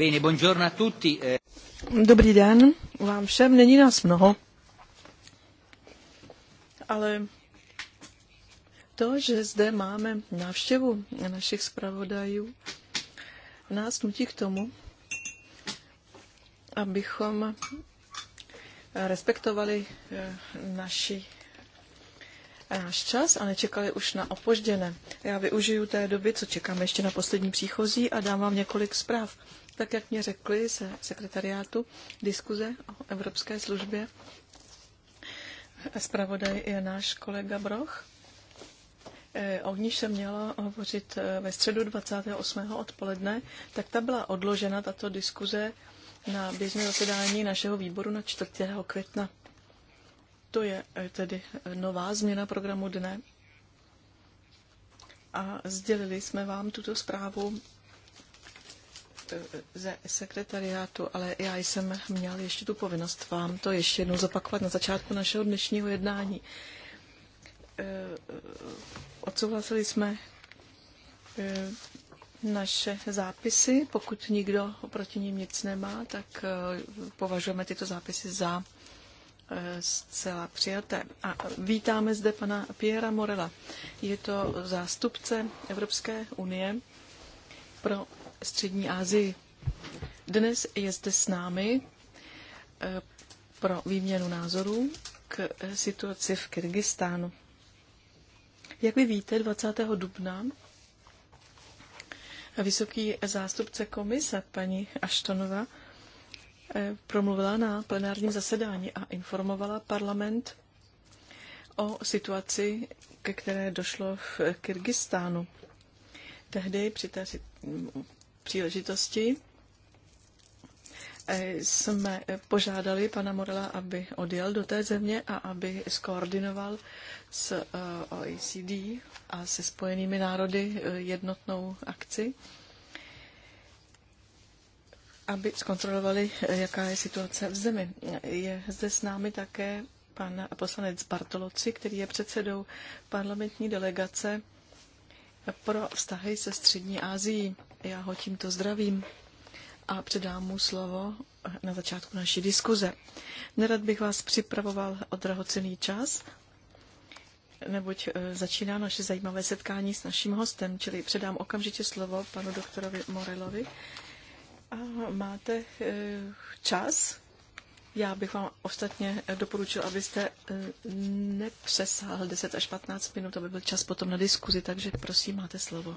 Eh. Dobrý den vám všem, není nás mnoho, ale to, že zde máme návštěvu našich zpravodajů, nás nutí k tomu, abychom respektovali eh, naši náš čas a nečekali už na opožděné. Já využiju té doby, co čekáme ještě na poslední příchozí a dám vám několik zpráv tak jak mě řekli se sekretariátu diskuze o Evropské službě, zpravodaj je náš kolega Broch. E, o níž se měla hovořit e, ve středu 28. odpoledne, tak ta byla odložena, tato diskuze, na běžné zasedání našeho výboru na 4. května. To je e, tedy nová změna programu dne. A sdělili jsme vám tuto zprávu ze sekretariátu, ale já jsem měl ještě tu povinnost vám to ještě jednou zopakovat na začátku našeho dnešního jednání. E, odsouhlasili jsme e, naše zápisy. Pokud nikdo oproti ním nic nemá, tak e, považujeme tyto zápisy za zcela přijaté. A vítáme zde pana Piera Morela. Je to zástupce Evropské unie pro Střední Asii. Dnes je zde s námi eh, pro výměnu názorů k situaci v Kyrgyzstánu. Jak vy víte, 20. dubna vysoký zástupce komise paní Aštonova eh, promluvila na plenárním zasedání a informovala parlament o situaci, ke které došlo v Kyrgyzstánu. Tehdy při té příležitosti eh, jsme eh, požádali pana Morela, aby odjel do té země a aby skoordinoval s eh, OECD a se spojenými národy jednotnou akci, aby zkontrolovali, jaká je situace v zemi. Je zde s námi také pan poslanec Bartoloci, který je předsedou parlamentní delegace pro vztahy se Střední Asií. Já ho tímto zdravím a předám mu slovo na začátku naší diskuze. Nerad bych vás připravoval o drahocený čas, neboť e, začíná naše zajímavé setkání s naším hostem, čili předám okamžitě slovo panu doktorovi Morelovi. A máte e, čas? Já bych vám ostatně doporučil, abyste e, nepřesáhl 10 až 15 minut, aby byl čas potom na diskuzi, takže prosím, máte slovo.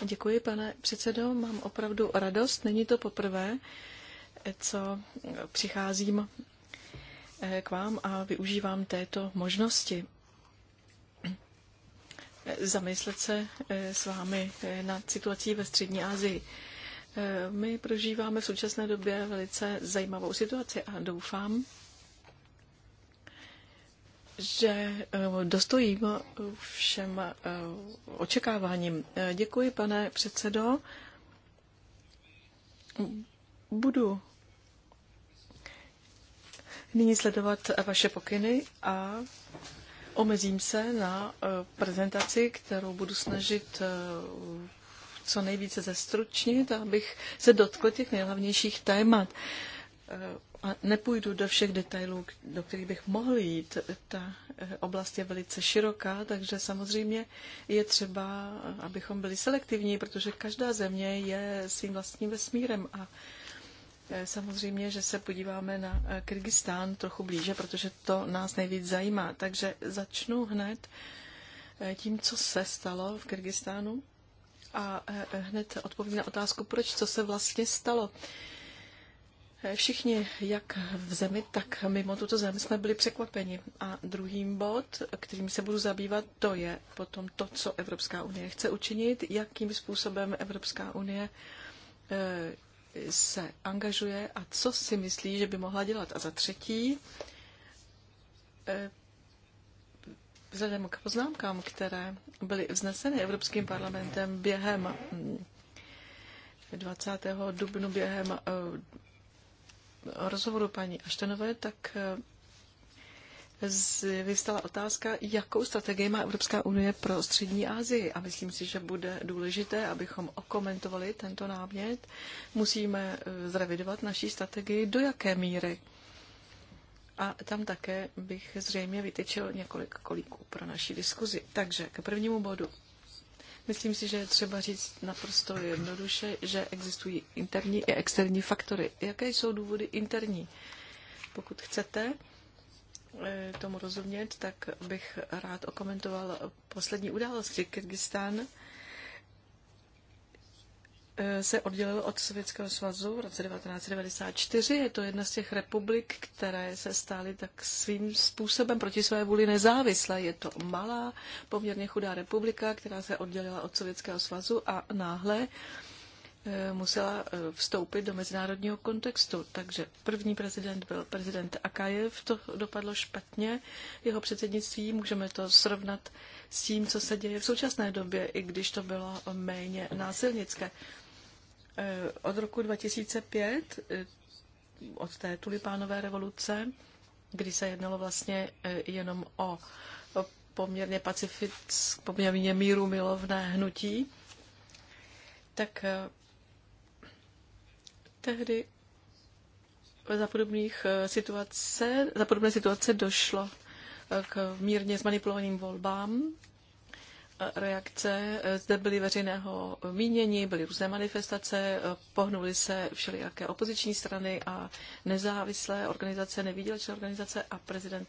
Děkuji, pane předsedo. Mám opravdu radost. Není to poprvé, co přicházím eh, k vám a využívám této možnosti eh, zamyslet se eh, s vámi nad situací ve Střední Asii. My prožíváme v současné době velice zajímavou situaci a doufám, že eh, dostojím eh, všem eh, očekáváním. Děkuji, pane předsedo. Budu nyní sledovat vaše pokyny a omezím se na prezentaci, kterou budu snažit co nejvíce zestručnit, abych se dotkl těch nejhlavnějších témat. A nepůjdu do všech detailů, do kterých bych mohl jít. Ta eh, oblast je velice široká, takže samozřejmě je třeba, abychom byli selektivní, protože každá země je svým vlastním vesmírem a eh, Samozřejmě, že se podíváme na eh, Kyrgyzstán trochu blíže, protože to nás nejvíc zajímá. Takže začnu hned tím, co se stalo v Kyrgyzstánu a hned odpovím na otázku, proč, co se vlastně stalo. Všichni, jak v zemi, tak mimo tuto zemi jsme byli překvapeni. A druhým bod, kterým se budu zabývat, to je potom to, co Evropská unie chce učinit, jakým způsobem Evropská unie eh, se angažuje a co si myslí, že by mohla dělat. A za třetí, eh, vzhledem k poznámkám, které byly vzneseny Evropským parlamentem během 20. Mm, dubnu během eh, rozhovoru paní Aštenové, tak eh, vystala otázka, jakou strategii má Evropská unie pro střední Asii. A myslím si, že bude důležité, abychom okomentovali tento námět. Musíme eh, zrevidovat naší strategii, do jaké míry. A tam také bych zřejmě vytyčil několik kolíků pro naši diskuzi. Takže k prvnímu bodu. Myslím si, že je třeba říct naprosto jednoduše, že existují interní i externí faktory. Jaké jsou důvody interní? Pokud chcete eh, tomu rozumět, tak bych rád okomentoval poslední události. Kyrgyzstán se oddělil od Sovětského svazu v roce 1994. Je to jedna z těch republik, které se stály tak svým způsobem proti své vůli nezávislé. Je to malá, poměrně chudá republika, která se oddělila od Sovětského svazu a náhle e, musela e, vstoupit do mezinárodního kontextu. Takže první prezident byl prezident Akajev, to dopadlo špatně. Jeho předsednictví můžeme to srovnat s tím, co se děje v současné době, i když to bylo méně násilnické. Eh, od roku 2005, eh, od té tulipánové revoluce, kdy se jednalo vlastně eh, jenom o poměrně pacifické, poměrně míru milovné hnutí, tak tehdy za podobných situace, za podobné situace došlo k mírně zmanipulovaným volbám reakce. Zde byly veřejného mínění, byly různé manifestace, pohnuly se všelijaké opoziční strany a nezávislé organizace, nevýdělečné organizace a prezident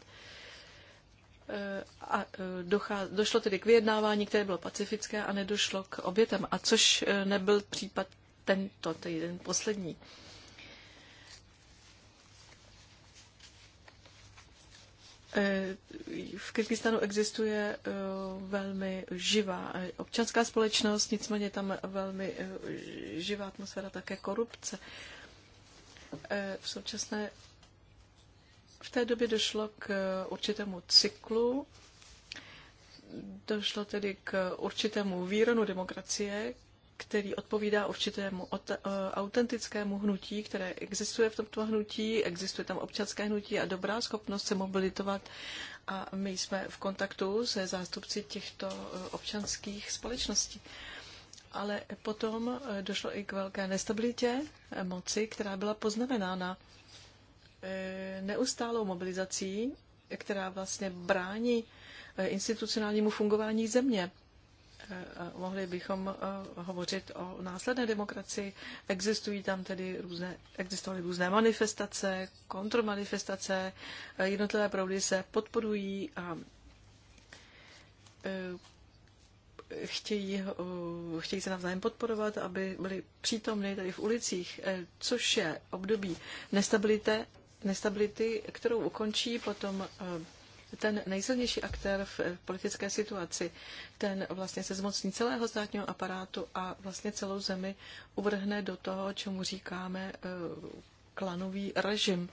eh, a eh, došlo tedy k vyjednávání, které bylo pacifické a nedošlo k obětem, a což eh, nebyl případ tento, ten poslední. Eh, v Kyrgyzstanu existuje eh, velmi živá eh, občanská společnost, nicméně tam velmi živá atmosféra také korupce. V současné v té době došlo k určitému cyklu, došlo tedy k určitému výronu demokracie, který odpovídá určitému eh, autentickému hnutí, které existuje v tomto hnutí, existuje tam občanské hnutí a dobrá schopnost se mobilitovat. A my jsme v kontaktu se zástupci těchto eh, občanských společností. Ale potom eh, došlo i k velké nestabilitě moci, která byla poznamenána neustálou mobilizací, která vlastně brání institucionálnímu fungování země Eh, mohli bychom eh, hovořit o následné demokracii. Existují tam tedy různé, existovaly různé manifestace, kontromanifestace, eh, jednotlivé proudy se podporují a chtějí, chtějí se navzájem podporovat, aby byli přítomny tady v ulicích, což je období nestabilité, nestability kterou ukončí potom ten nejsilnější aktér v eh, politické situaci. Ten vlastně se zmocní celého státního aparátu a vlastně celou zemi uvrhne do toho, čemu říkáme eh, klanový režim.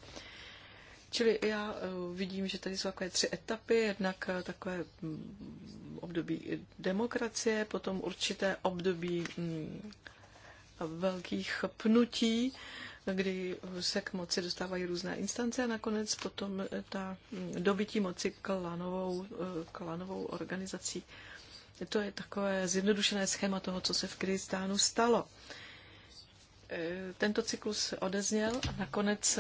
Čili já eh, vidím, že tady jsou takové tři etapy, jednak takové mm, období demokracie, potom určité období mm, velkých pnutí, kdy se k moci dostávají různé instance a nakonec potom ta dobytí moci klanovou, klanovou organizací. To je takové zjednodušené schéma toho, co se v Kyrgyzstánu stalo. Tento cyklus odezněl a nakonec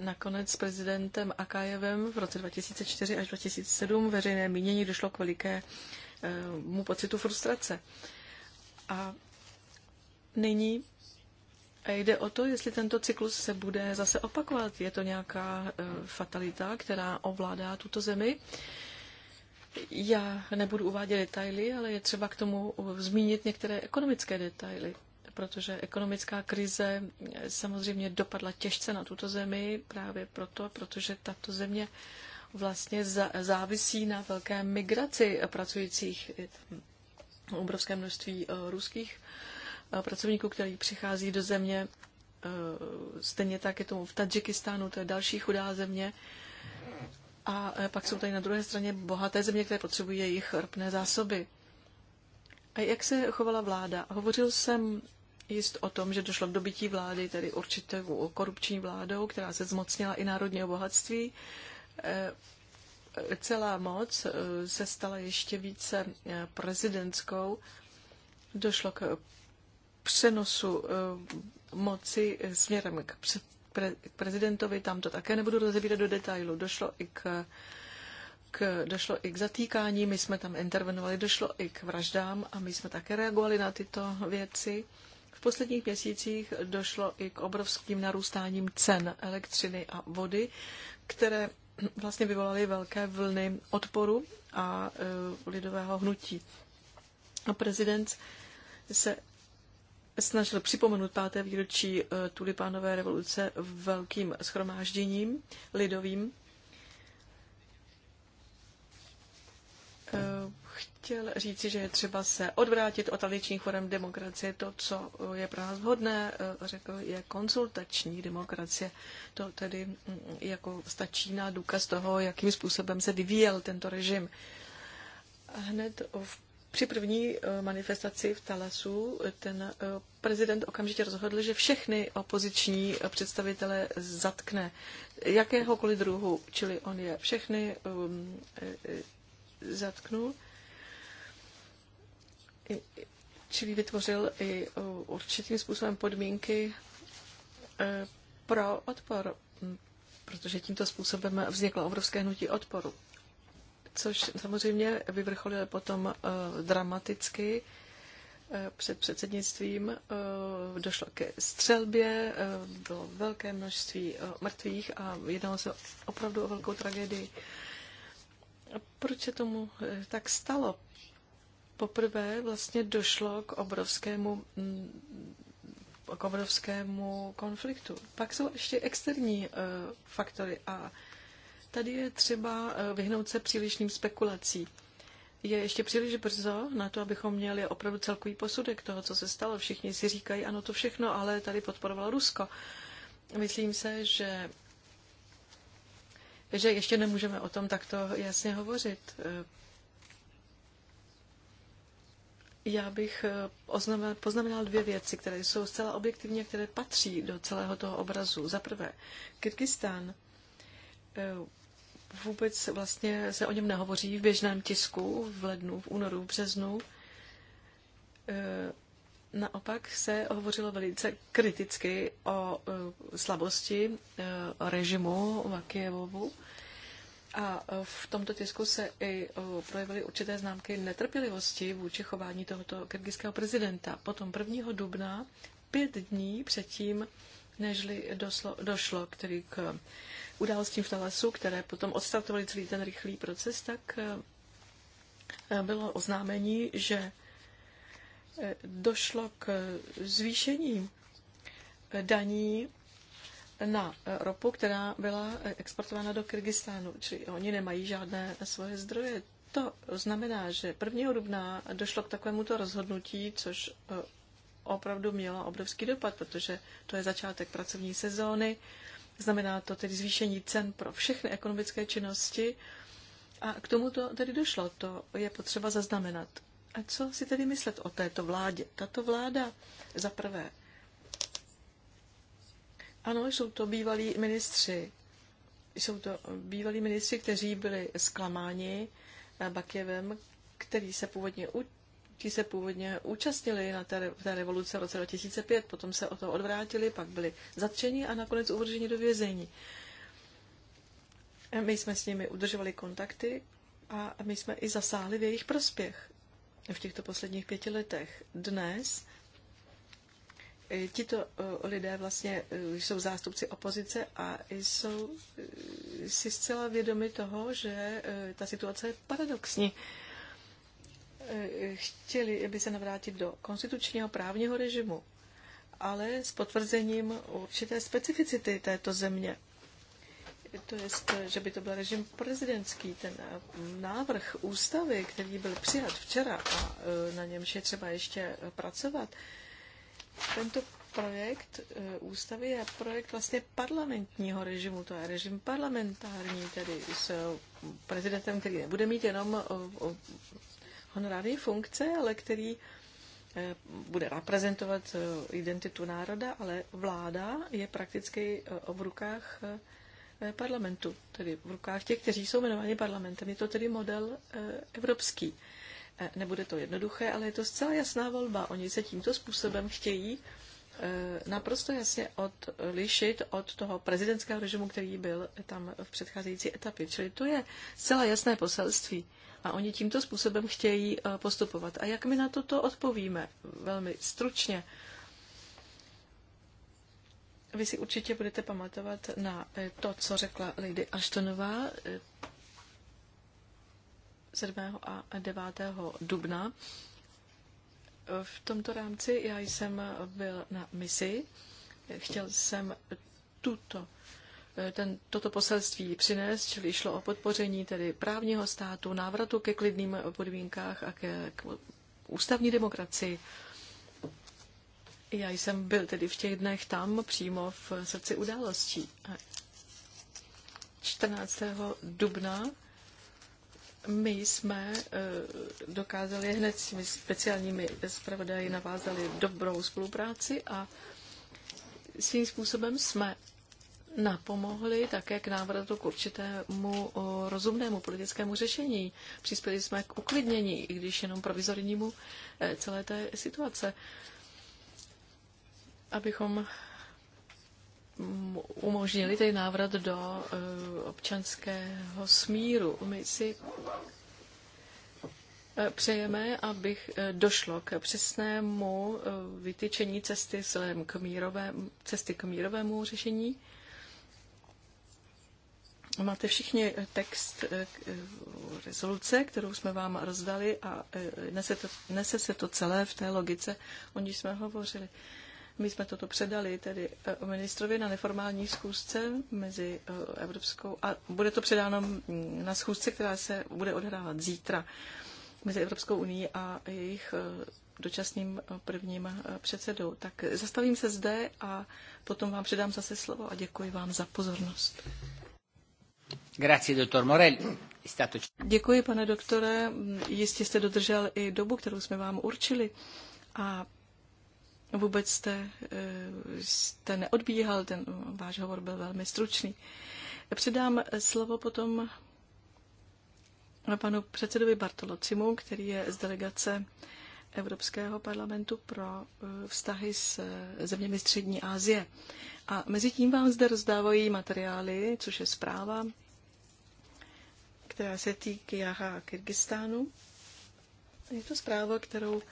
nakonec s prezidentem Akajevem v roce 2004 až 2007 veřejné mínění došlo k velikému pocitu frustrace. A nyní Jde o to, jestli tento cyklus se bude zase opakovat. Je to nějaká e, fatalita, která ovládá tuto zemi. Já nebudu uvádět detaily, ale je třeba k tomu zmínit některé ekonomické detaily, protože ekonomická krize e, samozřejmě dopadla těžce na tuto zemi právě proto, protože tato země vlastně závisí na velké migraci pracujících obrovské množství e, ruských Eh, pracovníků, který přichází do země. Eh, stejně tak je tomu v Tadžikistánu, to je další chudá země. A eh, pak jsou tady na druhé straně bohaté země, které potřebují jejich ropné zásoby. A jak se chovala vláda? Hovořil jsem jist o tom, že došlo k dobytí vlády, tedy určitou korupční vládou, která se zmocnila i národního bohatství. Celá moc se stala ještě více prezidentskou. Došlo k přenosu eh, moci eh, směrem k, před, pre, k prezidentovi, tam to také nebudu rozebírat do detailu. Došlo i k, k, došlo i k zatýkání, my jsme tam intervenovali, došlo i k vraždám a my jsme také reagovali na tyto věci. V posledních měsících došlo i k obrovským narůstáním cen elektřiny a vody, které vlastně vyvolaly velké vlny odporu a e, lidového hnutí. A prezident se snažil připomenout páté výročí eh, tulipánové revoluce velkým schromážděním lidovým. Eh, chtěl říci, že je třeba se odvrátit od tradičních forem demokracie. To, co je pro nás vhodné, eh, řekl, je konzultační demokracie. To tedy mm, jako stačí na důkaz toho, jakým způsobem se vyvíjel tento režim. Hned v při první eh, manifestaci v Talasu ten eh, prezident okamžitě rozhodl, že všechny opoziční eh, představitele zatkne jakéhokoliv druhu, čili on je všechny ehm, zatknul. Čili vytvořil i určitým způsobem podmínky pro odpor, hm, protože tímto způsobem vzniklo obrovské hnutí odporu což samozřejmě vyvrcholilo potom eh, dramaticky eh, před předsednictvím. Eh, došlo ke střelbě, bylo velké množství mrtvých a jednalo se opravdu o velkou tragédii. Proč se tomu tak stalo? Poprvé vlastně došlo k obrovskému mm, k obrovskému konfliktu. Pak jsou ještě externí faktory a Tady je třeba eh, vyhnout se přílišným spekulací. Je ještě příliš brzo na to, abychom měli opravdu celkový posudek toho, co se stalo. Všichni si říkají, ano, to všechno, ale tady podporovalo Rusko. Myslím se, že že ještě nemůžeme o tom takto jasně hovořit. Eh, já bych eh, poznamenal dvě věci, které jsou zcela objektivně, které patří do celého toho obrazu. Za prvé, Kyrgyzstán vůbec vlastně se o něm nehovoří v běžném tisku v lednu, v únoru, v březnu. E, naopak se hovořilo velice kriticky o e, slabosti e, režimu Makijevovu. A v tomto tisku se i projevily určité známky netrpělivosti vůči chování tohoto kyrgyzského prezidenta. Potom 1. dubna, pět dní předtím, nežli doslo, došlo který k událostím v Talasu, které potom odstartovaly celý ten rychlý proces, tak eh, eh, bylo oznámení, že eh, došlo k zvýšení daní na ropu, která byla exportována do Kyrgyzstánu, čili oni nemají žádné svoje zdroje. To znamená, že 1. dubna došlo k takovémuto rozhodnutí, což opravdu mělo obrovský dopad, protože to je začátek pracovní sezóny, Znamená to tedy zvýšení cen pro všechny ekonomické činnosti a k tomu to tedy došlo. To je potřeba zaznamenat. A co si tedy myslet o této vládě? Tato vláda za prvé. Ano, jsou to bývalí ministři. Jsou to bývalí ministři, kteří byli zklamáni Bakjevem, který se původně Ti se původně účastnili na té, té revoluce v roce 2005, potom se o to odvrátili, pak byli zatčeni a nakonec uvrženi do vězení. My jsme s nimi udržovali kontakty a my jsme i zasáhli v jejich prospěch v těchto posledních pěti letech. Dnes eh, tito eh, lidé vlastně eh, jsou zástupci opozice a jsou si zcela vědomi toho, že ta situace je paradoxní. Hmm Eh, chtěli by se navrátit do konstitučního právního režimu, ale s potvrzením určité specificity této země. To je, že by to byl režim prezidentský. Ten návrh ústavy, který byl přijat včera a eh, na němž je třeba ještě pracovat, tento projekt eh, ústavy je projekt vlastně parlamentního režimu. To je režim parlamentární, tedy s prezidentem, který nebude mít jenom honorární funkce, ale který eh, bude reprezentovat eh, identitu národa, ale vláda je prakticky eh, v rukách parlamentu, tedy v rukách těch, kteří jsou jmenováni parlamentem. Je to tedy model evropský. Nebude to jednoduché, ale je to zcela jasná volba. Oni se tímto způsobem chtějí naprosto jasně odlišit od toho prezidentského režimu, který byl tam v předcházející etapě. Čili to je zcela jasné poselství. A oni tímto způsobem chtějí eh, postupovat. A jak my na toto odpovíme? Velmi stručně. Vy si určitě budete pamatovat na eh, to, co řekla Lady Ashtonová 7. Eh, a 9. dubna. V tomto rámci já jsem byl na misi. Chtěl jsem tuto Eh, ten, toto poselství přinést, čili šlo o podpoření tedy právního státu, návratu ke klidným podmínkách a ke, k ústavní demokracii. Já jsem byl tedy v těch dnech tam přímo v srdci událostí. 14. dubna my jsme eh, dokázali hned s těmi speciálními zpravodaji navázali dobrou spolupráci a svým způsobem jsme napomohli také k návratu k určitému rozumnému politickému řešení. Přispěli jsme k uklidnění, i když jenom provizornímu e, celé té situace. Abychom umožnili ten návrat do e, občanského smíru. My si e, přejeme, abych došlo k přesnému vytyčení cesty k cesty k mírovému řešení Máte všichni eh, text eh, eh, rezoluce, kterou jsme vám rozdali a nese, to, nese se to celé v té logice, o níž jsme hovořili. My jsme toto předali tedy ministrovi na neformální schůzce mezi Evropskou a bude to předáno mm, na schůzce, která se bude odhrávat zítra mezi Evropskou unii a jejich dočasným prvním předsedou. Tak zastavím se zde a potom vám předám zase slovo a děkuji vám za pozornost. Děkuji, pane doktore. Jistě jste dodržel i dobu, kterou jsme vám určili. A vůbec jste, eh, jste neodbíhal, ten váš hovor byl velmi stručný. Předám slovo potom panu předsedovi Bartolocimu, který je z delegace Evropského parlamentu pro eh, vztahy s eh, zeměmi Střední Asie. A mezi tím vám zde rozdávají materiály, což je zpráva která se týká Kyrgyzstánu. Je to zpráva, kterou,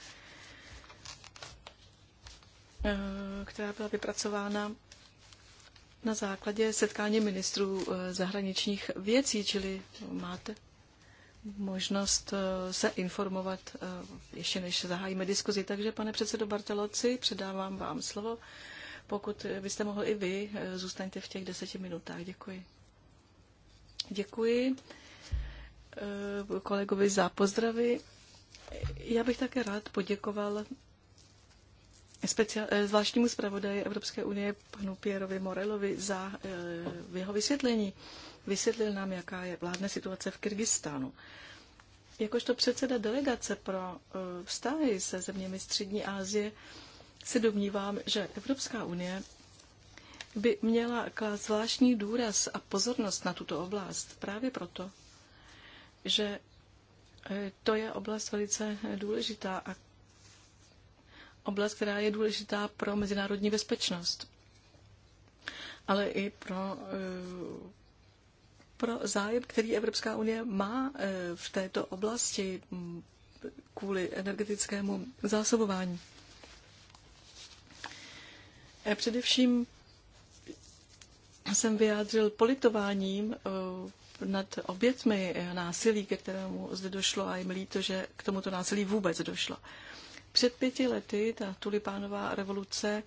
eh, která byla vypracována na základě setkání ministrů eh, zahraničních věcí, čili máte možnost eh, se informovat, ještě než zahájíme diskuzi. Takže, pane předsedo Barteloci, předávám vám slovo. Pokud byste mohl i vy, zůstaňte v těch deseti minutách. Děkuji. Děkuji. Eh, kolegovi za pozdravy. Já bych také rád poděkoval speciál, eh, zvláštnímu zpravodaji Evropské unie panu Pierovi Morelovi za eh, jeho vysvětlení. Vysvětlil nám, jaká je vládne situace v Kyrgyzstánu. Jakožto předseda delegace pro vztahy se zeměmi Střední Asie se domnívám, že Evropská unie by měla klást zvláštní důraz a pozornost na tuto oblast právě proto, že e, to je oblast velice důležitá a oblast, která je důležitá pro mezinárodní bezpečnost, ale i pro, e, pro zájem, který Evropská unie má e, v této oblasti kvůli energetickému zásobování. Především jsem vyjádřil politováním nad obětmi násilí, ke kterému zde došlo a jim líto, že k tomuto násilí vůbec došlo. Před pěti lety ta tulipánová revoluce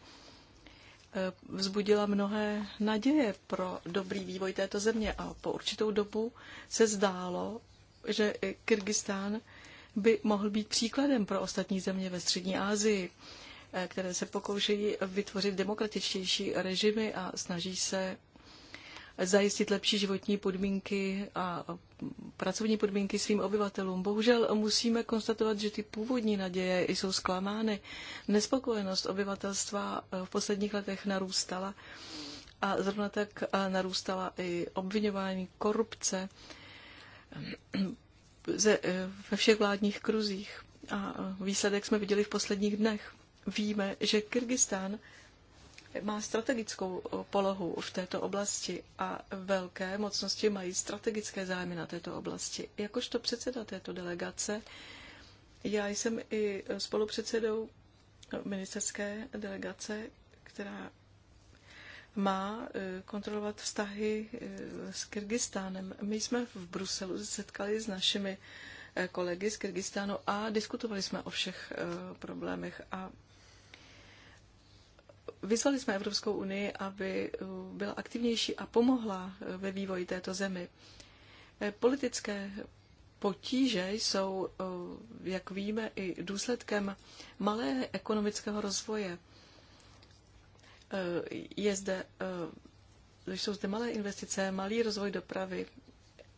eh, vzbudila mnohé naděje pro dobrý vývoj této země a po určitou dobu se zdálo, že Kyrgyzstán by mohl být příkladem pro ostatní země ve střední Asii, eh, které se pokoušejí vytvořit demokratičtější režimy a snaží se zajistit lepší životní podmínky a pracovní podmínky svým obyvatelům. Bohužel musíme konstatovat, že ty původní naděje jsou zklamány. Nespokojenost obyvatelstva v posledních letech narůstala a zrovna tak narůstala i obvinování korupce ve všech vládních kruzích. A výsledek jsme viděli v posledních dnech. Víme, že Kyrgyzstán má strategickou eh, polohu v této oblasti a velké mocnosti mají strategické zájmy na této oblasti. Jakožto předseda této delegace, já jsem i spolupředsedou ministerské delegace, která má eh, kontrolovat vztahy eh, s Kyrgyzstánem. My jsme v Bruselu setkali s našimi kolegy z Kyrgyzstánu a diskutovali jsme o všech problémech a Vyzvali jsme Evropskou unii, aby eh, byla aktivnější a pomohla eh, ve vývoji této zemi. Eh, politické potíže jsou, jak víme, i důsledkem malé ekonomického rozvoje. Je zde, jsou zde malé investice, malý rozvoj dopravy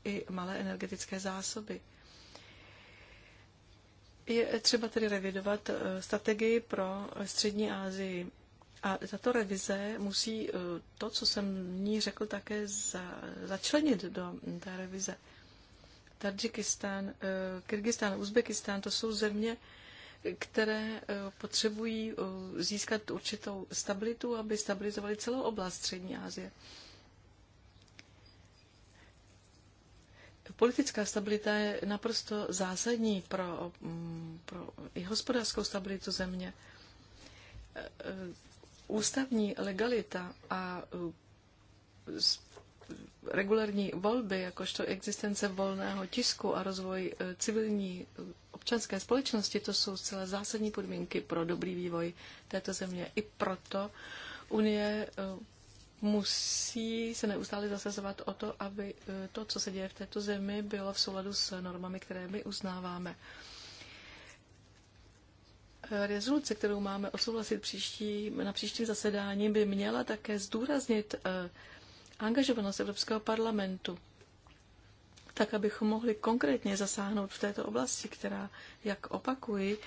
i malé energetické zásoby. Je třeba tedy revidovat strategii pro střední Asii. A tato revize musí eh, to, co jsem ní řekl, také za, začlenit do mm, té revize. Tadžikistán, eh, Kyrgyzstán, Uzbekistán, to jsou země, které eh, potřebují získat určitou stabilitu, aby stabilizovali celou oblast Střední Asie. Politická stabilita je naprosto zásadní pro, mm, pro i hospodářskou stabilitu země ústavní legalita a regulární volby, jakožto existence volného tisku a rozvoj e, civilní e, občanské společnosti, to jsou zcela zásadní podmínky pro dobrý vývoj této země. I proto Unie e, musí se neustále zasazovat o to, aby to, co se děje v této zemi, bylo v souladu s normami, které my uznáváme. Rezoluce, kterou máme odsouhlasit příští, na příštím zasedání, by měla také zdůraznit eh, angažovanost Evropského parlamentu, tak abychom mohli konkrétně zasáhnout v této oblasti, která, jak opakuji,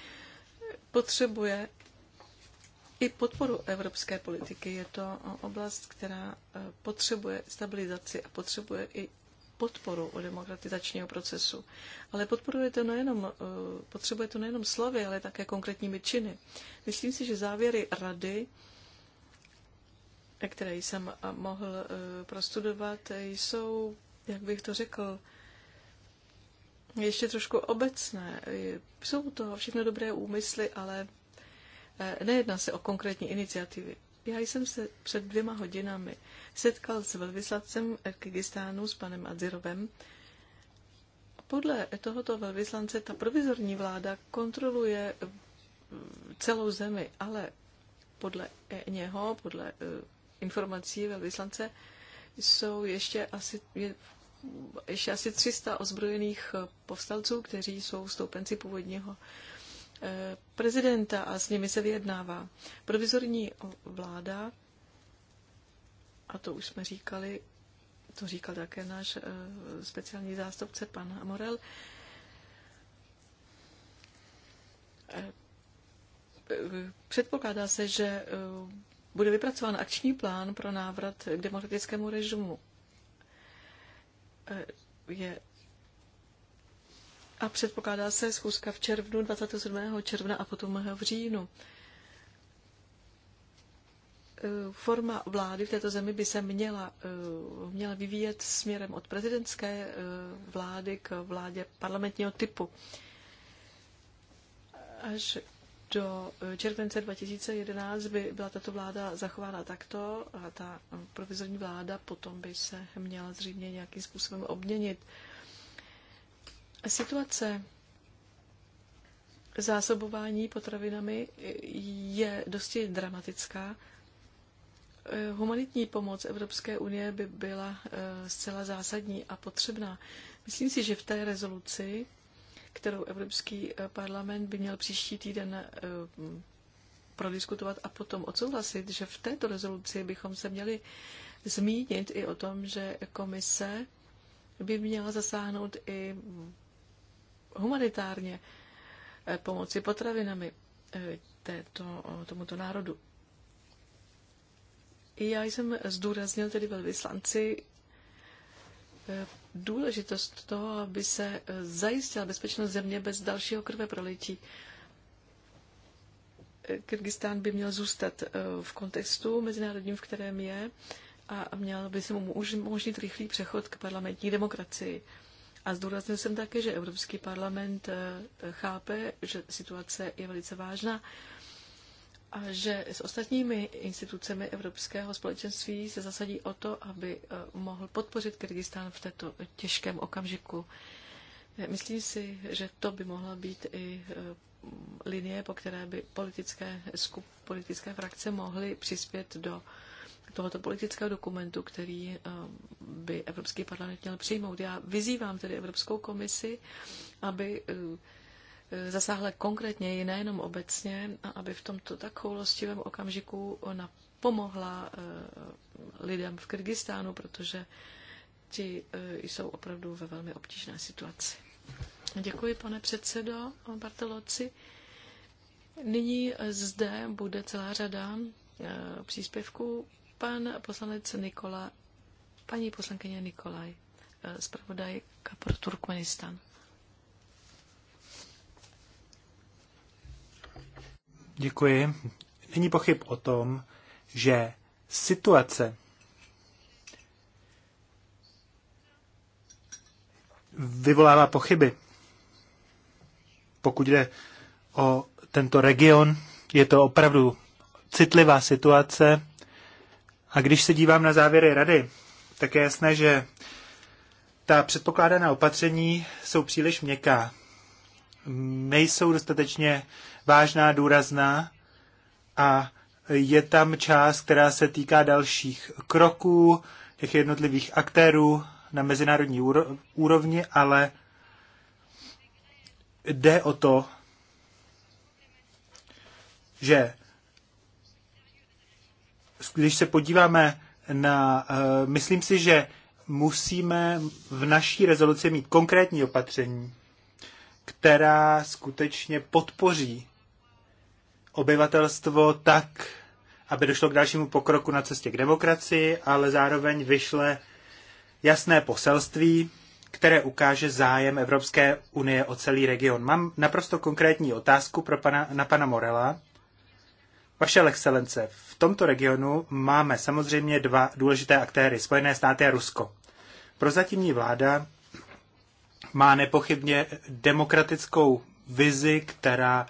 potřebuje i podporu evropské politiky. Je to oblast, která eh, potřebuje stabilizaci a potřebuje i podporu u demokratizačního procesu. Ale podporuje to nejenom, eh, potřebuje to nejenom slovy, ale také konkrétními činy. Myslím si, že závěry rady, které jsem eh, mohl eh, prostudovat, jsou, jak bych to řekl, ještě trošku obecné. Jsou to všechno dobré úmysly, ale nejedná se o konkrétní iniciativy. Já jsem se před dvěma hodinami setkal s velvyslancem Kyrgyzstánu, s panem Adzirovem. Podle tohoto velvyslance ta provizorní vláda kontroluje eh, celou zemi, ale podle něho, podle eh, informací velvyslance, jsou ještě asi, je, ještě asi 300 ozbrojených eh, povstalců, kteří jsou stoupenci původního Eh, prezidenta a s nimi se vyjednává. Provizorní vláda, a to už jsme říkali, to říkal také náš eh, speciální zástupce, pan Morel, eh, předpokládá se, že bude vypracován akční plán pro návrat k demokratickému režimu. Je a předpokládá se schůzka v červnu, 27. června a potom v říjnu. E, forma vlády v této zemi by se měla, e, měla vyvíjet směrem od prezidentské e, vlády k vládě parlamentního typu. Až do července 2011 by byla tato vláda zachována takto a ta provizorní vláda potom by se měla zřejmě nějakým způsobem obměnit. Situace zásobování potravinami je dosti dramatická. Humanitní pomoc Evropské unie by byla eh, zcela zásadní a potřebná. Myslím si, že v té rezoluci, kterou Evropský eh, parlament by měl příští týden eh, prodiskutovat a potom odsouhlasit, že v této rezoluci bychom se měli zmínit i o tom, že komise by měla zasáhnout i humanitárně eh, pomoci potravinami eh, této, tomuto národu. I já jsem zdůraznil tedy velvyslanci eh, důležitost toho, aby se zajistila bezpečnost země bez dalšího krve prolití. Kyrgyzstán by měl zůstat v kontextu mezinárodním, v kterém je, a měl by se mu umožnit rychlý přechod k parlamentní demokracii. A zdůraznil jsem také, že Evropský parlament eh, chápe, že situace je velice vážná a že s ostatními institucemi Evropského společenství se zasadí o to, aby eh, mohl podpořit Kyrgyzstán v této těžkém okamžiku. Eh, myslím si, že to by mohla být i linie, po které by politické, politické frakce mohly přispět do tohoto politického dokumentu, který eh, by Evropský parlament měl přijmout. Já vyzývám tedy Evropskou komisi, aby eh, zasáhla konkrétně i nejenom obecně a aby v tomto tak choulostivém okamžiku ona pomohla eh, lidem v Kyrgyzstánu, protože ti jsou opravdu ve velmi obtížné situaci. Děkuji, pane předsedo Barteloci. Nyní zde bude celá řada příspěvků Pan poslanec Nikola, paní poslankyně Nikolaj, eh, zpravodajka pro Turkmenistan. Děkuji. Není pochyb o tom, že situace vyvolává pochyby. Pokud jde o tento region, je to opravdu citlivá situace a když se dívám na závěry rady, tak je jasné, že ta předpokládaná opatření jsou příliš měkká. Nejsou dostatečně vážná, důrazná a je tam část, která se týká dalších kroků, těch jednotlivých aktérů na mezinárodní úrovni, ale jde o to, že když se podíváme na, eh, myslím si, že musíme v naší rezoluci mít konkrétní opatření, která skutečně podpoří obyvatelstvo tak, aby došlo k dalšímu pokroku na cestě k demokracii, ale zároveň vyšle jasné poselství, které ukáže zájem Evropské unie o celý region. Mám naprosto konkrétní otázku pro pana, na pana Morela. Vaše excelence, v tomto regionu máme samozřejmě dva důležité aktéry, Spojené státy a Rusko. Prozatímní vláda má nepochybně demokratickou vizi, která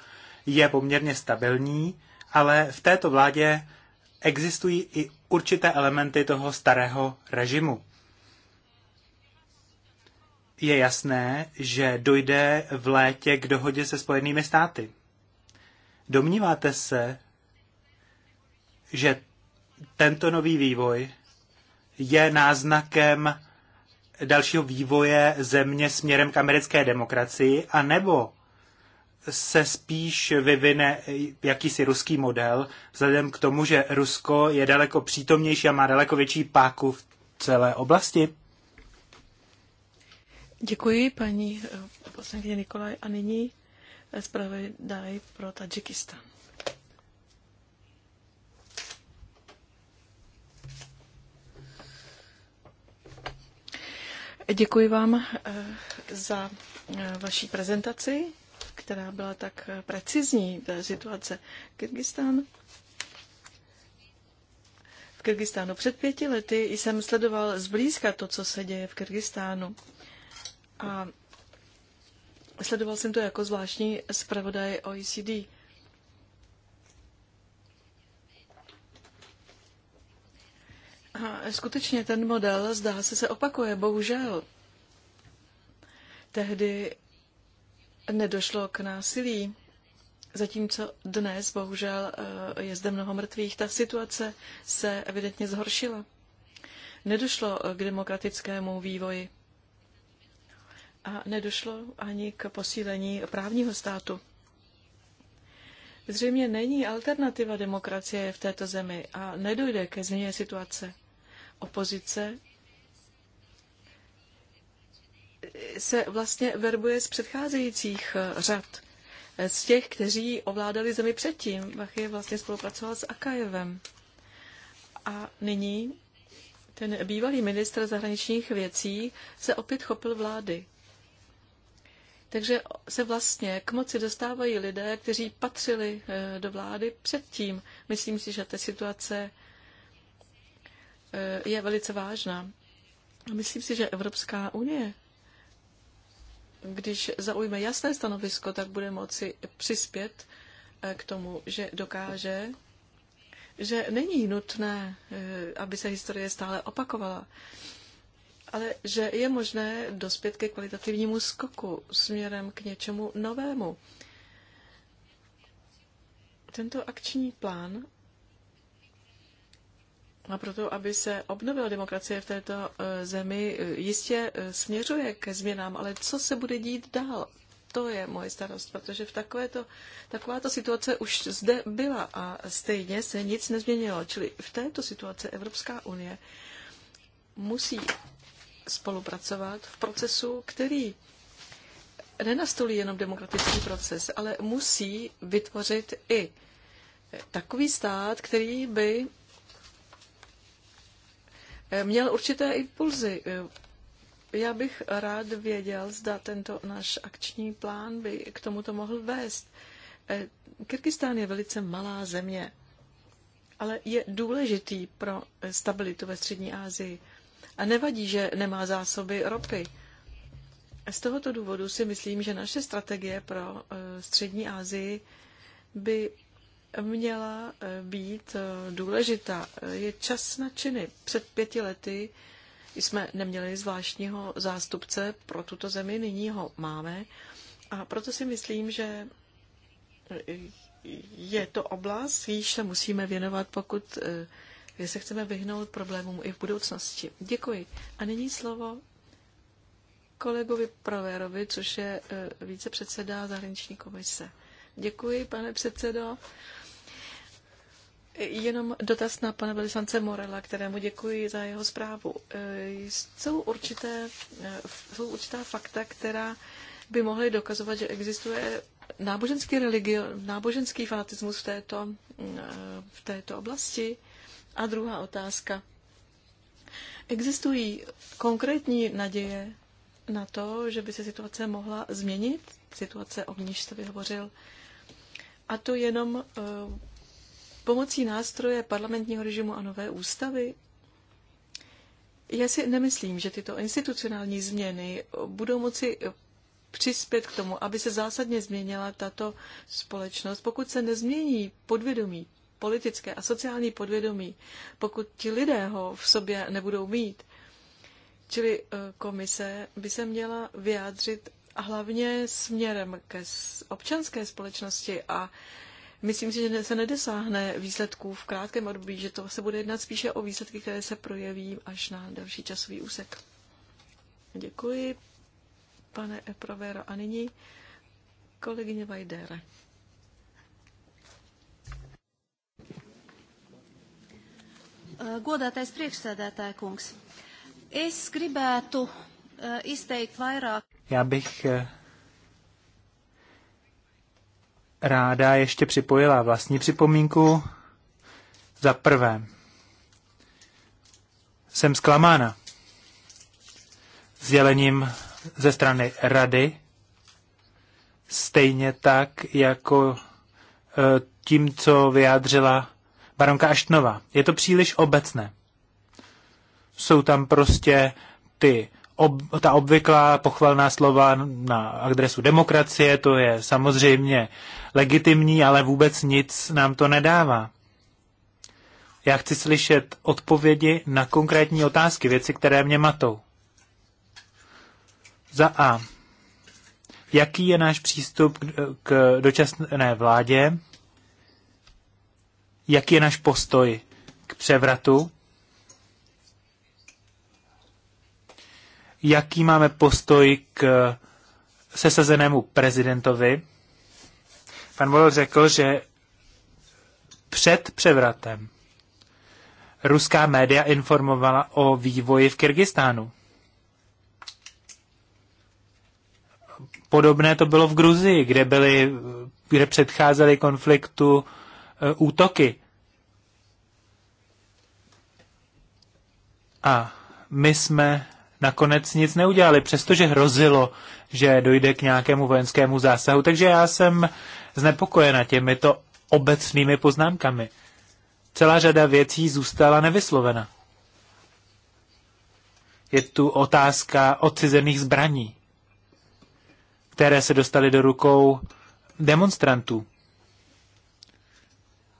je poměrně stabilní, ale v této vládě existují i určité elementy toho starého režimu. Je jasné, že dojde v létě k dohodě se Spojenými státy. Domníváte se, že tento nový vývoj je náznakem dalšího vývoje země směrem k americké demokracii, anebo se spíš vyvine jakýsi ruský model, vzhledem k tomu, že Rusko je daleko přítomnější a má daleko větší páku v celé oblasti? Děkuji, paní poslankyně Nikolaj. A nyní zpravodaj pro Tadžikistan. Děkuji vám eh, za eh, vaší prezentaci, která byla tak eh, precizní té situace Kyrgyzstánu. V Kyrgyzstánu před pěti lety jsem sledoval zblízka to, co se děje v Kyrgyzstánu. A sledoval jsem to jako zvláštní zpravodaj OECD. Skutečně ten model, zdá se, se opakuje, bohužel. Tehdy nedošlo k násilí, zatímco dnes, bohužel, eh, je zde mnoho mrtvých. Ta situace se evidentně zhoršila. Nedošlo k demokratickému vývoji a nedošlo ani k posílení právního státu. Zřejmě není alternativa demokracie v této zemi a nedojde ke změně situace. Opozice se vlastně verbuje z předcházejících eh, řad, eh, z těch, kteří ovládali zemi předtím. Bach je vlastně spolupracoval s Akajevem. A nyní ten bývalý ministr zahraničních věcí se opět chopil vlády. Takže se vlastně k moci dostávají lidé, kteří patřili eh, do vlády předtím. Myslím si, že ta situace Eh, je velice vážná. Myslím si, že Evropská unie, když zaujme jasné stanovisko, tak bude moci přispět eh, k tomu, že dokáže, že není nutné, eh, aby se historie stále opakovala, ale že je možné dospět ke kvalitativnímu skoku směrem k něčemu novému. Tento akční plán a proto, aby se obnovila demokracie v této eh, zemi, eh, jistě eh, směřuje ke změnám, ale co se bude dít dál? To je moje starost, protože v takovéto, takováto situace už zde byla a stejně se nic nezměnilo. Čili v této situaci Evropská unie musí spolupracovat v procesu, který nenastolí jenom demokratický proces, ale musí vytvořit i takový stát, který by měl určité impulzy. Já bych rád věděl, zda tento náš akční plán by k tomuto mohl vést. Kyrgyzstán je velice malá země, ale je důležitý pro stabilitu ve Střední Asii. A nevadí, že nemá zásoby ropy. Z tohoto důvodu si myslím, že naše strategie pro eh, Střední Asii by měla eh, být eh, důležitá. Eh, je čas na činy. Před pěti lety jsme neměli zvláštního zástupce pro tuto zemi, nyní ho máme. A proto si myslím, že je to oblast, již se musíme věnovat, pokud se chceme vyhnout problémům i v budoucnosti. Děkuji. A nyní slovo kolegovi Proverovi, což je vícepředseda zahraniční komise. Děkuji, pane předsedo. Jenom dotaz na pana velisance Morela, kterému děkuji za jeho zprávu. E, jsou, určité, e, jsou určitá fakta, která by mohly dokazovat, že existuje náboženský religio, náboženský fanatismus v této, mm, e, v této oblasti? A druhá otázka. Existují konkrétní naděje na to, že by se situace mohla změnit? Situace, o níž jste vyhovořil. A to jenom pomocí nástroje parlamentního režimu a nové ústavy? Já si nemyslím, že tyto institucionální změny budou moci přispět k tomu, aby se zásadně změnila tato společnost, pokud se nezmění podvědomí, politické a sociální podvědomí, pokud ti lidé ho v sobě nebudou mít. Čili eh, komise by se měla vyjádřit hlavně směrem ke občanské společnosti a Myslím si, že se nedosáhne výsledků v krátkém období, že to se bude jednat spíše o výsledky, které se projeví až na další časový úsek. Děkuji, pane Eprovero. A nyní kolegyně Vajdere. Godātais priekšsēdētāj kungs, es gribētu eh, izteikt vairāk. Já bych eh, ráda ještě připojila vlastní připomínku. Za prvé, jsem zklamána sdělením ze strany rady, stejně tak jako eh, tím, co vyjádřila baronka Aštnova. Je to příliš obecné. Jsou tam prostě ty ob, ta obvyklá pochvalná slova na adresu demokracie, to je samozřejmě legitimní, ale vůbec nic nám to nedává. Já chci slyšet odpovědi na konkrétní otázky, věci, které mě matou. Za A. Jaký je náš přístup k dočasné vládě? Jaký je náš postoj k převratu jaký máme postoj k sesazenému prezidentovi. Pan Volil řekl, že před převratem ruská média informovala o vývoji v Kyrgyzstánu. Podobné to bylo v Gruzii, kde, byly, kde předcházely konfliktu e, útoky. A my jsme nakonec nic neudělali, přestože hrozilo, že dojde k nějakému vojenskému zásahu. Takže já jsem znepokojena těmito obecnými poznámkami. Celá řada věcí zůstala nevyslovena. Je tu otázka odcizených zbraní, které se dostaly do rukou demonstrantů.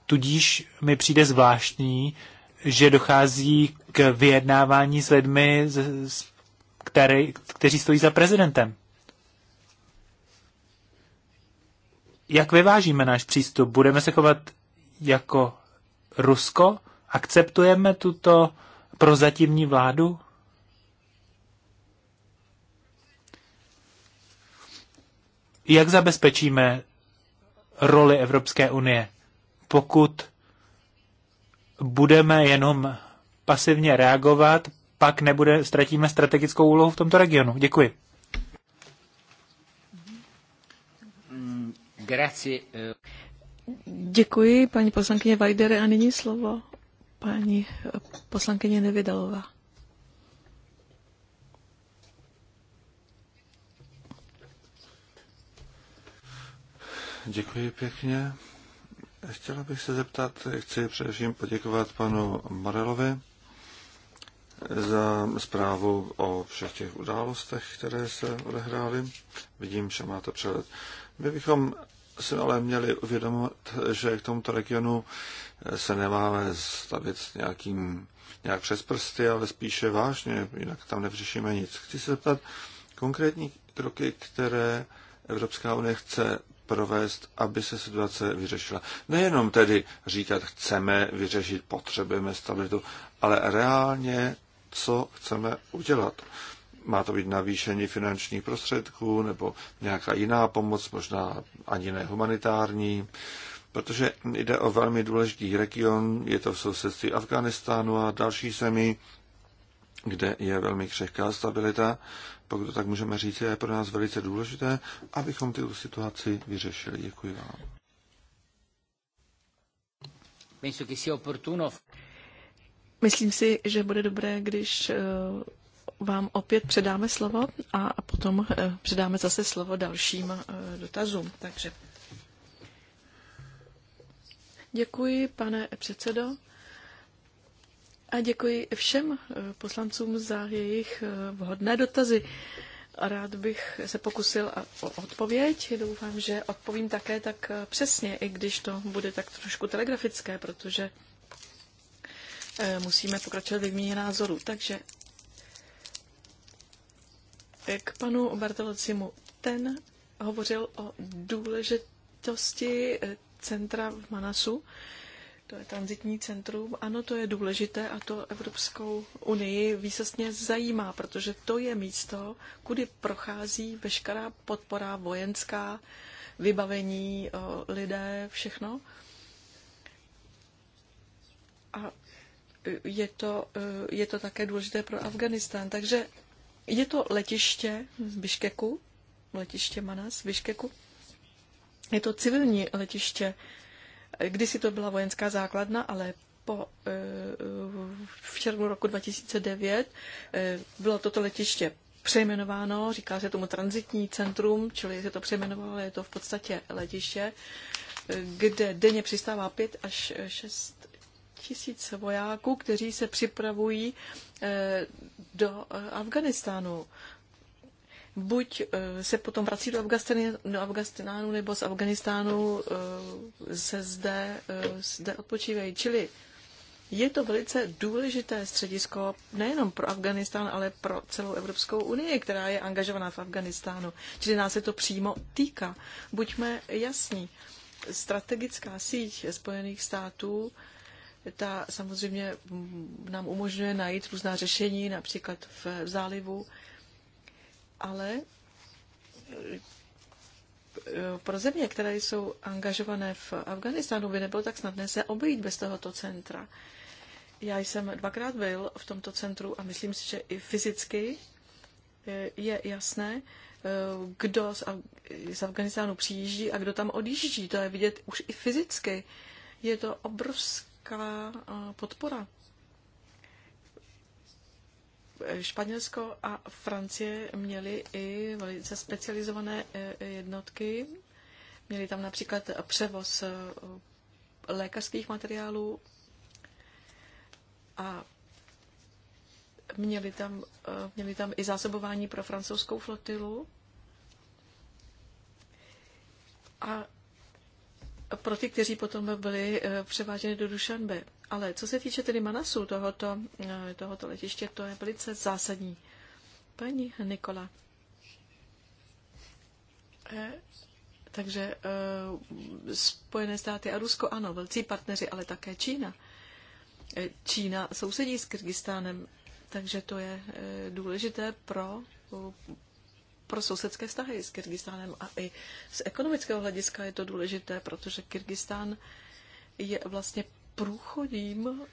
Tudíž mi přijde zvláštní, že dochází k vyjednávání s lidmi z, z který, kteří stojí za prezidentem. Jak vyvážíme náš přístup? Budeme se chovat jako Rusko? Akceptujeme tuto prozatímní vládu? Jak zabezpečíme roli Evropské unie, pokud budeme jenom pasivně reagovat, pak nebude, ztratíme strategickou úlohu v tomto regionu. Děkuji. Mm, eh. Děkuji, paní poslankyně Vajdere. A nyní slovo paní eh, poslankyně Nevidalová. Děkuji pěkně. Chtěla bych se zeptat, chci především poděkovat panu Marelovi za zprávu o všech těch událostech, které se odehrály. Vidím, že máte přehled. My bychom si ale měli uvědomit, že k tomuto regionu se nemáme stavit s nějakým, nějak přes prsty, ale spíše vážně, jinak tam nevřešíme nic. Chci se zeptat konkrétní kroky, které Evropská unie chce provést, aby se situace vyřešila. Nejenom tedy říkat, chceme vyřešit, potřebujeme stabilitu, ale reálně co chceme udělat. Má to být navýšení finančních prostředků nebo nějaká jiná pomoc, možná ani nehumanitární, protože jde o velmi důležitý region, je to v sousedství Afganistánu a další zemí, kde je velmi křehká stabilita, pokud to tak můžeme říct, je pro nás velice důležité, abychom tu situaci vyřešili. Děkuji vám. Myslím si, že bude dobré, když eh, vám opět předáme slovo a potom eh, předáme zase slovo dalším eh, dotazům. Takže děkuji, pane předsedo. A děkuji všem poslancům za jejich vhodné dotazy. Rád bych se pokusil o odpověď. Doufám, že odpovím také tak přesně, i když to bude tak trošku telegrafické, protože Eh, musíme pokračovat ve výměně názorů. Takže eh, k panu Bartolocimu. Ten hovořil o důležitosti eh, centra v Manasu. To je transitní centrum. Ano, to je důležité a to Evropskou unii výsostně zajímá, protože to je místo, kudy prochází veškerá podpora vojenská, vybavení, lidé, všechno. A je to, eh, je to také důležité pro Afganistán. Takže je to letiště v Biškeku, letiště Manas v Biškeku. Je to civilní letiště. Kdysi to byla vojenská základna, ale po, eh, v červnu roku 2009 eh, bylo toto letiště přejmenováno, říká se tomu transitní centrum, čili se to přejmenovalo, je to v podstatě letiště, kde denně přistává 5 až 6 tisíc vojáků, kteří se připravují eh, do eh, Afganistánu. Buď eh, se potom vrací do Afganistánu, nebo z Afganistánu se zde, zde odpočívají. Čili je to velice důležité středisko nejenom pro Afganistán, ale pro celou Evropskou unii, která je angažovaná v Afganistánu. Čili nás se to přímo týká. Buďme jasní. Strategická síť Spojených států ta samozřejmě nám umožňuje najít různá řešení, například v zálivu, ale eh, pro země, které jsou angažované v Afganistánu, by nebylo tak snadné se obejít bez tohoto centra. Já jsem dvakrát byl v tomto centru a myslím si, že i fyzicky eh, je jasné, eh, kdo z Afganistánu přijíždí a kdo tam odjíždí. To je vidět už i fyzicky. Je to obrovský velká eh, podpora. Španělsko a Francie měly i velice specializované eh, jednotky. Měli tam například převoz eh, lékařských materiálů a měli tam, měli tam i zásobování pro francouzskou flotilu. A pro ty, kteří potom byli eh, převáženi do Dušanbe. Ale co se týče tedy Manasu, tohoto, eh, tohoto letiště, to je velice zásadní. Paní Nikola. Eh, takže Spojené státy a Rusko, ano, velcí partneři, ale také Čína. Čína sousedí s Kyrgyzstánem, takže to je důležité pro pro sousedské vztahy s Kyrgyzstánem a i z ekonomického hlediska je to důležité, protože Kyrgyzstán je vlastně průchodím eh,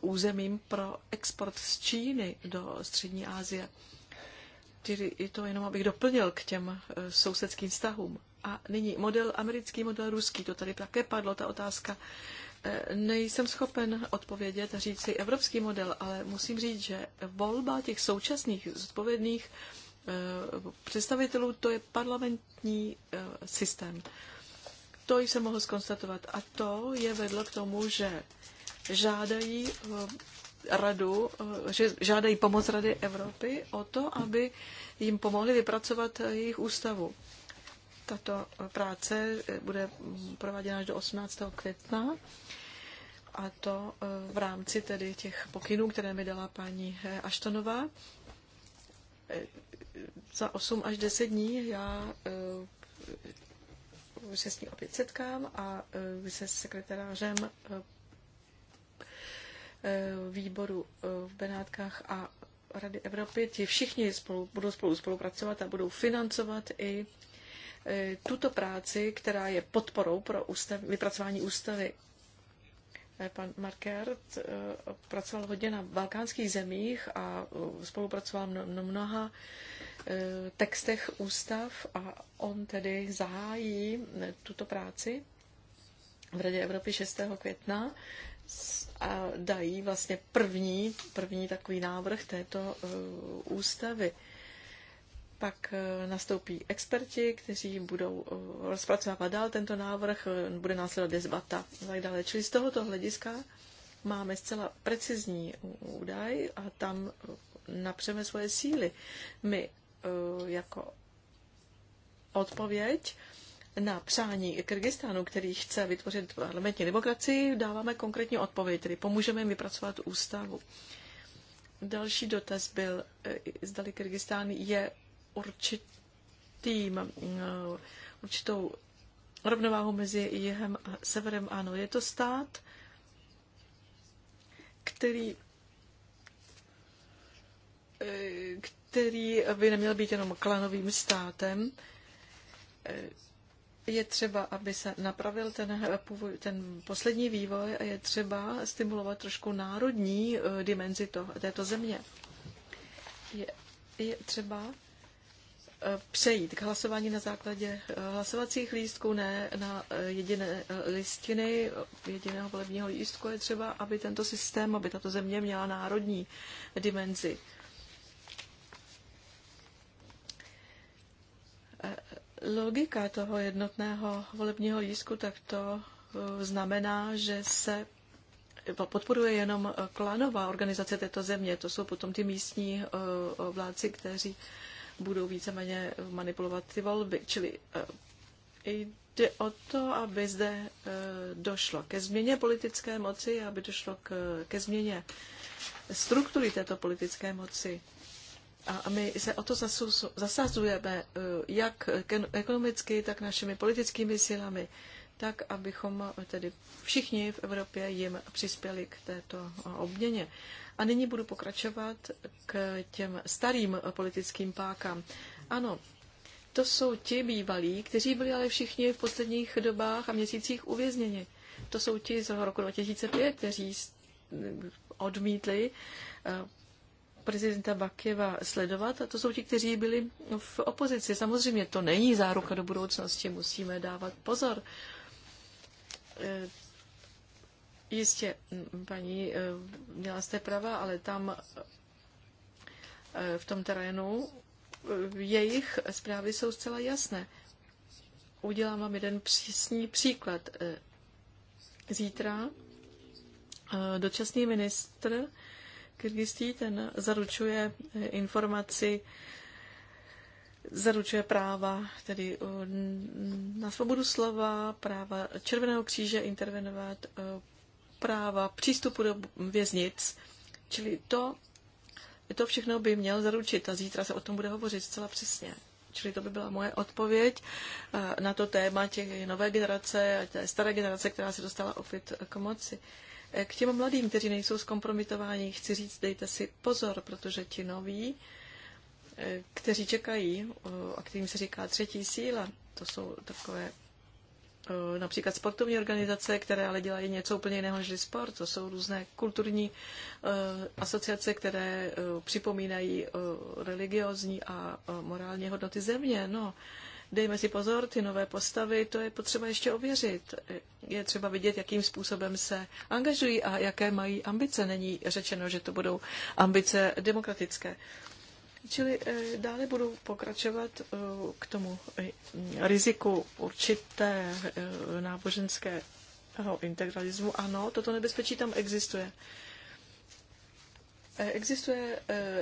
územím pro export z Číny do Střední Asie. Tedy je to jenom, abych doplnil k těm eh, sousedským vztahům. A nyní model americký, model ruský, to tady také padlo, ta otázka. Eh, nejsem schopen odpovědět a říct si evropský model, ale musím říct, že volba těch současných zodpovědných Eh, představitelů, to je parlamentní eh, systém. To jsem mohl skonstatovat. A to je vedlo k tomu, že žádají eh, radu, že žádají pomoc Rady Evropy o to, aby jim pomohli vypracovat jejich ústavu. Tato práce bude prováděna až do 18. května a to v rámci tedy těch pokynů, které mi dala paní Aštonová za 8 až 10 dní já eh, se s ní opět setkám a eh, se sekretářem eh, výboru v Benátkách a Rady Evropy, ti všichni spolu, budou spolu spolupracovat a budou financovat i tuto práci, která je podporou pro ústav, vypracování ústavy. Pan Markert pracoval hodně na balkánských zemích a spolupracoval na mnoha Eh, textech ústav a on tedy zahájí eh, tuto práci v Radě Evropy 6. května a dají vlastně první, první takový návrh této eh, ústavy. Pak nastoupí experti, kteří budou rozpracovat dál tento návrh, bude následovat debata a tak dále. Čili z tohoto hlediska máme zcela precizní údaj a tam napřeme svoje síly. My Eh, jako odpověď na přání Kyrgyzstánu, který chce vytvořit parlamentní demokracii, dáváme konkrétní odpověď, tedy pomůžeme jim vypracovat ústavu. Další dotaz byl, eh, zdali Kyrgyzstán je určitým, eh, určitou rovnováhu mezi jihem a severem. Ano, je to stát, který který by neměl být jenom klanovým státem. Eh, je třeba, aby se napravil ten, eh, ten poslední vývoj a je třeba stimulovat trošku národní eh, dimenzi to, této země. Je, je třeba přejít k hlasování na základě hlasovacích lístků, ne na jediné listiny, jediného volebního lístku. Je třeba, aby tento systém, aby tato země měla národní dimenzi. Logika toho jednotného volebního lístku takto eh, znamená, že se podporuje jenom klanová organizace této země. To jsou potom ty místní eh, vládci, kteří budou víceméně manipulovat ty volby. Čili eh, jde o to, aby zde došlo ke změně politické moci, aby došlo ke změně struktury této politické moci. A my se o to zasazujeme eh, jak ekonomicky, tak našimi politickými silami, tak abychom tedy všichni v Evropě jim přispěli k této obměně. A nyní budu pokračovat k těm starým politickým pákám. Ano, to jsou ti bývalí, kteří byli ale všichni v posledních dobách a měsících uvězněni. To jsou ti z roku 2005, kteří odmítli eh, prezidenta Bakjeva sledovat a to jsou ti, kteří byli v opozici. Samozřejmě to není záruka do budoucnosti, musíme dávat pozor. Eh, jistě, paní, eh, měla jste prava, ale tam eh, v tom terénu jejich zprávy jsou zcela jasné. Udělám vám jeden přísný příklad. Zítra dočasný ministr Kyrgyzstí, ten zaručuje informaci, zaručuje práva tedy na svobodu slova, práva Červeného kříže intervenovat, práva přístupu do věznic, čili to, to všechno by měl zaručit a zítra se o tom bude hovořit zcela přesně. Čili to by byla moje odpověď e, na to téma těch nové generace a té staré generace, která se dostala opět k moci. K těm mladým, kteří nejsou zkompromitováni, chci říct, dejte si pozor, protože ti noví, eh, kteří čekají eh, a kterým se říká třetí síla, to jsou takové eh, například sportovní organizace, které ale dělají něco úplně jiného než sport. To jsou různé kulturní asociace, které připomínají religiozní a morální hodnoty země. No, Dejme si pozor, ty nové postavy, to je potřeba ještě ověřit. Je třeba vidět, jakým způsobem se angažují a jaké mají ambice. Není řečeno, že to budou ambice demokratické. Čili eh, dále budu pokračovat eh, k tomu eh, riziku určité náboženské integralismu. Ano, toto nebezpečí tam existuje. Existuje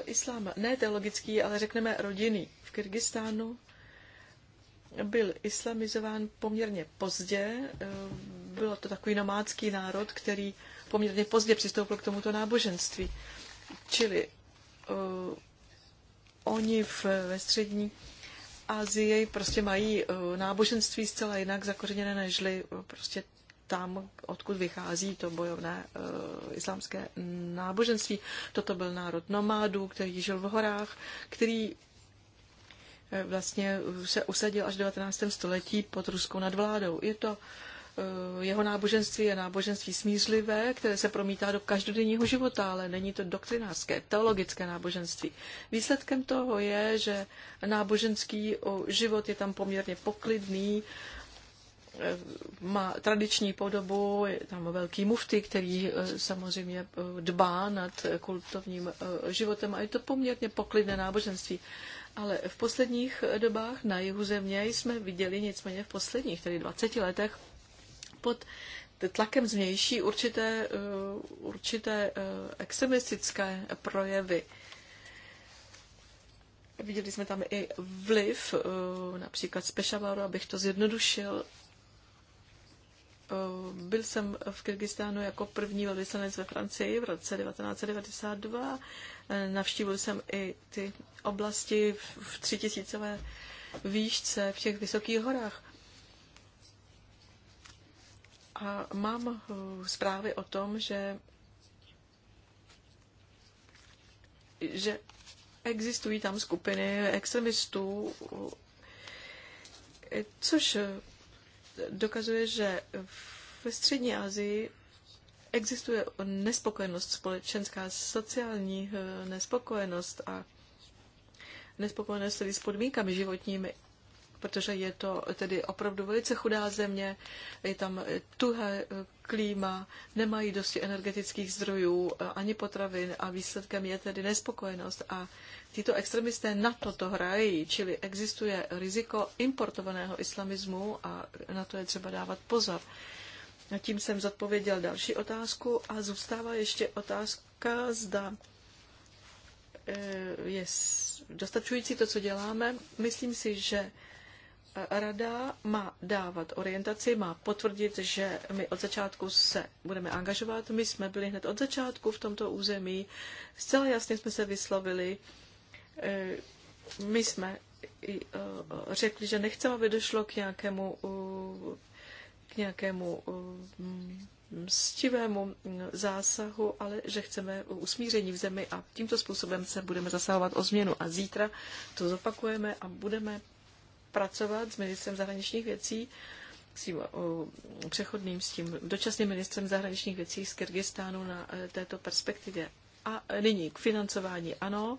islám ne teologický, ale řekneme rodinný. V Kyrgyzstánu byl islamizován poměrně pozdě. Bylo to takový nomádský národ, který poměrně pozdě přistoupil k tomuto náboženství. Čili uh, oni v, ve střední Asii prostě mají uh, náboženství zcela jinak zakořeněné nežli uh, prostě tam, odkud vychází to bojovné uh, islámské náboženství. Toto byl národ nomádů, který žil v horách, který Eh, vlastně se usadil až v 19. století pod ruskou nadvládou. Je to eh, jeho náboženství je náboženství smířlivé, které se promítá do každodenního života, ale není to doktrinářské, teologické náboženství. Výsledkem toho je, že náboženský život je tam poměrně poklidný, eh, má tradiční podobu, je tam velký mufty, který samozřejmě dbá nad kultovním životem a je to poměrně poklidné náboženství. Ale v posledních dobách na jihu země jsme viděli nicméně v posledních, tedy 20 letech, pod tlakem zmější určité, eh, určité eh, extremistické projevy. Viděli jsme tam i vliv eh, například z Pešavaru, abych to zjednodušil, Eh, byl jsem v Kyrgyzstánu jako první velvyslanec ve Francii v roce 1992. Eh, navštívil jsem i ty oblasti v třitisícové výšce, v těch vysokých horách. A mám eh, zprávy o tom, že, že existují tam skupiny extremistů, což dokazuje, že ve střední Asii existuje nespokojenost společenská, sociální eh, nespokojenost a nespokojenost s podmínkami životními protože je to tedy opravdu velice chudá země, je tam tuhé klíma, nemají dosti energetických zdrojů ani potravin a výsledkem je tedy nespokojenost a Tito extremisté na toto hrají, čili existuje riziko importovaného islamismu a na to je třeba dávat pozor. A tím jsem zodpověděl další otázku a zůstává ještě otázka, zda eh, je dostačující to, co děláme. Myslím si, že rada má dávat orientaci, má potvrdit, že my od začátku se budeme angažovat. My jsme byli hned od začátku v tomto území. Zcela jasně jsme se vyslovili. Eh, my jsme eh, řekli, že nechceme, aby došlo k nějakému, eh, k nějakému mstivému zásahu, ale že chceme usmíření v zemi a tímto způsobem se budeme zasahovat o změnu. A zítra to zopakujeme a budeme pracovat s ministrem zahraničních věcí, s tím přechodným, s tím dočasným ministrem zahraničních věcí z Kyrgyzstánu na eh, této perspektivě. A eh, nyní k financování. Ano,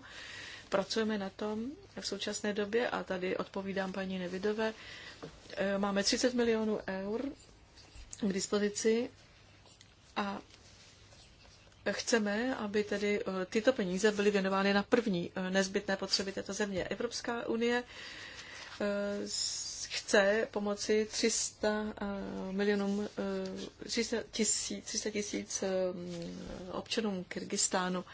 pracujeme na tom v současné době a tady odpovídám paní Nevidové. Eh, máme 30 milionů eur k dispozici a chceme, aby tedy tyto peníze byly věnovány na první nezbytné potřeby této země. Evropská unie Eh, chce pomoci 300 eh, milionům, 300 eh, tisíc, 300 tisíc občanům Kyrgyzstánu.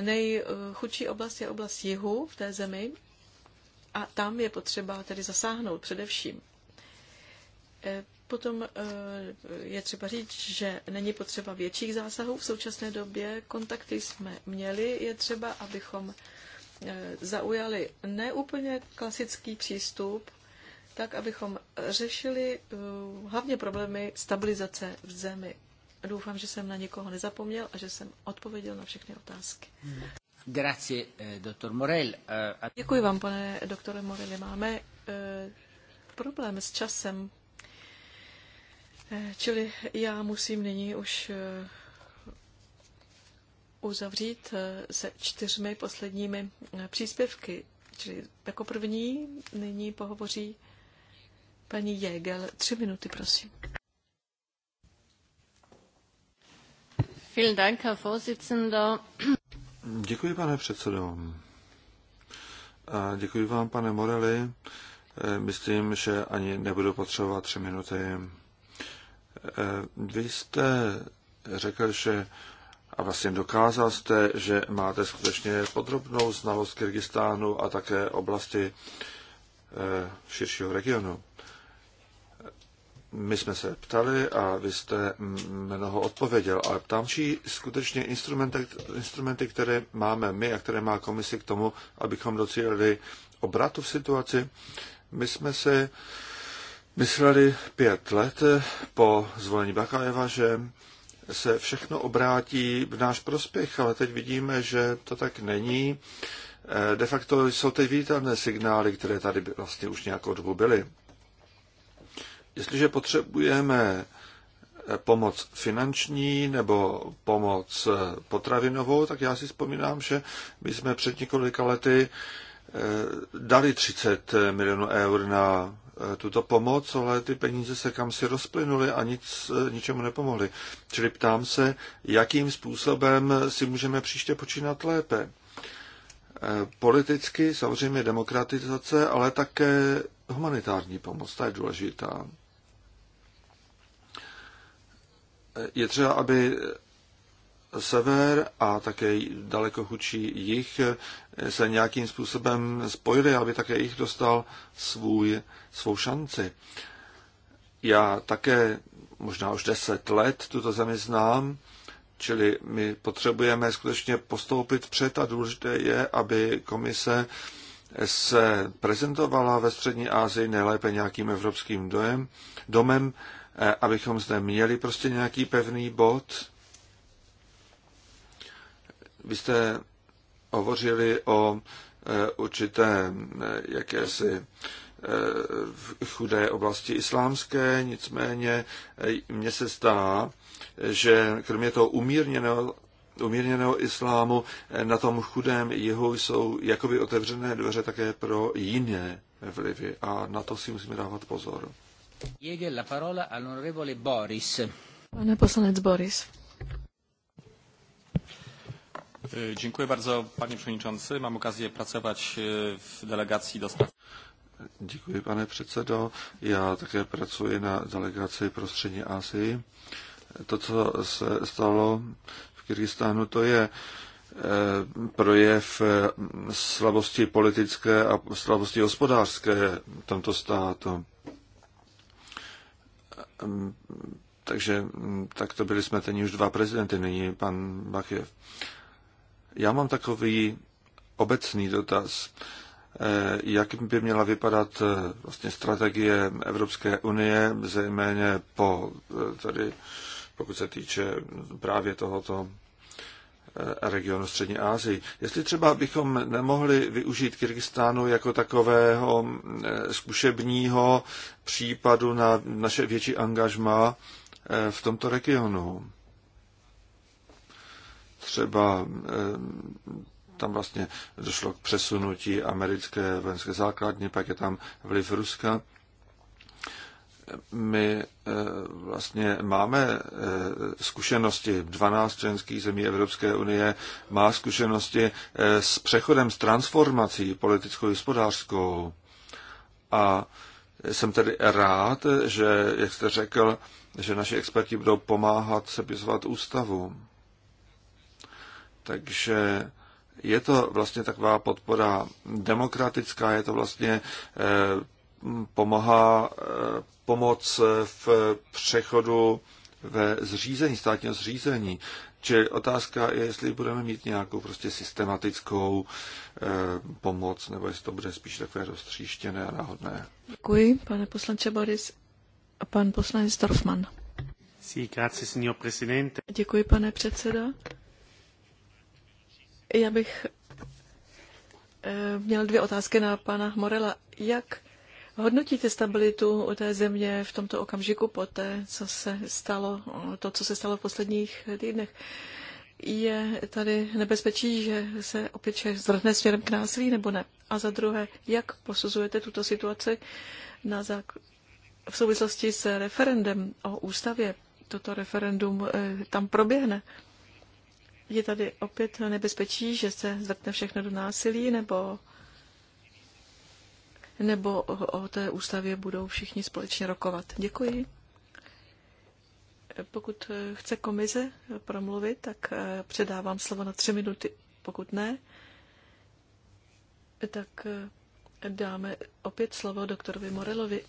Nejchudší oblast je oblast jihu v té zemi a tam je potřeba tedy zasáhnout především. Potom je třeba říct, že není potřeba větších zásahů v současné době. Kontakty jsme měli, je třeba, abychom Eh, zaujali neúplně klasický přístup, tak abychom řešili eh, hlavně problémy stabilizace v zemi. Doufám, že jsem na někoho nezapomněl a že jsem odpověděl na všechny otázky. Grazie, eh, doktor Morel. Děkuji vám, pane doktore Morelli. Máme problém s časem. Čili já musím nyní už uzavřít eh, se čtyřmi posledními eh, příspěvky. Čili jako první nyní pohovoří paní Jägel. Tři minuty, prosím. Děkuji, pane předsedo. A děkuji vám, pane Morelli. Eh, myslím, že ani nebudu potřebovat tři minuty. Vy jste řekl, že a vlastně dokázal jste, že máte skutečně podrobnou znalost Kyrgyzstánu a také oblasti eh, širšího regionu. My jsme se ptali a vy jste mnoho odpověděl, ale ptám či skutečně instrumenty, instrumenty, které máme my a které má komisi k tomu, abychom docílili obratu v situaci. My jsme si mysleli pět let po zvolení Bakajeva, že se všechno obrátí v náš prospěch, ale teď vidíme, že to tak není. Eh, de facto jsou teď viditelné signály, které tady vlastně už nějakou dobu byly. Jestliže potřebujeme eh, pomoc finanční nebo pomoc eh, potravinovou, tak já si vzpomínám, že my jsme před několika lety dali 30 milionů eur na Eh, tuto pomoc, ale ty peníze se kam si rozplynuly a nic, eh, ničemu nepomohly. Čili ptám se, jakým způsobem si můžeme příště počínat lépe. Eh, politicky samozřejmě demokratizace, ale také humanitární pomoc, ta je důležitá. Je třeba, aby sever a také daleko chudší jich se nějakým způsobem spojili, aby také jich dostal svůj, svou šanci. Já také možná už deset let tuto zemi znám, čili my potřebujeme skutečně postoupit před a důležité je, aby komise se prezentovala ve střední Asii nejlépe nějakým evropským dojem, domem, eh, abychom zde měli prostě nějaký pevný bod, vy jste hovořili o e, určité e, jakési e, chudé oblasti islámské, nicméně mně se zdá, že kromě toho umírněného, umírněného islámu na tom chudém jihu jsou jakoby otevřené dveře také pro jiné vlivy a na to si musíme dávat pozor. Pane poslanec Boris. E, dziękuję bardzo, panie przewodniczący. Mam okazję pracować e, w delegacji do spraw. pane předsedo. Já také pracuji na delegaci pro střední Asii. To, co se stalo v Kyrgyzstánu, to je projev e, slabosti politické a slabosti hospodářské tomto státu. Takže mm, takto byli smeteni už dva prezidenty, nyní pan Bakjev. Já mám takový obecný dotaz, eh, jak by měla vypadat eh, vlastně strategie Evropské unie, zejména po, eh, tady, pokud se týče právě tohoto regionu Střední Asii. Jestli třeba bychom nemohli využít Kyrgyzstánu jako takového zkušebního případu na naše větší angažma v tomto regionu třeba eh, tam vlastně došlo k přesunutí americké vojenské základny, pak je tam vliv Ruska. My eh, vlastně máme eh, zkušenosti, 12 členských zemí Evropské unie má zkušenosti s přechodem, s transformací politickou i hospodářskou. A jsem tedy rád, že, jak jste řekl, že naši experti budou pomáhat sepisovat ústavu. Takže je to vlastně taková podpora demokratická, je to vlastně eh, pomoha, eh, pomoc v přechodu ve zřízení, státního zřízení. Čili otázka je, jestli budeme mít nějakou prostě systematickou e, pomoc, nebo jestli to bude spíš takové roztříštěné a náhodné. Děkuji, pane poslanče Boris. A pan poslanec Dorfman. Děkuji, pane předsedo. Já bych eh, měl dvě otázky na pana Morela. Jak hodnotíte stabilitu u té země v tomto okamžiku po té, co se stalo, to, co se stalo v posledních týdnech? Je tady nebezpečí, že se opět zvrhne směrem k násilí, nebo ne? A za druhé, jak posuzujete tuto situaci na zák- v souvislosti s referendem o ústavě? Toto referendum eh, tam proběhne je tady opět nebezpečí, že se zvrtne všechno do násilí, nebo, nebo o té ústavě budou všichni společně rokovat. Děkuji. Pokud chce komise promluvit, tak eh, předávám slovo na tři minuty. Pokud ne, tak eh, dáme opět slovo doktorovi Morelovi,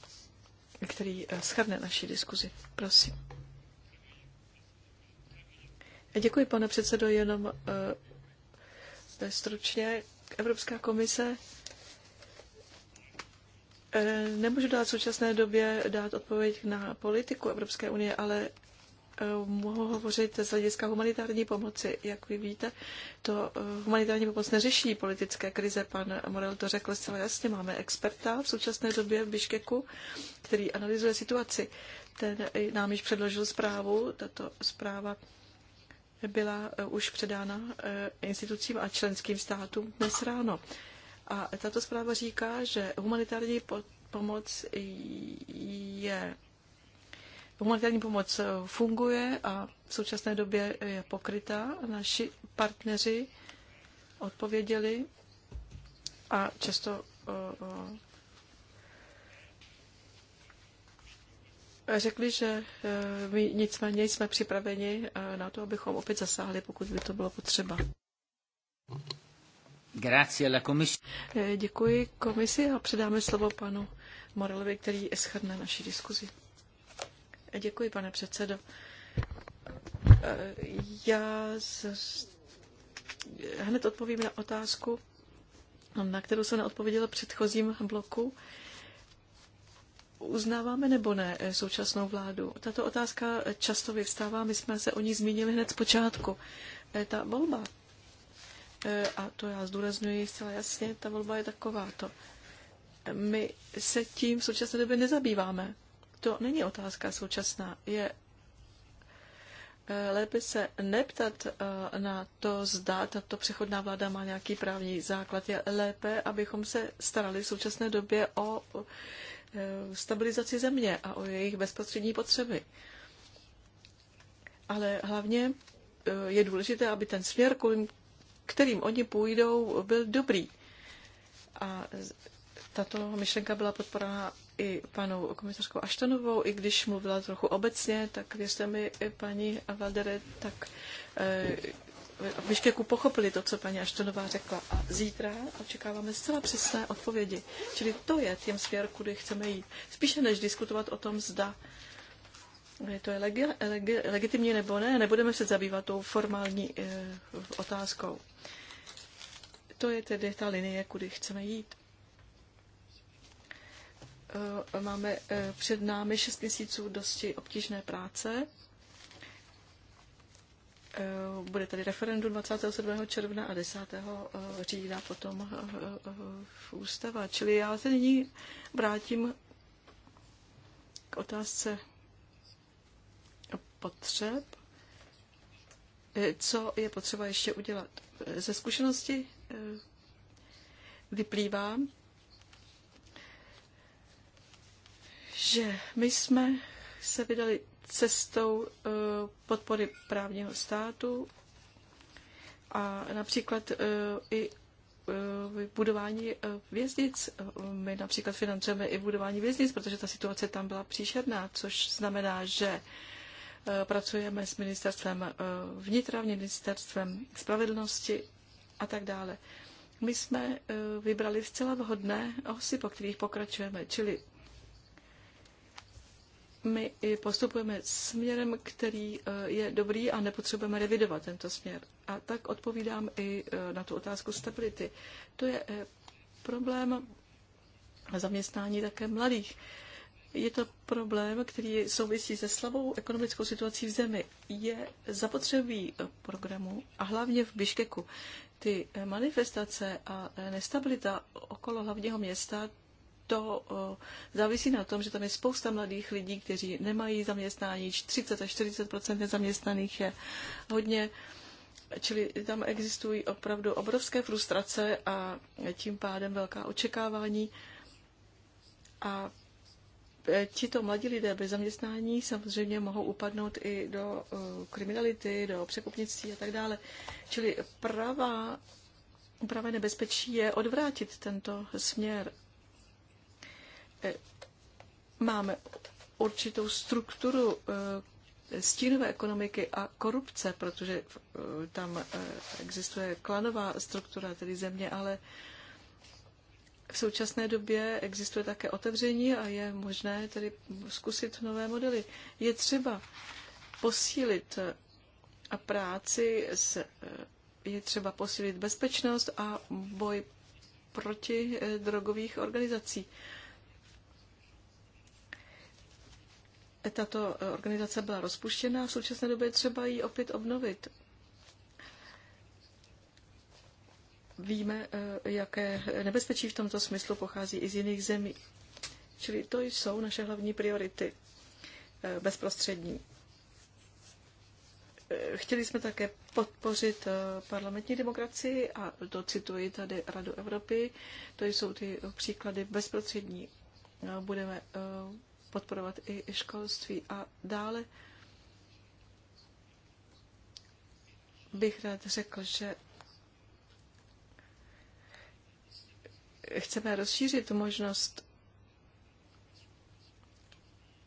který eh, schrne naši diskuzi. Prosím. Děkuji, pane předsedo, jenom eh, stručně. Evropská komise e, eh, nemůžu dát v současné době dát odpověď na politiku Evropské unie, ale eh, mohu hovořit z hlediska humanitární pomoci. Jak vy víte, to humanitární pomoc neřeší politické krize. Pan Morel to řekl zcela jasně. Máme experta v současné době v Biškeku, který analyzuje situaci. Ten nám již předložil zprávu. Tato zpráva byla eh, už předána eh, institucím a členským státům dnes ráno. A tato zpráva říká, že humanitární pomoc je Humanitární pomoc eh, funguje a v současné době je pokrytá. Naši partneři odpověděli a často řekli, že e, my nicméně jsme připraveni e, na to, abychom opět zasáhli, pokud by to bylo potřeba. E, děkuji komisi a předáme slovo panu Morelovi, který schrne naši diskuzi. Děkuji, pane předsedo. Já z... hned odpovím na otázku, na kterou jsem neodpověděla předchozím bloku uznáváme nebo ne eh, současnou vládu? Tato otázka často vyvstává, my jsme se o ní zmínili hned z počátku. Eh, ta volba, eh, a to já zdůraznuju zcela jasně, ta volba je taková. To. My se tím v současné době nezabýváme. To není otázka současná. Je lépe se neptat na to, zda tato přechodná vláda má nějaký právní základ. Je lépe, abychom se starali v současné době o Eh, stabilizaci země a o jejich bezprostřední potřeby. Ale hlavně eh, je důležité, aby ten směr, kterým oni půjdou, byl dobrý. A tato myšlenka byla podporána i panou komisařkou Aštanovou, i když mluvila trochu obecně, tak věřte mi, paní Valdere, tak eh, Myškeku pochopili to, co paní Aštonová řekla. A zítra očekáváme zcela přesné odpovědi. Čili to je tím směr, kudy chceme jít. Spíše než diskutovat o tom, zda to je legi, legi, legitimní nebo ne, nebudeme se zabývat tou formální e, otázkou. To je tedy ta linie, kudy chceme jít. E, máme e, před námi šest měsíců dosti obtížné práce Eh, bude tady referendum 27. června a 10. Eh, října potom eh, v ústava. Čili já se nyní vrátím k otázce potřeb. Co je potřeba ještě udělat? Ze zkušenosti vyplývá, že my jsme se vydali cestou eh, podpory právního státu a například eh, i eh, budování věznic. My například financujeme i budování věznic, protože ta situace tam byla příšerná, což znamená, že pracujeme s ministerstvem vnitra, ministerstvem spravedlnosti a tak dále. My jsme vybrali zcela vhodné osy, po kterých pokračujeme, čili my i postupujeme směrem, který eh, je dobrý a nepotřebujeme revidovat tento směr. A tak odpovídám i eh, na tu otázku stability. To je eh, problém zaměstnání také mladých. Je to problém, který souvisí se slabou ekonomickou situací v zemi. Je zapotřebí programu a hlavně v Biškeku. Ty manifestace a nestabilita okolo hlavního města, to závisí na tom, že tam je spousta mladých lidí, kteří nemají zaměstnání, 30 až 40 nezaměstnaných je hodně. Čili tam existují opravdu obrovské frustrace a tím pádem velká očekávání. A e, tito mladí lidé bez zaměstnání samozřejmě mohou upadnout i do kriminality, do překupnictví a tak dále. Čili pravá, pravé nebezpečí je odvrátit tento směr Eh, máme určitou strukturu eh, stínové ekonomiky a korupce, protože eh, tam existuje klanová struktura, tedy země, ale v současné době existuje také otevření a je možné tedy zkusit nové modely. Je třeba posílit a práci, s, je třeba posílit bezpečnost a boj proti drogových organizací. tato organizace byla rozpuštěna a v současné době je třeba ji opět obnovit. Víme, eh, jaké nebezpečí v tomto smyslu pochází i z jiných zemí. Čili to jsou naše hlavní priority eh, bezprostřední. Eh, chtěli jsme také podpořit parlamentní demokracii a to cituji tady Radu Evropy. To jsou ty příklady bezprostřední. No, budeme podporovat i školství. A dále bych rád řekl, že chceme rozšířit možnost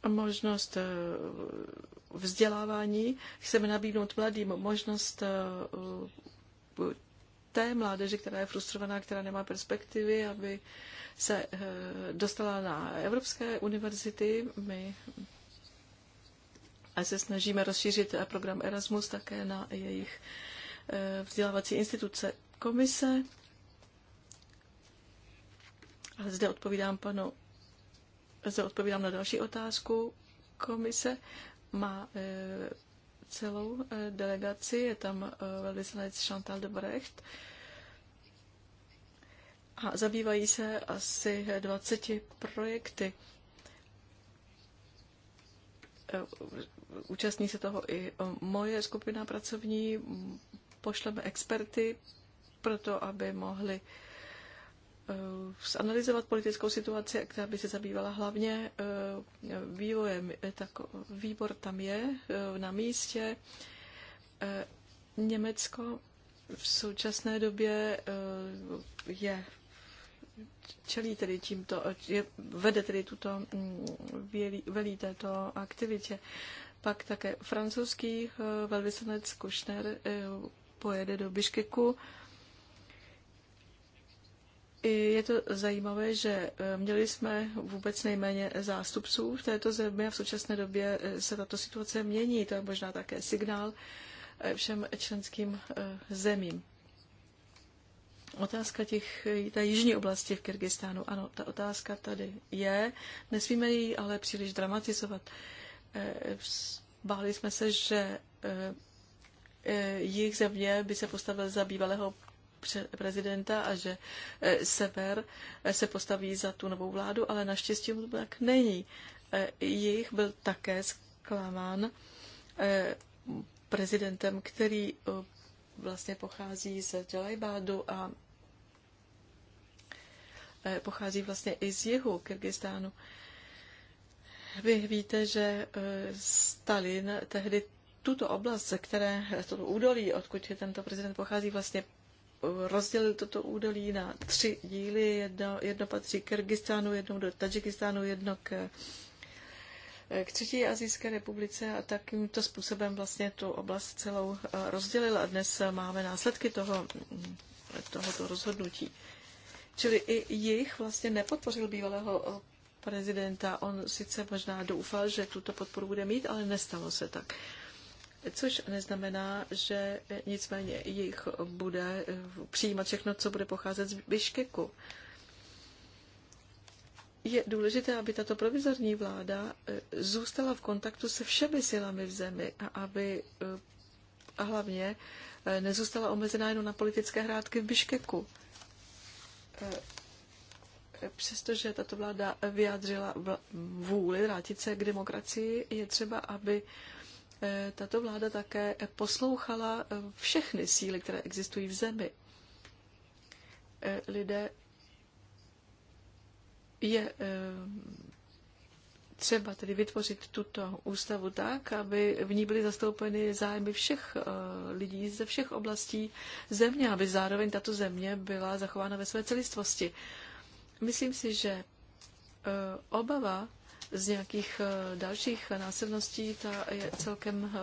možnost eh, vzdělávání, chceme nabídnout mladým možnost eh, té mládeže, která je frustrovaná, která nemá perspektivy, aby se eh, dostala na evropské univerzity. My a se snažíme rozšířit eh, program Erasmus také na jejich eh, vzdělávací instituce komise. Ale zde odpovídám panu, zde odpovídám na další otázku. Komise má celou eh, delegaci. Je tam eh, velvyslanec Chantal de Brecht. A zabývají se asi 20 projekty. Eh, účastní se toho i moje skupina pracovní. Pošleme experty pro to, aby mohli Eh, zanalizovat politickou situaci, která by se zabývala hlavně eh, vývojem. Eh, tak výbor tam je na místě. Německo v současné době je čelí tedy tímto, je, vede tedy tuto, mm, vělí, velí této aktivitě. Pak také francouzský velvyslanec Kušner pojede do Biškeku je to zajímavé, že e, měli jsme vůbec nejméně zástupců v této zemi a v současné době e, se tato situace mění. To je možná také signál e, všem členským zemím. Otázka těch, ta jižní oblasti v Kyrgyzstánu, ano, ta otázka tady je. Nesmíme ji ale příliš dramatizovat. Báli jsme se, že jejich země by se postavil za bývalého prezidenta a že eh, sever eh, se postaví za tu novou vládu, ale naštěstí to tak není. Jejich eh, byl také zklamán prezidentem, který vlastně pochází z Dželajbádu a pochází vlastně i z jihu Kyrgyzstánu. Vy víte, že Stalin tehdy tuto oblast, ze které, toto údolí, odkud tento prezident pochází, vlastně rozdělil toto údolí na tři díly. Jedno, jedno patří k Kyrgyzstánu, jedno do Tadžikistánu, jedno k, k Třetí Azijské republice a takýmto způsobem vlastně tu oblast celou eh, rozdělil a dnes máme následky toho, mm, tohoto rozhodnutí. Čili i jich vlastně nepodpořil bývalého eh, prezidenta. On sice možná doufal, že tuto podporu bude mít, ale nestalo se tak což neznamená, že nicméně jich bude přijímat všechno, co bude pocházet z Biškeku. Je důležité, aby tato provizorní vláda eh, zůstala v kontaktu se všemi silami v zemi a aby eh, a hlavně eh, nezůstala omezená jen na politické hrádky v Biškeku. Přestože tato vláda vyjádřila vůli vrátit se k demokracii, je třeba, aby Eh, tato vláda také poslouchala eh, všechny síly, které existují v zemi. Eh, lidé je třeba tedy vytvořit tuto ústavu tak, aby v ní byly zastoupeny zájmy všech lidí ze všech oblastí země, aby zároveň tato země byla zachována ve své celistvosti. Myslím si, že obava z nějakých eh, dalších násilností, ta je celkem eh,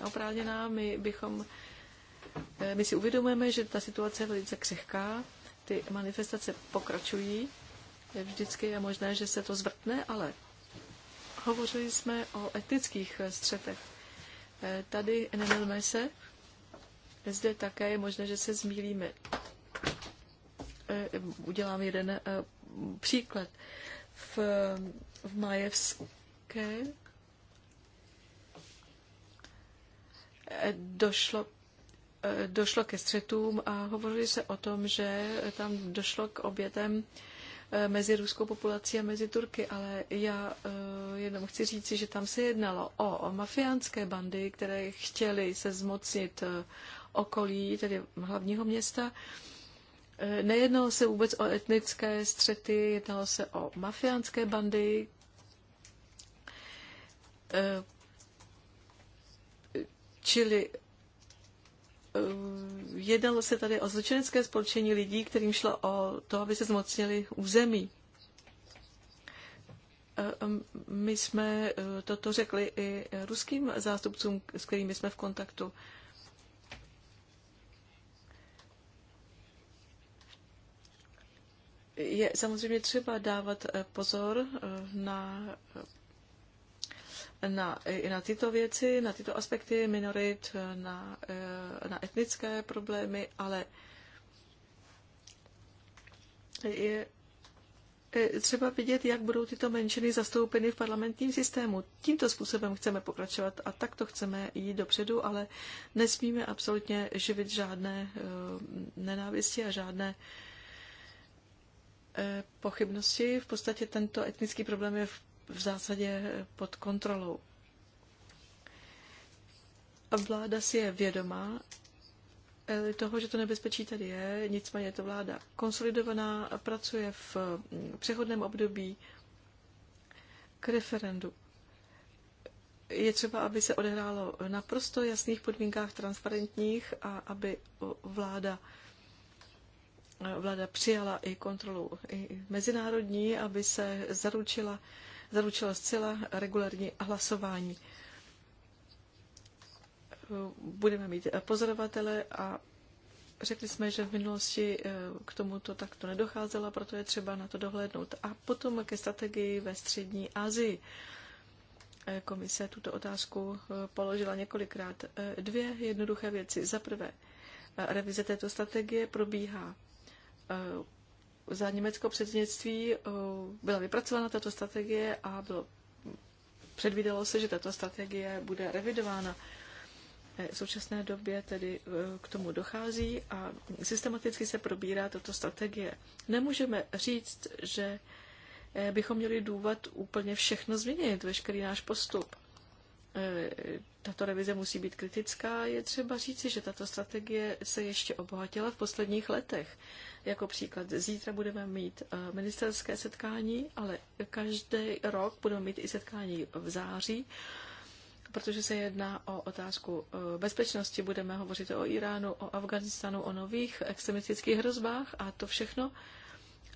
neoprávněná. My bychom eh, my si uvědomujeme, že ta situace je velice křehká, ty manifestace pokračují, vždycky je možné, že se to zvrtne, ale hovořili jsme o etnických střetech. Tady nemilme se, zde také je možné, že se zmílíme. Udělám jeden příklad v, v Majevské došlo došlo ke střetům a hovořili se o tom, že tam došlo k obětem eh, mezi ruskou populací a mezi Turky, ale já eh, jenom chci říci, že tam se jednalo o mafiánské bandy, které chtěly se zmocnit eh, okolí, tedy hlavního města, Nejednalo se vůbec o etnické střety, jednalo se o mafiánské bandy. Eh, čili eh, jednalo se tady o zločinecké spolčení lidí, kterým šlo o to, aby se zmocnili území. Eh, my jsme toto řekli i ruským zástupcům, s kterými jsme v kontaktu. je samozřejmě třeba dávat eh, pozor eh, na, eh, na, i na tyto věci, na tyto aspekty minorit, na, na etnické problémy, ale je třeba vidět, jak budou tyto menšiny zastoupeny v parlamentním systému. Tímto způsobem chceme pokračovat a takto chceme jít dopředu, ale nesmíme absolutně živit žádné nenávisti a žádné uh, Eh, pochybnosti. V podstatě tento etnický problém je v, zásadě eh, pod kontrolou. A vláda si je vědomá eh, toho, že to nebezpečí tady je, nicméně je to vláda konsolidovaná, pracuje v mm, přechodném období k referendu. Je třeba, aby se odehrálo naprosto jasných podmínkách, transparentních a aby vláda vláda přijala i kontrolu i mezinárodní, aby se zaručila, zaručila zcela regulární hlasování. Budeme mít pozorovatele a řekli jsme, že v minulosti eh, k tomuto takto nedocházelo, proto je třeba na to dohlédnout. A potom ke strategii ve střední Asii. Eh, komise tuto otázku eh, položila několikrát. Dvě jednoduché věci. Za prvé, revize této strategie probíhá Eh, za německého předsednictví eh, byla vypracována tato strategie a bylo, předvídalo se, že tato strategie bude revidována. Eh, v současné době tedy k tomu dochází a systematicky se probírá tato strategie. Nemůžeme říct, že bychom měli důvod úplně všechno změnit, veškerý náš postup. Tato revize musí být kritická. Je třeba říci, že tato strategie se ještě obohatila v posledních letech. Jako příklad, zítra budeme mít eh, ministerské setkání, ale každý rok budeme mít i setkání v září, protože se jedná o otázku eh, bezpečnosti. Budeme hovořit o Iránu, o Afganistanu, o nových extremistických hrozbách a to všechno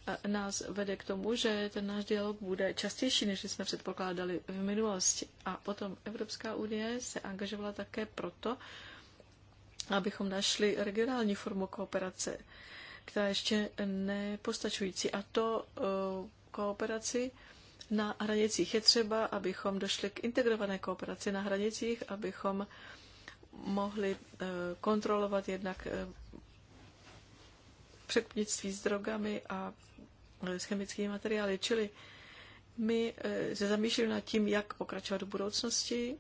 eh, nás vede k tomu, že ten náš dialog bude častější, než jsme předpokládali v minulosti. A potom Evropská unie se angažovala také proto, abychom našli regionální formu kooperace která je ještě nepostačující. A to eh, kooperaci na hranicích. Je třeba, abychom došli k integrované kooperaci na hranicích, abychom mohli eh, kontrolovat jednak eh, překupnictví s drogami a s chemickými materiály. Čili my se zamýšlíme nad tím, jak pokračovat v budoucnosti,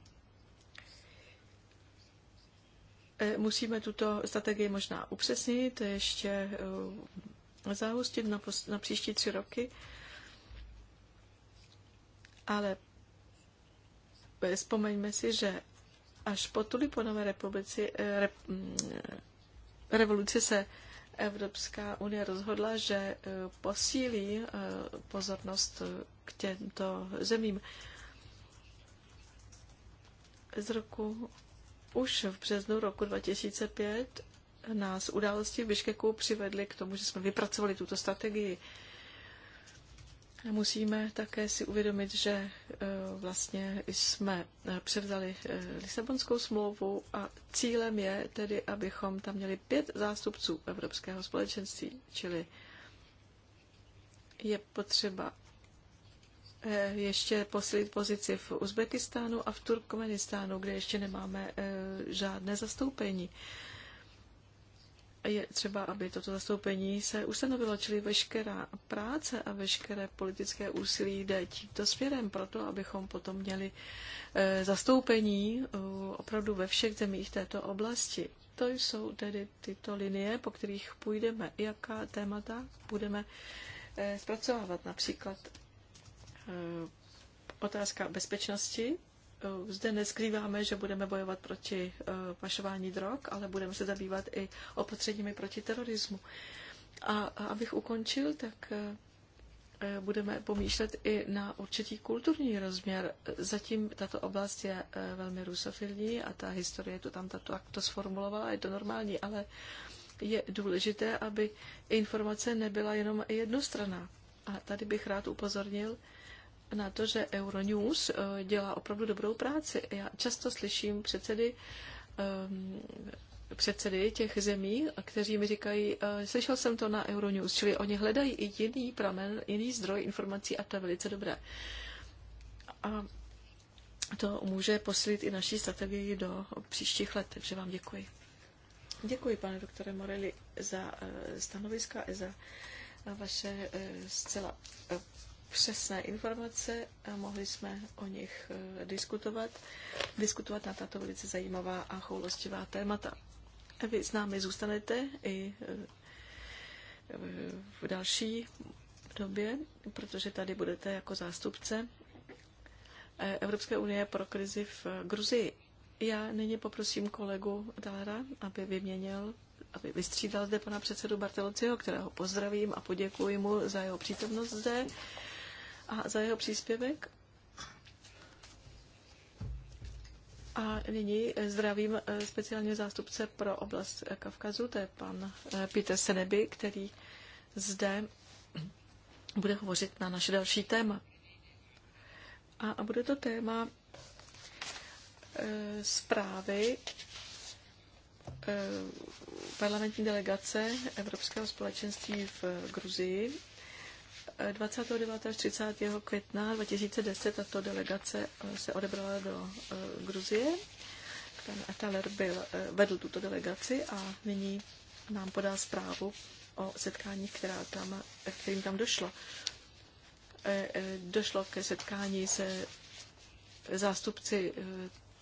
E, musíme tuto strategii možná upřesnit, ještě e, zahustit na, pos- na příští tři roky, ale e, vzpomeňme si, že až po Tuliponové republici, re, revoluci se Evropská unie rozhodla, že posílí pozornost k těmto zemím. Z roku už v březnu roku 2005 nás události v Biškeku přivedly k tomu, že jsme vypracovali tuto strategii. Musíme také si uvědomit, že e, vlastně jsme e, převzali e, Lisabonskou smlouvu a cílem je tedy, abychom tam měli pět zástupců Evropského společenství, čili je potřeba Eh, ještě posilit pozici v Uzbekistánu a v Turkmenistánu, kde ještě nemáme eh, žádné zastoupení. Je třeba, aby toto zastoupení se ustanovilo, čili veškerá práce a veškeré politické úsilí jde tímto směrem, proto abychom potom měli eh, zastoupení opravdu ve všech zemích této oblasti. To jsou tedy tyto linie, po kterých půjdeme, jaká témata budeme zpracovávat. Například Eh, otázka bezpečnosti. Eh, zde neskrýváme, že budeme bojovat proti eh, pašování drog, ale budeme se zabývat i opatřeními proti terorismu. A abych ukončil, tak budeme pomýšlet i na určitý kulturní rozměr. Zatím tato oblast je velmi rusofilní a ta historie to tam tato, to sformulovala, je to normální, ale je důležité, aby informace nebyla jenom jednostraná. A tady bych rád upozornil na to, že Euronews eh, dělá opravdu dobrou práci. Já často slyším předsedy ehm, předsedy těch zemí, kteří mi říkají, eh, slyšel jsem to na Euronews, čili oni hledají i jiný pramen, jiný zdroj informací a to je velice dobré. A to může posílit i naší strategii do příštích let, takže vám děkuji. Děkuji, pane doktore Morelli, za eh, stanoviska i za vaše zcela přesné informace a mohli jsme o nich eh, diskutovat, diskutovat na tato velice zajímavá a choulostivá témata. Vy s námi zůstanete i eh, v další době, protože tady budete jako zástupce eh, Evropské unie pro krizi v Gruzii. Já nyní poprosím kolegu Dára, aby vyměnil, aby vystřídal zde pana předsedu Bartelociho, kterého pozdravím a poděkuji mu za jeho přítomnost zde a za jeho příspěvek. A nyní zdravím eh, speciálně zástupce pro oblast Kavkazu, to je pan eh, Peter Seneby, který zde bude hovořit na naše další téma. A, bude to téma eh, zprávy parlamentní delegace Evropského společenství v Gruzii 29. až 30. května 2010 tato delegace eh, se odebrala do eh, Gruzie. Pan Ataler byl, eh, vedl tuto delegaci a nyní nám podá zprávu o setkání, která tam, kterým tam došlo. Došlo ke setkání se zástupci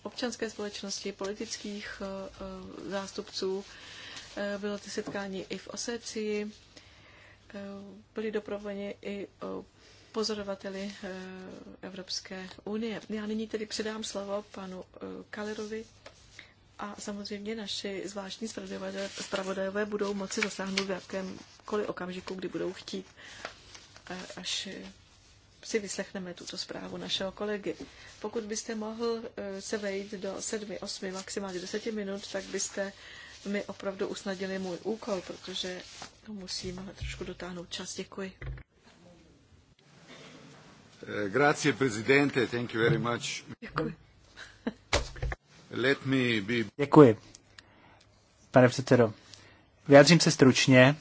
občanské společnosti, politických zástupců. Bylo to setkání i v Osecii Eh, byli doprovodně i eh, pozorovateli eh, Evropské unie. Já nyní tedy předám slovo panu Kalerovi a samozřejmě naši zvláštní zpravodajové budou moci zasáhnout v jakémkoliv okamžiku, kdy budou chtít, až si vyslechneme tuto zprávu našeho kolegy. Pokud byste mohl se vejít do sedmi, osmi, maximálně deseti minut, tak byste mi opravdu usnadili můj úkol, protože to musím trošku dotáhnout čas. Děkuji. Eh, grazie, presidente. Thank you very much. Děkuji. Let me be... Děkuji. Pane předsedo, vyjádřím se stručně.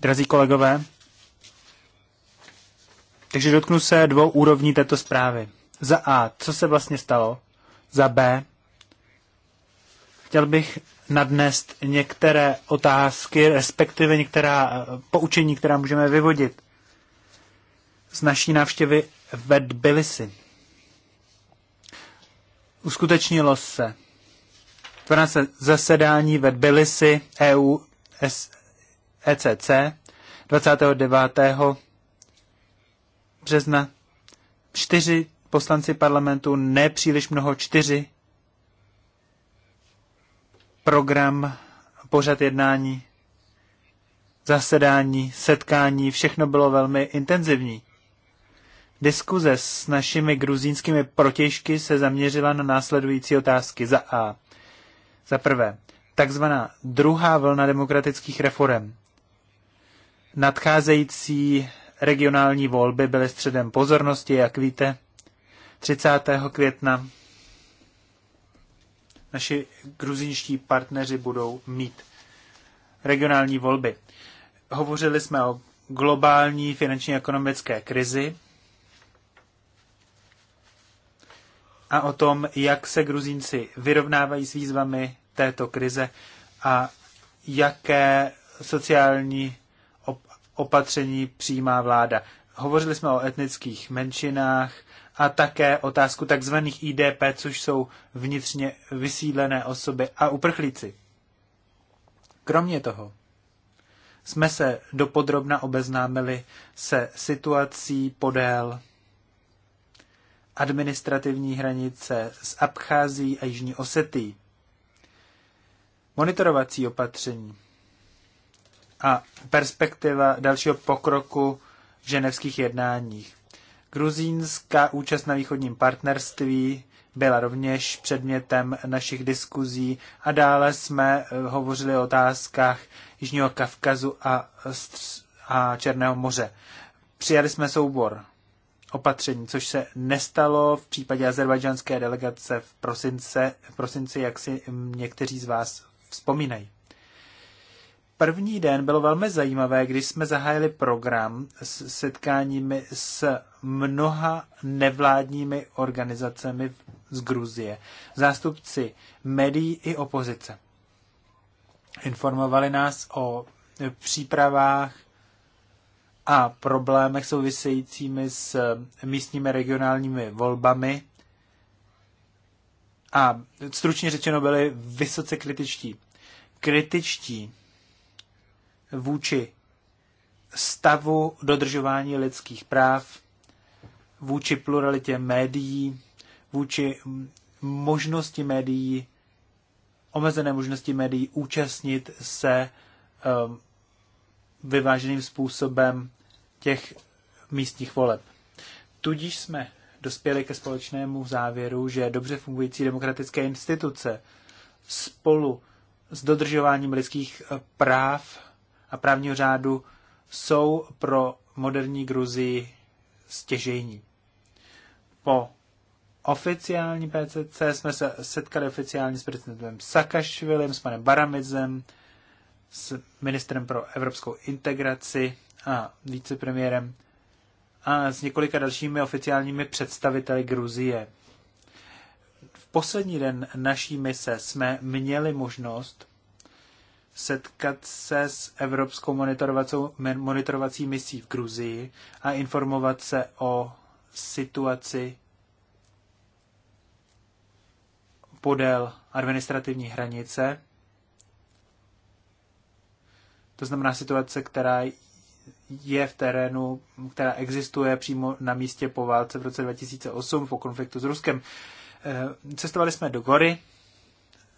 Drazí kolegové, takže dotknu se dvou úrovní této zprávy. Za A, co se vlastně stalo? Za B, chtěl bych nadnést některé otázky, respektive některá poučení, která můžeme vyvodit z naší návštěvy ve Tbilisi. Uskutečnilo se 12. zasedání ve Tbilisi EU ECC 29. března. Čtyři poslanci parlamentu, nepříliš mnoho, čtyři program, pořad jednání, zasedání, setkání, všechno bylo velmi intenzivní. Diskuze s našimi gruzínskými protěžky se zaměřila na následující otázky. Za A. Za prvé, takzvaná druhá vlna demokratických reform. Nadcházející regionální volby byly středem pozornosti, jak víte, 30. května naši gruzinští partneři budou mít. Regionální volby. Hovořili jsme o globální finanční ekonomické krizi a o tom, jak se Gruzínci vyrovnávají s výzvami této krize a jaké sociální opatření přijímá vláda. Hovořili jsme o etnických menšinách, a také otázku tzv. IDP, což jsou vnitřně vysídlené osoby a uprchlíci. Kromě toho jsme se dopodrobna obeznámili se situací podél administrativní hranice s Abchází a Jižní Osetí. Monitorovací opatření a perspektiva dalšího pokroku v ženevských jednáních. Gruzínská účast na východním partnerství byla rovněž předmětem našich diskuzí a dále jsme eh, hovořili o otázkách Jižního Kavkazu a, a Černého moře. Přijali jsme soubor opatření, což se nestalo v případě azerbajdžanské delegace v, prosince, v prosinci, jak si někteří z vás vzpomínají první den bylo velmi zajímavé, když jsme zahájili program s setkáními s mnoha nevládními organizacemi z Gruzie, zástupci médií i opozice. Informovali nás o přípravách a problémech souvisejícími s místními regionálními volbami a stručně řečeno byli vysoce kritičtí. Kritičtí vůči stavu dodržování lidských práv, vůči pluralitě médií, vůči možnosti médií, omezené možnosti médií účastnit se ehm, vyváženým způsobem těch místních voleb. Tudíž jsme dospěli ke společnému závěru, že dobře fungující demokratické instituce spolu s dodržováním lidských eh, práv a právního řádu jsou pro moderní Gruzii stěžejní. Po oficiální PCC jsme se setkali oficiálně s prezidentem Sakašvilem, s panem baramidzem s ministrem pro evropskou integraci a vicepremiérem a s několika dalšími oficiálními představiteli Gruzie. V poslední den naší mise jsme měli možnost setkat se s Evropskou monitorovací misí v Gruzii a informovat se o situaci podél administrativní hranice. To znamená situace, která je v terénu, která existuje přímo na místě po válce v roce 2008 po konfliktu s Ruskem. Eh, cestovali jsme do Gory,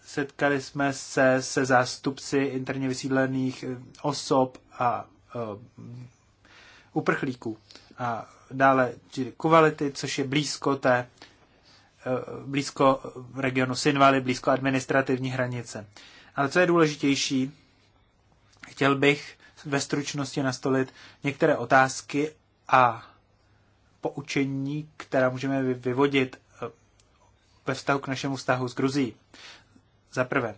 setkali jsme se se zástupci interně vysídlených eh, osob a uh, uprchlíků. A dále Kuvality, což je blízko té, eh, blízko regionu Sinvali, blízko administrativní hranice. Ale co je důležitější, chtěl bych ve stručnosti nastolit některé otázky a poučení, která můžeme vyvodit ve vztahu k našemu vztahu s Gruzí. Za prvé,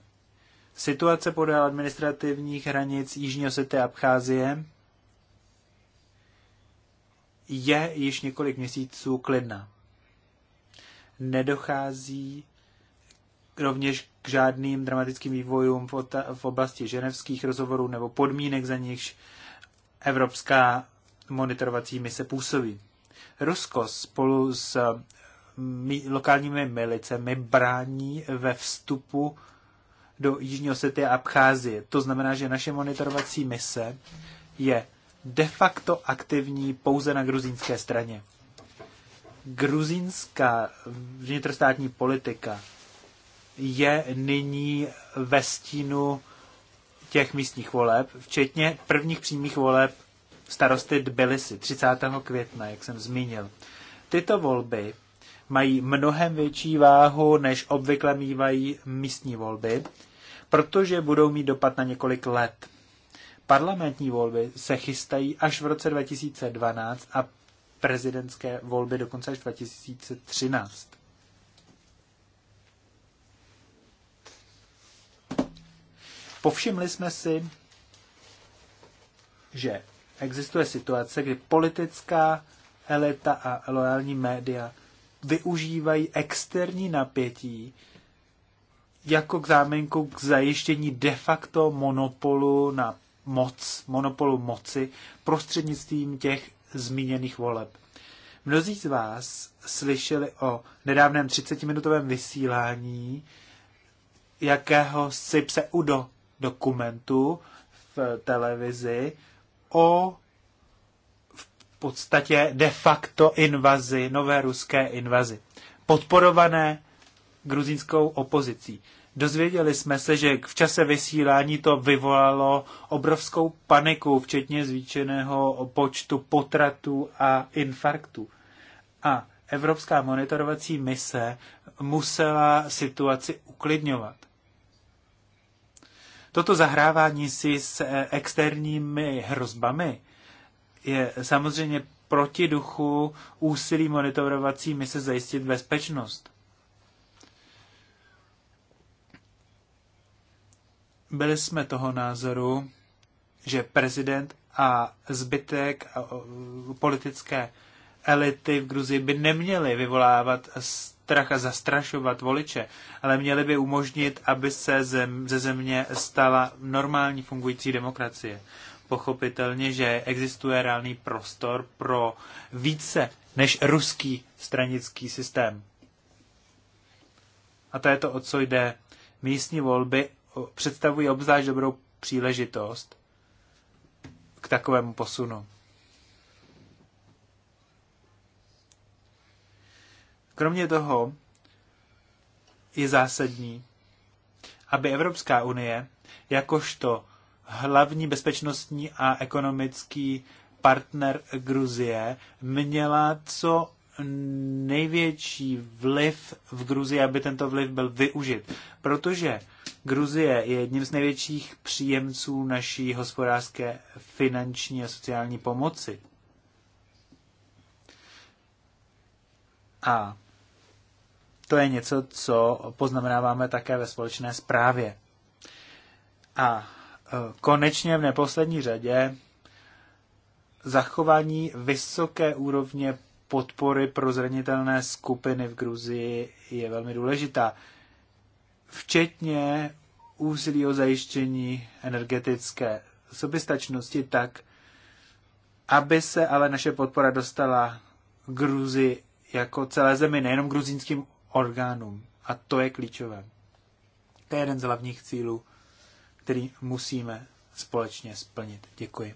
situace podél administrativních hranic Jižní Osety a Abcházie je již několik měsíců klidná. Nedochází rovněž k žádným dramatickým vývojům v oblasti ženevských rozhovorů nebo podmínek, za nichž Evropská monitorovací mise působí. Rusko spolu s lokálními milicemi brání ve vstupu do Jižní Osety a Abcházie. To znamená, že naše monitorovací mise je de facto aktivní pouze na gruzínské straně. Gruzínská vnitrostátní politika je nyní ve stínu těch místních voleb, včetně prvních přímých voleb starosty Tbilisi 30. května, jak jsem zmínil. Tyto volby mají mnohem větší váhu, než obvykle mývají místní volby, protože budou mít dopad na několik let. Parlamentní volby se chystají až v roce 2012 a prezidentské volby dokonce až 2013. Povšimli jsme si, že existuje situace, kdy politická elita a loajální média využívají externí napětí jako k zámenku k zajištění de facto monopolu na moc, monopolu moci prostřednictvím těch zmíněných voleb. Mnozí z vás slyšeli o nedávném 30-minutovém vysílání jakého si pseudo dokumentu v televizi o podstatě de facto invazi, nové ruské invazi, podporované gruzínskou opozicí. Dozvěděli jsme se, že v čase vysílání to vyvolalo obrovskou paniku, včetně zvýšeného počtu potratů a infarktů. A Evropská monitorovací mise musela situaci uklidňovat. Toto zahrávání si s eh, externími hrozbami je samozřejmě proti duchu úsilí monitorovací mise zajistit bezpečnost. Byli jsme toho názoru, že prezident a zbytek politické elity v Gruzii by neměly vyvolávat strach a zastrašovat voliče, ale měly by umožnit, aby se zem, ze země stala normální fungující demokracie pochopitelně, že existuje reálný prostor pro více než ruský stranický systém. A to je to, o co jde. Místní volby představují obzvlášť dobrou příležitost k takovému posunu. Kromě toho je zásadní, aby Evropská unie jakožto hlavní bezpečnostní a ekonomický partner Gruzie, měla co největší vliv v Gruzii, aby tento vliv byl využit. Protože Gruzie je jedním z největších příjemců naší hospodářské, finanční a sociální pomoci. A to je něco, co poznamenáváme také ve společné zprávě. A konečně v neposlední řadě zachování vysoké úrovně podpory pro zranitelné skupiny v Gruzii je velmi důležitá, včetně úsilí o zajištění energetické soběstačnosti tak, aby se ale naše podpora dostala Gruzi jako celé zemi, nejenom gruzínským orgánům. A to je klíčové. To je jeden z hlavních cílů který musíme společně splnit. Děkuji.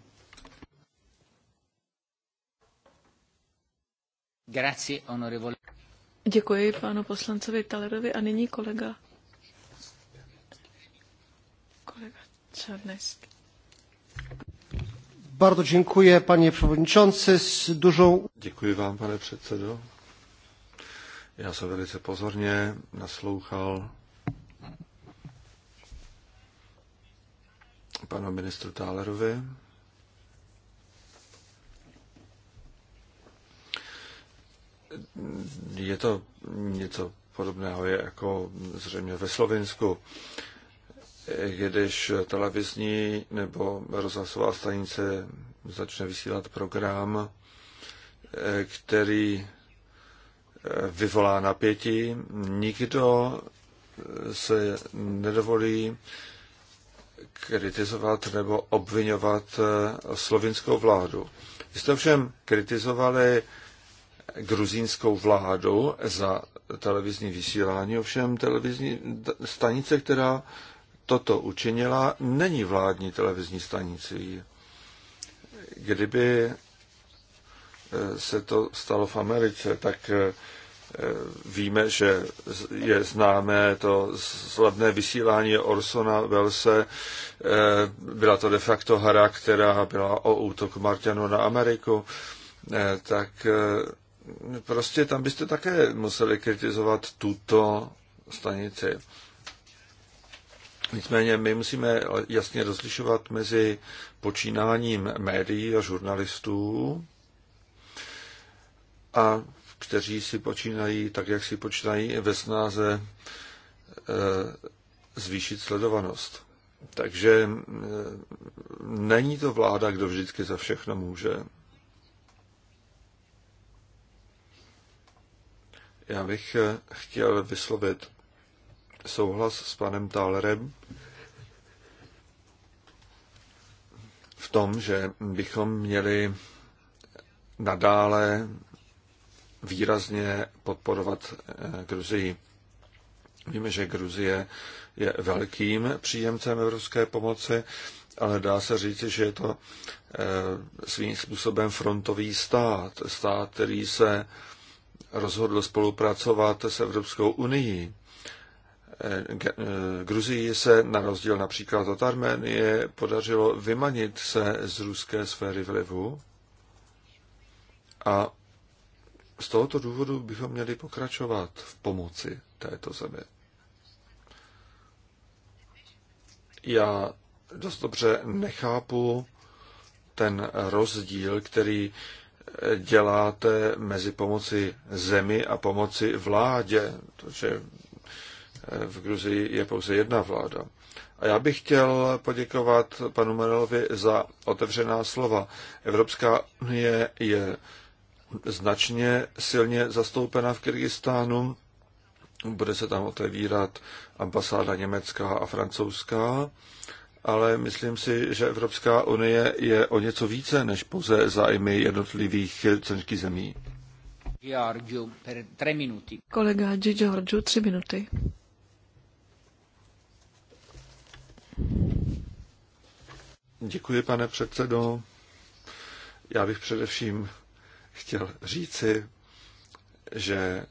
Děkuji panu poslancovi Talerovi a nyní kolega. Kolega Černecký. Bardzo dziękuję, panie przewodniczący, z dużą... Dziękuję wam, panie przewodniczący. Ja sobie bardzo pozornie nasłuchał. panu ministru Tálerovi. Je to něco podobného, je jako zřejmě ve Slovensku když televizní nebo rozhlasová stanice začne vysílat program, který vyvolá napětí, nikdo se nedovolí kritizovat nebo obvinovat eh, slovinskou vládu. My všem kritizovali gruzínskou vládu za televizní vysílání, ovšem televizní stanice, která toto učinila, není vládní televizní stanicí. Kdyby eh, se to stalo v Americe, tak eh, Eh, víme, že je známé to slavné vysílání Orsona Velse. Eh, byla to de facto hra, která byla o útok Martianu na Ameriku. Eh, tak prostě tam byste také museli kritizovat tuto stanici. Nicméně my musíme jasně rozlišovat mezi počínáním médií a žurnalistů a kteří si počínají tak, jak si počínají ve snáze e, zvýšit sledovanost. Takže e, není to vláda, kdo vždycky za všechno může. Já bych e, chtěl vyslovit souhlas s panem Tálerem v tom, že bychom měli nadále výrazně podporovat eh, Gruzii. Víme, že Gruzie je velkým příjemcem evropské pomoci, ale dá se říct, že je to eh, svým způsobem frontový stát, stát, který se rozhodl spolupracovat s Evropskou unii. Eh, Gruzii se na rozdíl například od Arménie podařilo vymanit se z ruské sféry vlivu a z tohoto důvodu bychom měli pokračovat v pomoci této zemi. Já dost dobře nechápu ten rozdíl, který eh, děláte mezi pomoci zemi a pomoci vládě, protože eh, v Gruzii je pouze jedna vláda. A já bych chtěl poděkovat panu Manelovi za otevřená slova. Evropská unie je značně silně zastoupena v Kyrgyzstánu. Bude se tam otevírat ambasáda německá a francouzská, ale myslím si, že Evropská unie je o něco více než pouze zájmy jednotlivých členských zemí. Giorgio, Kolega G. Giorgio, tři minuty. Děkuji, pane předsedo. Já bych především chtěl říci, že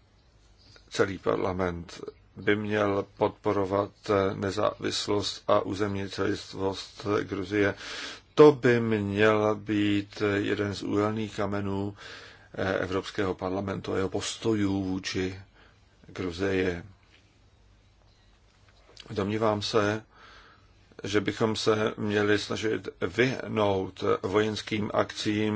celý parlament by měl podporovat nezávislost a územní celistvost Gruzie. To by měl být jeden z úhelných kamenů eh, Evropského parlamentu a jeho postojů vůči Gruzie. Domnívám se, že bychom se měli snažit vyhnout vojenským akcím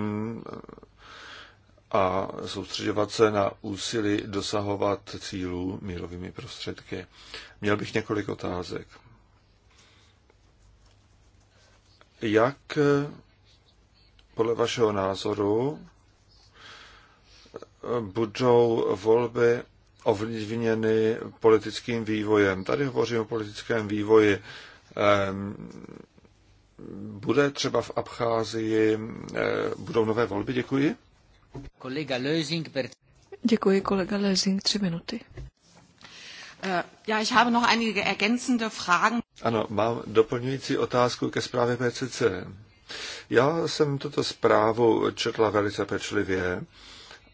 a soustředovat se na úsilí dosahovat cílů mírovými prostředky. Měl bych několik otázek. Jak podle vašeho názoru budou volby ovlivněny politickým vývojem? Tady hovořím o politickém vývoji. Bude třeba v Abcházii, eh, budou nové volby, děkuji. Kolega Lösing, per... Děkuji, kolega Lösing, tři minuty. Äh, Já ich habe noch einige ergänzende Fragen. Ano, mám doplňující otázku ke zprávě PCC. Já jsem tuto zprávu četla velice pečlivě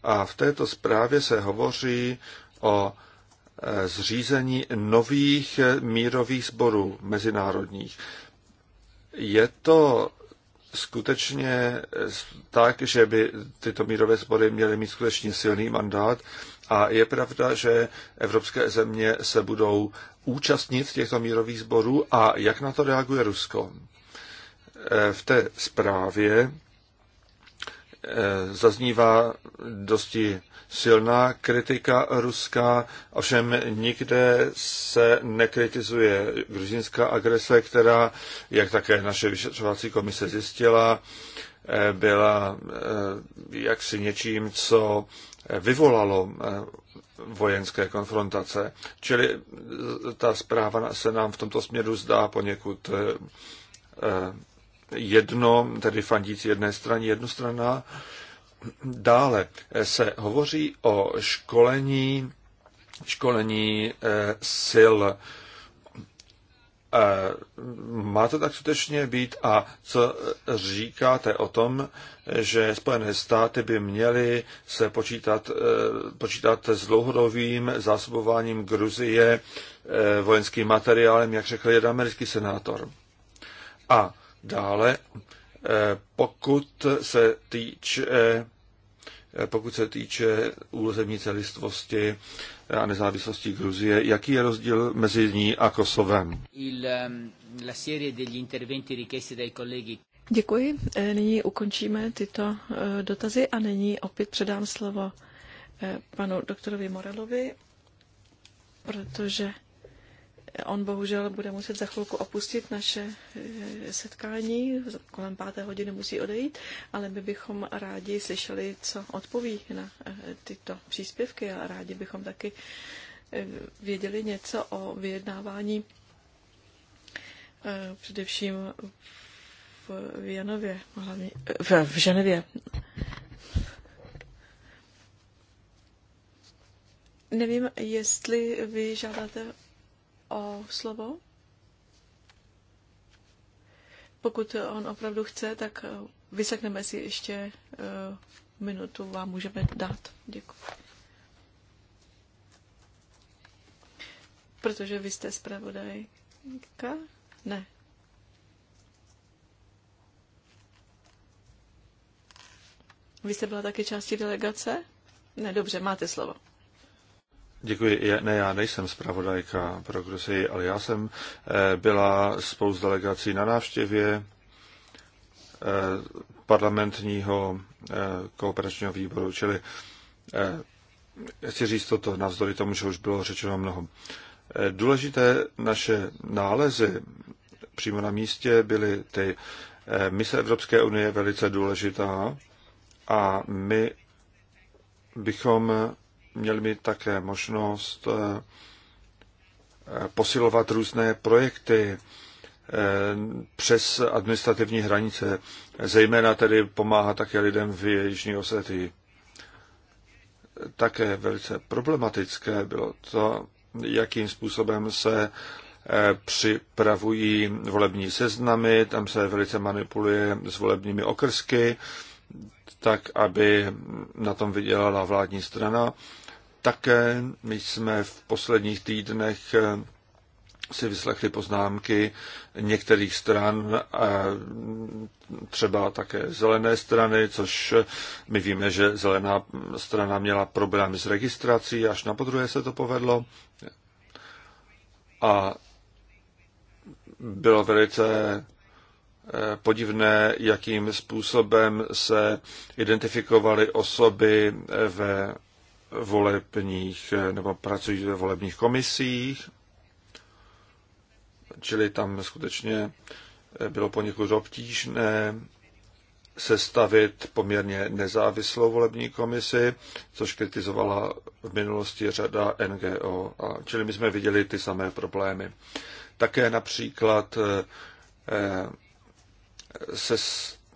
a v této zprávě se hovoří o eh, zřízení nových eh, mírových sborů mezinárodních. Je to skutečně tak, že by tyto mírové spory měly mít skutečně silný mandát. A je pravda, že evropské země se budou účastnit těchto mírových sborů a jak na to reaguje Rusko. E, v té zprávě Eh, zaznívá dosti silná kritika ruská, ovšem nikde se nekritizuje gruzínská agrese, která, jak také naše vyšetřovací komise zjistila, eh, byla eh, jaksi něčím, co vyvolalo vojenské konfrontace. Čili ta zpráva se nám v tomto směru zdá poněkud jedno, tedy fandící jedné straně, jednostranná. Dále se hovoří o školení, školení eh, sil eh, má to tak skutečně být a co říkáte o tom, že Spojené státy by měly se počítat, eh, počítat s dlouhodobým zásobováním Gruzie vojenským materiálem, jak řekl jeden americký senátor. A Dále, eh, pokud se týče eh, pokud se týče územní celistvosti a nezávislosti Gruzie, jaký je rozdíl mezi ní a Kosovem? Ehm, Děkuji. Eh, nyní ukončíme tyto dotazy a nyní opět předám slovo panu doktorovi Morelovi, protože On bohužel bude muset za chvilku opustit naše eh, setkání, kolem páté hodiny musí odejít, ale my bychom rádi slyšeli, co odpoví na eh, tyto příspěvky a rádi bychom taky eh, věděli něco o vyjednávání především v Janově, hlavně v, v Ženevě. Nevím, jestli vy žádáte o slovo? Pokud on opravdu chce, tak eh, vysekneme si ještě eh, minutu, vám můžeme dát. Děkuji. Protože vy jste zpravodajka? Ne. Vy jste byla taky částí delegace? Ne, dobře, máte slovo. Děkuji. Ne, já nejsem zpravodajka pro Gruzii, ale já jsem eh, byla spolu s delegací na návštěvě eh, parlamentního eh, kooperačního výboru, čili chci říct toto navzdory tomu, že už bylo řečeno mnoho. Důležité naše nálezy přímo na místě byly ty mise Evropské unie velice důležitá a my bychom měli by také možnost eh, eh, posilovat různé projekty eh, přes administrativní hranice, zejména tedy pomáhá také lidem v Jižní Osetii. Také velice problematické bylo to, jakým způsobem se připravují volební seznamy, tam se velice manipuluje s volebními okrsky, tak aby na tom vydělala vládní strana také my jsme v posledních týdnech eh, si vyslechli poznámky některých stran, eh, třeba také zelené strany, což eh, my víme, že zelená strana měla problémy s registrací, až na podruhé se to povedlo. A bylo velice podivné, jakým způsobem se identifikovaly osoby ve volebních nebo pracují ve volebních komisích, čili tam skutečně bylo poněkud obtížné sestavit poměrně nezávislou volební komisi, což kritizovala v minulosti řada NGO. A čili my jsme viděli ty samé problémy. Také například eh, se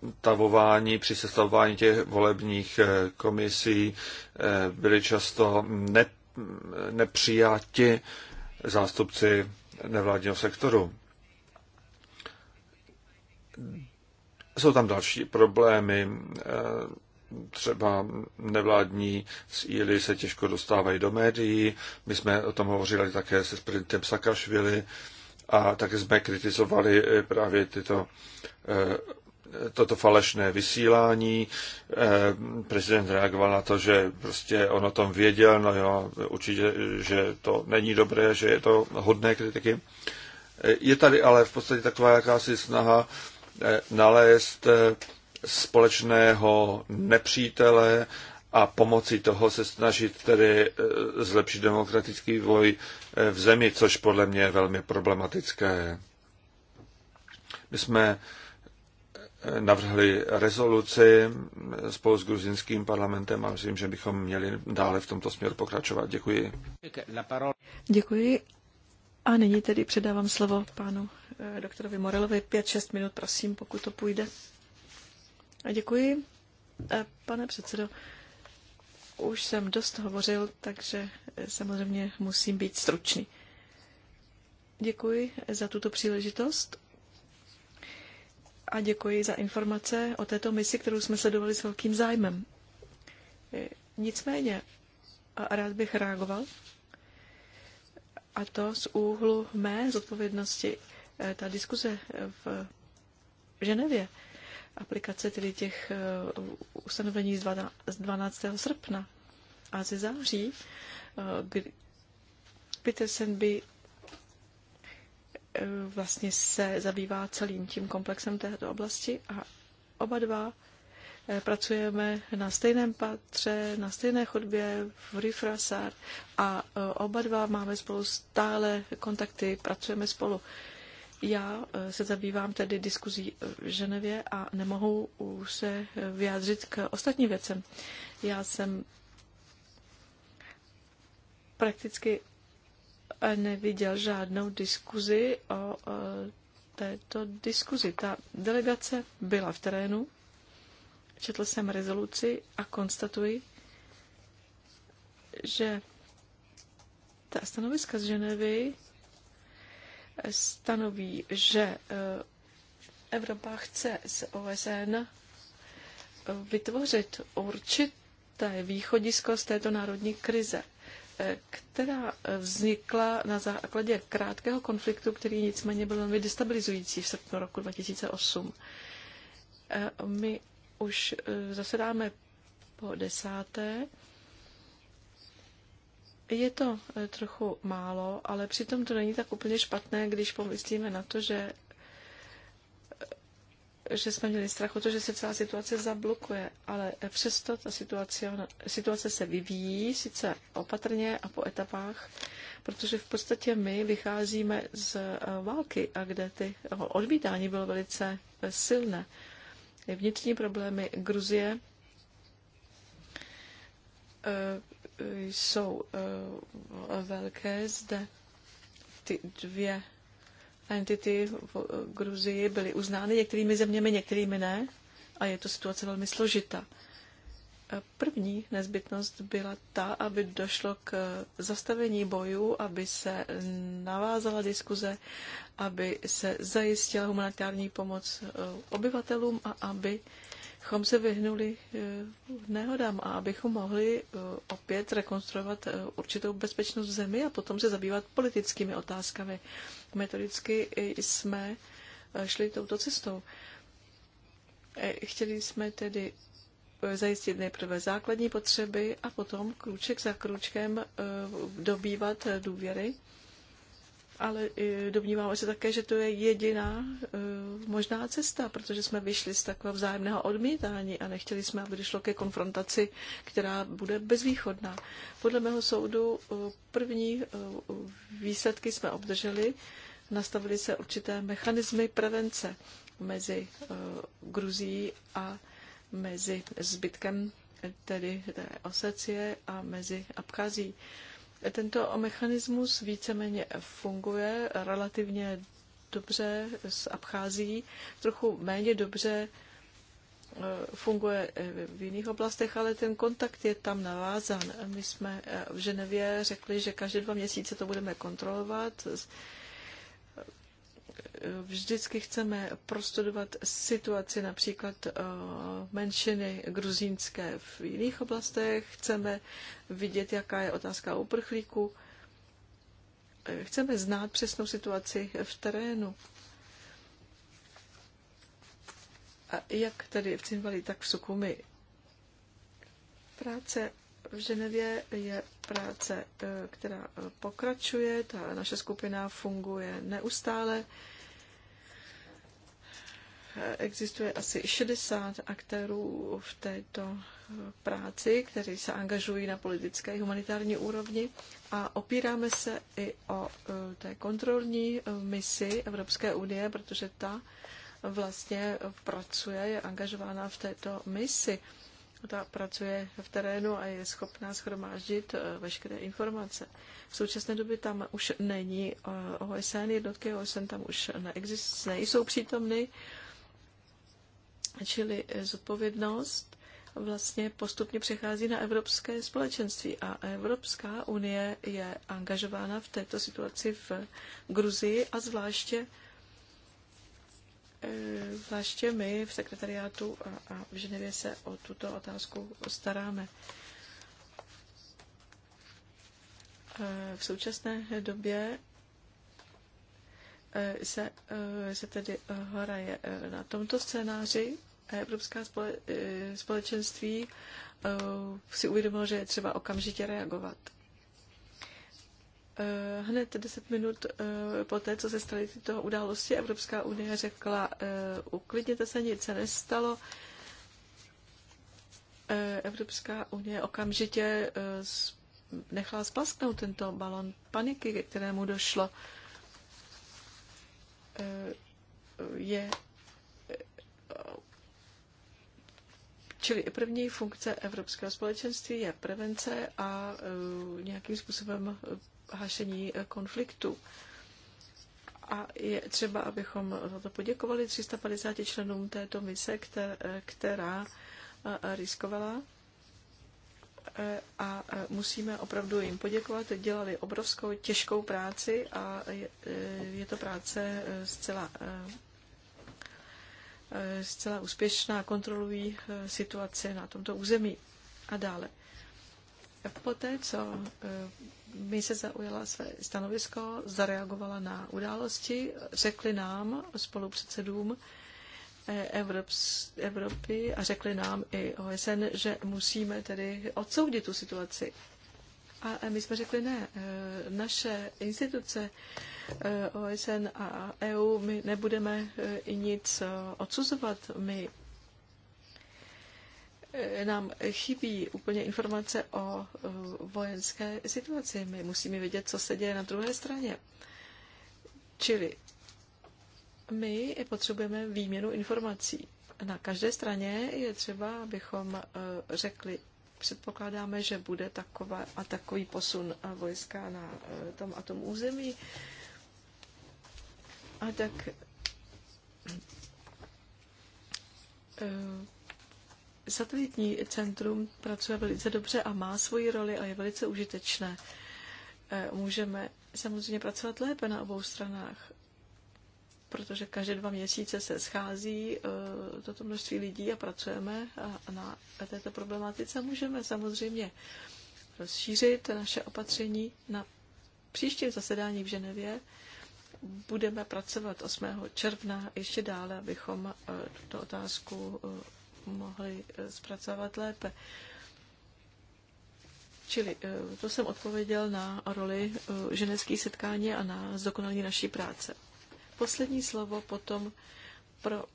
sestavování, při sestavování těch volebních eh, komisí eh, byly často ne, nepřijati zástupci nevládního sektoru. Jsou tam další problémy. Eh, třeba nevládní síly se těžko dostávají do médií. My jsme o tom hovořili také se sprintem Sakašvili a také jsme kritizovali právě tyto toto falešné vysílání. Eh, prezident reagoval na to, že prostě on o tom věděl, no jo, určitě, že to není dobré, že je to hodné kritiky. Eh, je tady ale v podstatě taková jakási snaha eh, nalézt společného nepřítele a pomocí toho se snažit tedy zlepšit demokratický vývoj v zemi, což podle mě je velmi problematické. My jsme navrhli rezoluci spolu s gruzinským parlamentem a myslím, že bychom měli dále v tomto směru pokračovat. Děkuji. Děkuji. A nyní tedy předávám slovo pánu eh, doktorovi Morelovi. pět šest minut, prosím, pokud to půjde. A děkuji. Eh, pane předsedo, už jsem dost hovořil, takže eh, samozřejmě musím být stručný. Děkuji za tuto příležitost a děkuji za informace o této misi, kterou jsme sledovali s velkým zájmem. E, nicméně, a rád bych reagoval, a to z úhlu mé zodpovědnosti, e, ta diskuze v Ženevě, aplikace tedy těch e, ustanovení z 12. srpna a ze září, Petersen by Eh, vlastně se zabývá celým tím komplexem této oblasti a oba dva eh, pracujeme na stejném patře, na stejné chodbě v Rifrasar a eh, oba dva máme spolu stále kontakty, pracujeme spolu. Já se zabývám tedy diskuzí v Ženevě a nemohu se vyjádřit k ostatním věcem. Já jsem prakticky neviděl žádnou diskuzi o této diskuzi. Ta delegace byla v terénu, četl jsem rezoluci a konstatuji, že ta stanoviska z Ženevy stanoví, že e, Evropa chce z OSN vytvořit určité východisko z této národní krize která vznikla na základě krátkého konfliktu, který nicméně byl velmi destabilizující v srpnu roku 2008. My už eh, zasedáme po desáté. Je to eh, trochu málo, ale přitom to není tak úplně špatné, když pomyslíme na to, že že jsme měli strach o to, že se celá situace zablokuje, ale přesto ta situace, situace se vyvíjí, sice opatrně a po etapách, protože v podstatě my vycházíme z eh, války, a kde ty eh, odmítání bylo velice eh, silné. Vnitřní problémy Gruzie jsou velké zde ty dvě entity v Gruzii byly uznány některými zeměmi, některými ne. A je to situace velmi složitá. První nezbytnost byla ta, aby došlo k zastavení bojů, aby se navázala diskuze, aby se zajistila humanitární pomoc obyvatelům a aby abychom se vyhnuli eh, nehodám a abychom mohli eh, opět rekonstruovat eh, určitou bezpečnost v zemi a potom se zabývat politickými otázkami. Metodicky jsme šli touto cestou. Chtěli jsme tedy zajistit nejprve základní potřeby a potom krůček za krůčkem dobývat důvěry ale domníváme se také, že to je jediná e, možná cesta, protože jsme vyšli z takového vzájemného odmítání a nechtěli jsme, aby došlo ke konfrontaci, která bude bezvýchodná. Podle mého soudu e, první e, výsledky jsme obdrželi, nastavili se určité mechanismy prevence mezi Gruzií a mezi zbytkem tedy té Osecie a mezi Abchází. Tento mechanismus víceméně funguje relativně dobře s Abchází, trochu méně dobře e, funguje v jiných oblastech, ale ten kontakt je tam navázan. My jsme e, v Ženevě řekli, že každé dva měsíce to budeme kontrolovat, vždycky chceme prostudovat situaci například eh, menšiny gruzínské v jiných oblastech, chceme vidět, jaká je otázka uprchlíků, eh, chceme znát přesnou situaci v terénu. A jak tady v Cimbali, tak v Sukumi. Práce v Ženevě je práce, eh, která pokračuje, ta naše skupina funguje neustále. Existuje asi 60 aktérů v této práci, kteří se angažují na politické i humanitární úrovni a opíráme se i o e, té kontrolní e, misi Evropské unie, protože ta vlastně pracuje, je angažována v této misi. Ta pracuje v terénu a je schopná schromáždit e, veškeré informace. V současné době tam už není OSN, jednotky OSN tam už neexist, nejsou přítomny Čili eh, zodpovědnost vlastně postupně přechází na evropské společenství a Evropská unie je angažována v této situaci v Gruzii a zvláště eh, zvláště my v sekretariátu a, a v Ženevě se o tuto otázku staráme. Eh, v současné době se, se tedy hraje na tomto scénáři Evropská spole, e, společenství e, si uvědomilo, že je třeba okamžitě reagovat. E, hned 10 minut po té, co se staly tyto události, Evropská unie řekla, uklidněte se, nic se nestalo. Evropská unie okamžitě nechala splasknout tento balon paniky, kterému došlo. Je Čili první funkce Evropského společenství je prevence a e, nějakým způsobem hašení e, konfliktu. A je třeba, abychom za to poděkovali 350 členům této mise, která e, riskovala a musíme opravdu jim poděkovat. Dělali obrovskou těžkou práci a je to práce zcela Eh, zcela úspěšná, kontrolují eh, situaci na tomto území a dále. Poté, co eh, my se zaujala své stanovisko, zareagovala na události, řekli nám, spolupředsedům Evropy a řekli nám i OSN, že musíme tedy odsoudit tu situaci a my jsme řekli, ne, eh, naše instituce eh, OSN a EU, my nebudeme eh, nic odsuzovat, my nám chybí úplně informace o vojenské situaci. My musíme vědět, co se děje na druhé straně. Čili my potřebujeme výměnu informací. Na každé straně je třeba, abychom řekli, předpokládáme, že bude taková, a takový posun vojska na e, tom a tom území. A tak e, satelitní centrum pracuje velice dobře a má svoji roli a je velice užitečné. E, můžeme samozřejmě pracovat lépe na obou stranách protože každé dva měsíce se schází eh, toto množství lidí a pracujeme na této problematice. Můžeme samozřejmě rozšířit naše opatření na příštím zasedání v Ženevě. Budeme pracovat 8. června ještě dále, abychom eh, tuto otázku eh, mohli zpracovat lépe. Čili to jsem odpověděl na roli ženevských setkání a na zdokonalení naší práce poslední slovo potom pro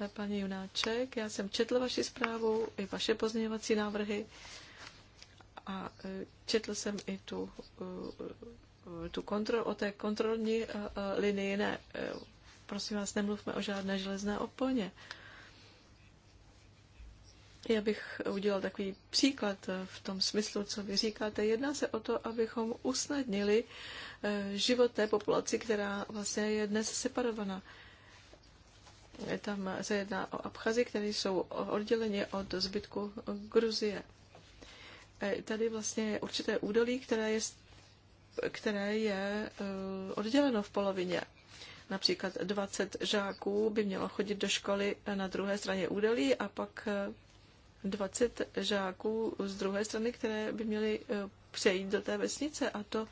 eh, paní Junáček. Já jsem četla vaši zprávu i vaše pozměňovací návrhy a eh, četl jsem i tu, eh, tu kontrol, o té kontrolní linii. Ne, prosím vás, nemluvme o žádné železné oponě. Já bych udělal takový příklad v tom smyslu, co vy říkáte. Jedná se o to, abychom usnadnili eh, život té populaci, která vlastně je dnes separovaná. Tam se jedná o Abchazy, které jsou odděleni od zbytku Gruzie. Eh, tady vlastně je určité údolí, které je, které je eh, odděleno v polovině. Například 20 žáků by mělo chodit do školy na druhé straně údolí a pak 20 žáků z druhé strany, které by měly eh, přejít do té vesnice a to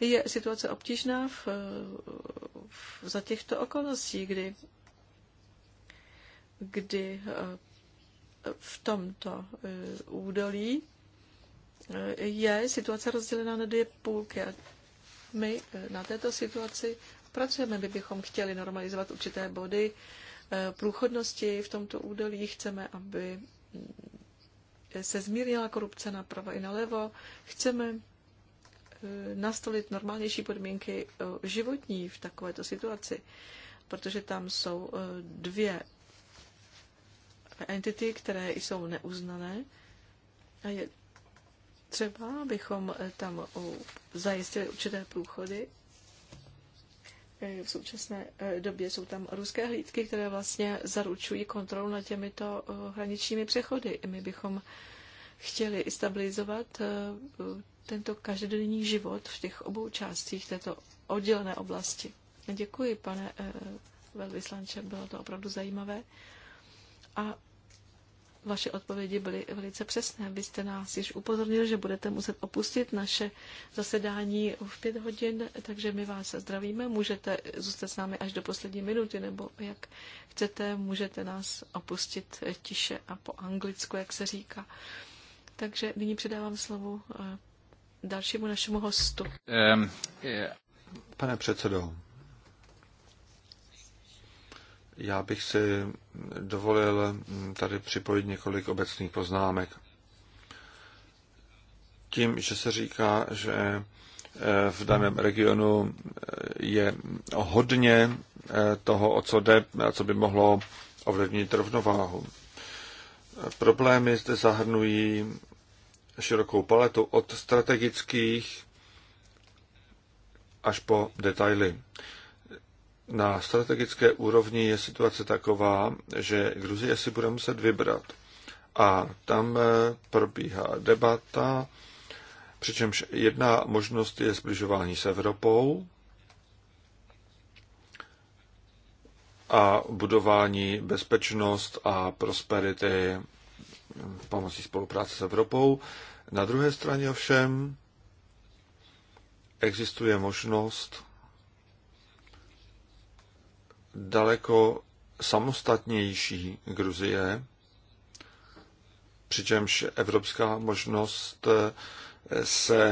je situace obtížná v, v, za těchto okolností, kdy, kdy eh, v tomto eh, údolí je situace rozdělená na dvě půlky a my na této situaci pracujeme. My bychom chtěli normalizovat určité body průchodnosti v tomto údolí. Chceme, aby se zmírnila korupce napravo i nalevo. Chceme eh, nastolit normálnější podmínky eh, životní v takovéto situaci, protože tam jsou eh, dvě entity, které jsou neuznané a je třeba, abychom tam zajistili určité průchody Eh, v současné eh, době jsou tam ruské hlídky, které vlastně zaručují kontrolu nad těmito eh, hraničními přechody. My bychom chtěli stabilizovat tento každodenní život v těch obou částích této oddělené oblasti. Děkuji, pane velvyslanče, bylo to opravdu zajímavé. A vaše odpovědi byly velice přesné. Vy jste nás již upozornil, že budete muset opustit naše zasedání v pět hodin, takže my vás zdravíme. Můžete zůstat s námi až do poslední minuty, nebo jak chcete, můžete nás opustit tiše a po anglicku, jak se říká. Takže nyní předávám slovo eh, dalšímu našemu hostu. Um, yeah. Pane předsedo, já bych si dovolil tady připojit několik obecných poznámek. Tím, že se říká, že eh, v daném regionu eh, je hodně eh, toho, o co jde, a co by mohlo ovlivnit rovnováhu. Problémy zde zahrnují širokou paletu od strategických až po detaily. Na strategické úrovni je situace taková, že Gruzie si bude muset vybrat. A tam eh, probíhá debata, přičemž jedna možnost je zbližování s Evropou a budování bezpečnost a prosperity pomocí spolupráce s Evropou. Na druhé straně ovšem existuje možnost daleko samostatnější Gruzie, přičemž evropská možnost eh, se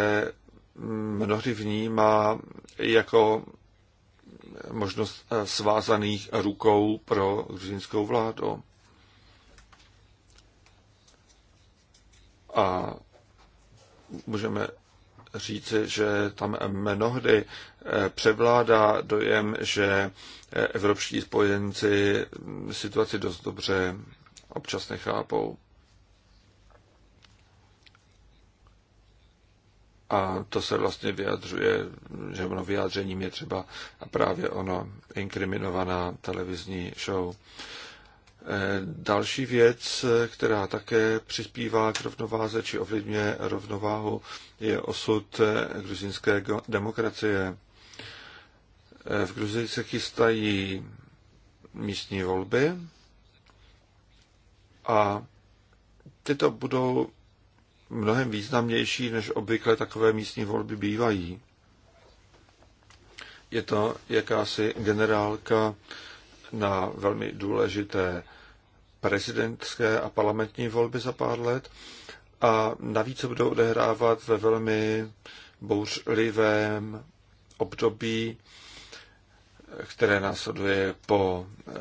mnohdy vnímá jako možnost eh, svázaných rukou pro gruzínskou vládu. A můžeme říci, že tam mnohdy eh, převládá dojem, že eh, evropští spojenci mm, situaci dost dobře občas nechápou. A to se vlastně vyjadřuje, že ono vyjádřením je třeba právě ono inkriminovaná televizní show. Eh, další věc, eh, která také přispívá k rovnováze či ovlivňuje rovnováhu, je osud eh, gruzinské demokracie. V Gruzii se chystají místní volby a tyto budou mnohem významnější, než obvykle takové místní volby bývají. Je to jakási generálka na velmi důležité prezidentské a parlamentní volby za pár let a navíc se budou odehrávat ve velmi bouřlivém období, které následuje po eh,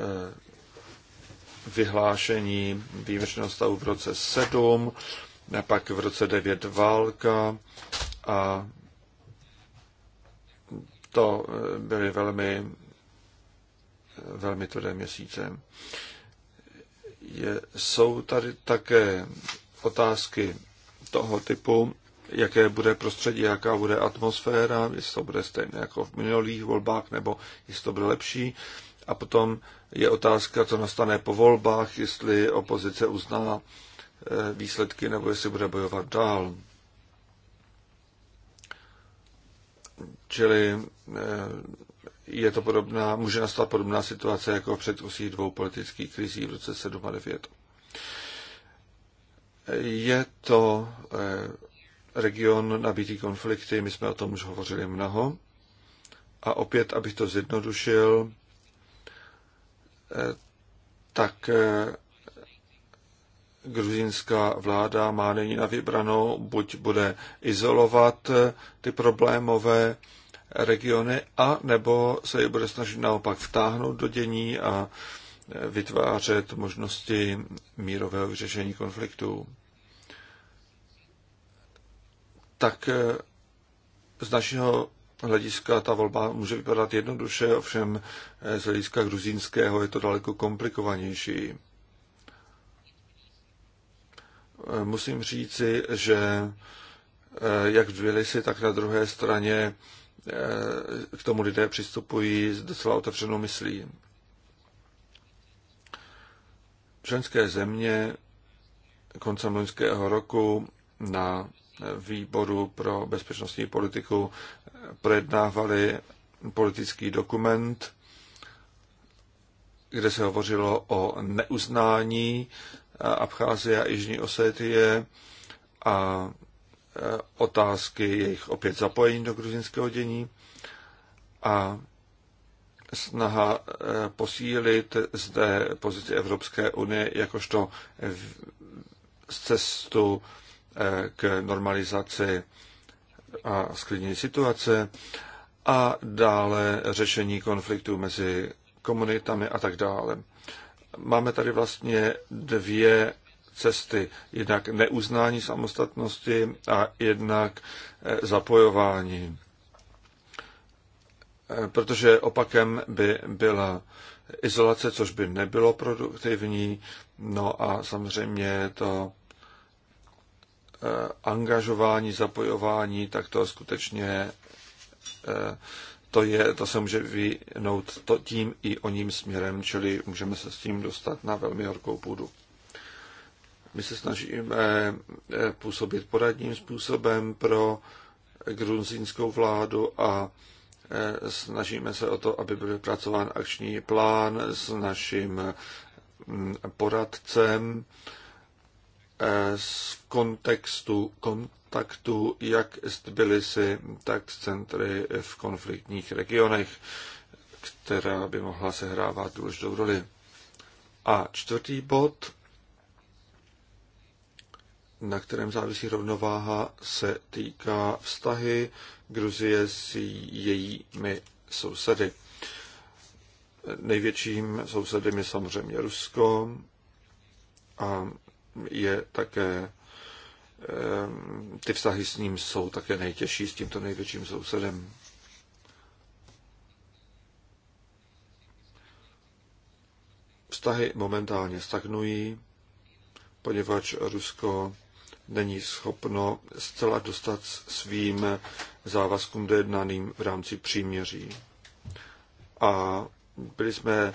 vyhlášení výjimečného stavu v roce 7, a pak v roce 9 válka a to eh, byly velmi, velmi tvrdé měsíce je, jsou tady také otázky toho typu, jaké bude prostředí, jaká bude atmosféra, jestli to bude stejné jako v minulých volbách, nebo jestli to bude lepší. A potom je otázka, co nastane po volbách, jestli opozice uzná eh, výsledky, nebo jestli bude bojovat dál. Čili eh, je to podobná, může nastat podobná situace jako v předchozích dvou politických krizí v roce 7 a 9. Je to eh, region nabitý konflikty, my jsme o tom už hovořili mnoho. A opět, abych to zjednodušil, eh, tak eh, gruzínská vláda má není na vybranou, buď bude izolovat ty problémové regiony a nebo se je bude snažit naopak vtáhnout do dění a vytvářet možnosti mírového vyřešení konfliktů. Tak eh, z našeho hlediska ta volba může vypadat jednoduše, ovšem eh, z hlediska gruzínského je to daleko komplikovanější. Eh, musím říci, že jak v Tbilisi, tak na druhé straně Eh, k tomu lidé přistupují s docela otevřenou myslí. Členské země koncem loňského roku na výboru pro bezpečnostní politiku projednávali politický dokument, kde se hovořilo o neuznání Abcházie a Jižní Osetie a Eh, otázky jejich opět zapojení do gruzinského dění a snaha eh, posílit zde pozici Evropské unie jakožto cestu eh, k normalizaci a sklidnění situace a dále řešení konfliktů mezi komunitami a tak dále. Máme tady vlastně dvě cesty, jednak neuznání samostatnosti a jednak eh, zapojování. Eh, protože opakem by byla izolace, což by nebylo produktivní, no a samozřejmě to eh, angažování, zapojování, tak to skutečně to, je, to se může vynout to tím i o ním směrem, čili můžeme se s tím dostat na velmi horkou půdu. My se snažíme eh, působit poradním způsobem pro gruzínskou vládu a eh, snažíme se o to, aby byl pracován akční plán s naším mm, poradcem eh, z kontextu kontaktu jak s Tbilisi, tak s centry v konfliktních regionech, která by mohla sehrávat důležitou roli. A čtvrtý bod na kterém závisí rovnováha, se týká vztahy Gruzie s jejími sousedy. Největším sousedem je samozřejmě Rusko a je také eh, ty vztahy s ním jsou také nejtěžší, s tímto největším sousedem. Vztahy momentálně stagnují, poněvadž Rusko není schopno zcela dostat svým závazkům dojednaným v rámci příměří. A byli jsme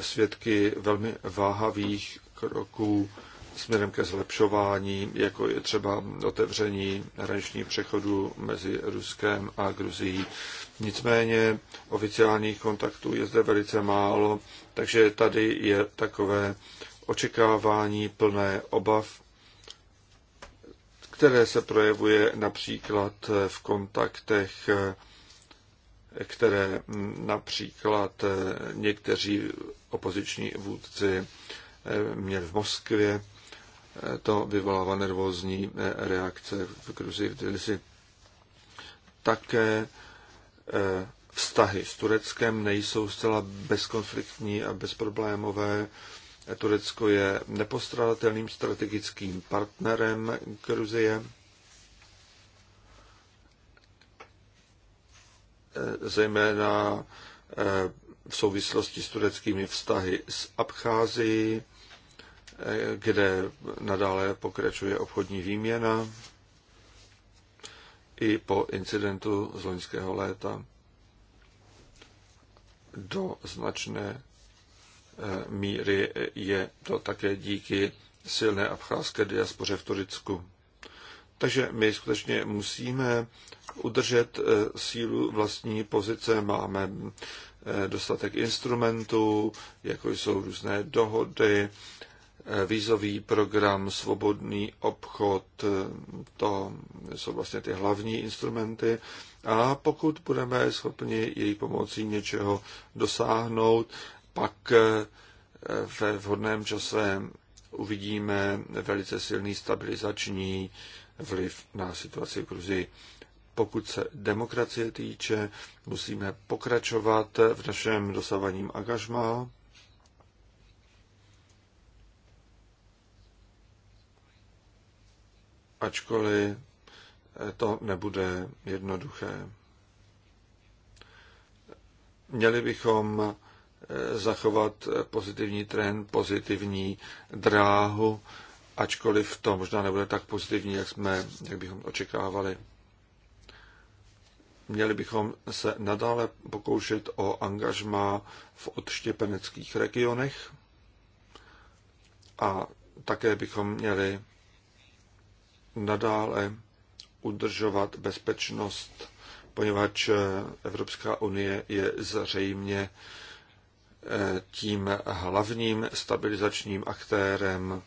svědky velmi váhavých kroků směrem ke zlepšování, jako je třeba otevření hraničních přechodů mezi Ruskem a Gruzií. Nicméně oficiálních kontaktů je zde velice málo, takže tady je takové očekávání plné obav které se projevuje například v kontaktech, které například někteří opoziční vůdci měli v Moskvě. To vyvolává nervózní reakce v Gruzii, v Tbilisi. Také eh, vztahy s Tureckem nejsou zcela bezkonfliktní a bezproblémové Turecko je nepostradatelným strategickým partnerem Gruzie. Eh, zejména eh, v souvislosti s tureckými vztahy s Abcházií, eh, kde nadále pokračuje obchodní výměna i po incidentu z loňského léta do značné Eh, míry je to také díky silné abcházské diaspoře v Turicku. Takže my skutečně musíme udržet eh, sílu vlastní pozice, máme eh, dostatek instrumentů, jako jsou různé dohody, vízový program, svobodný obchod, to jsou vlastně ty hlavní instrumenty. A pokud budeme schopni její pomocí něčeho dosáhnout, pak eh, ve vhodném čase uvidíme velice silný stabilizační vliv na situaci v Gruzii. Pokud se demokracie týče, musíme pokračovat v našem dosavaním angažmá. Ačkoliv eh, to nebude jednoduché. Měli bychom zachovat pozitivní trend, pozitivní dráhu, ačkoliv to možná nebude tak pozitivní, jak, jsme, jak bychom očekávali. Měli bychom se nadále pokoušet o angažma v odštěpeneckých regionech a také bychom měli nadále udržovat bezpečnost, poněvadž Evropská unie je zřejmě tím hlavním stabilizačním aktérem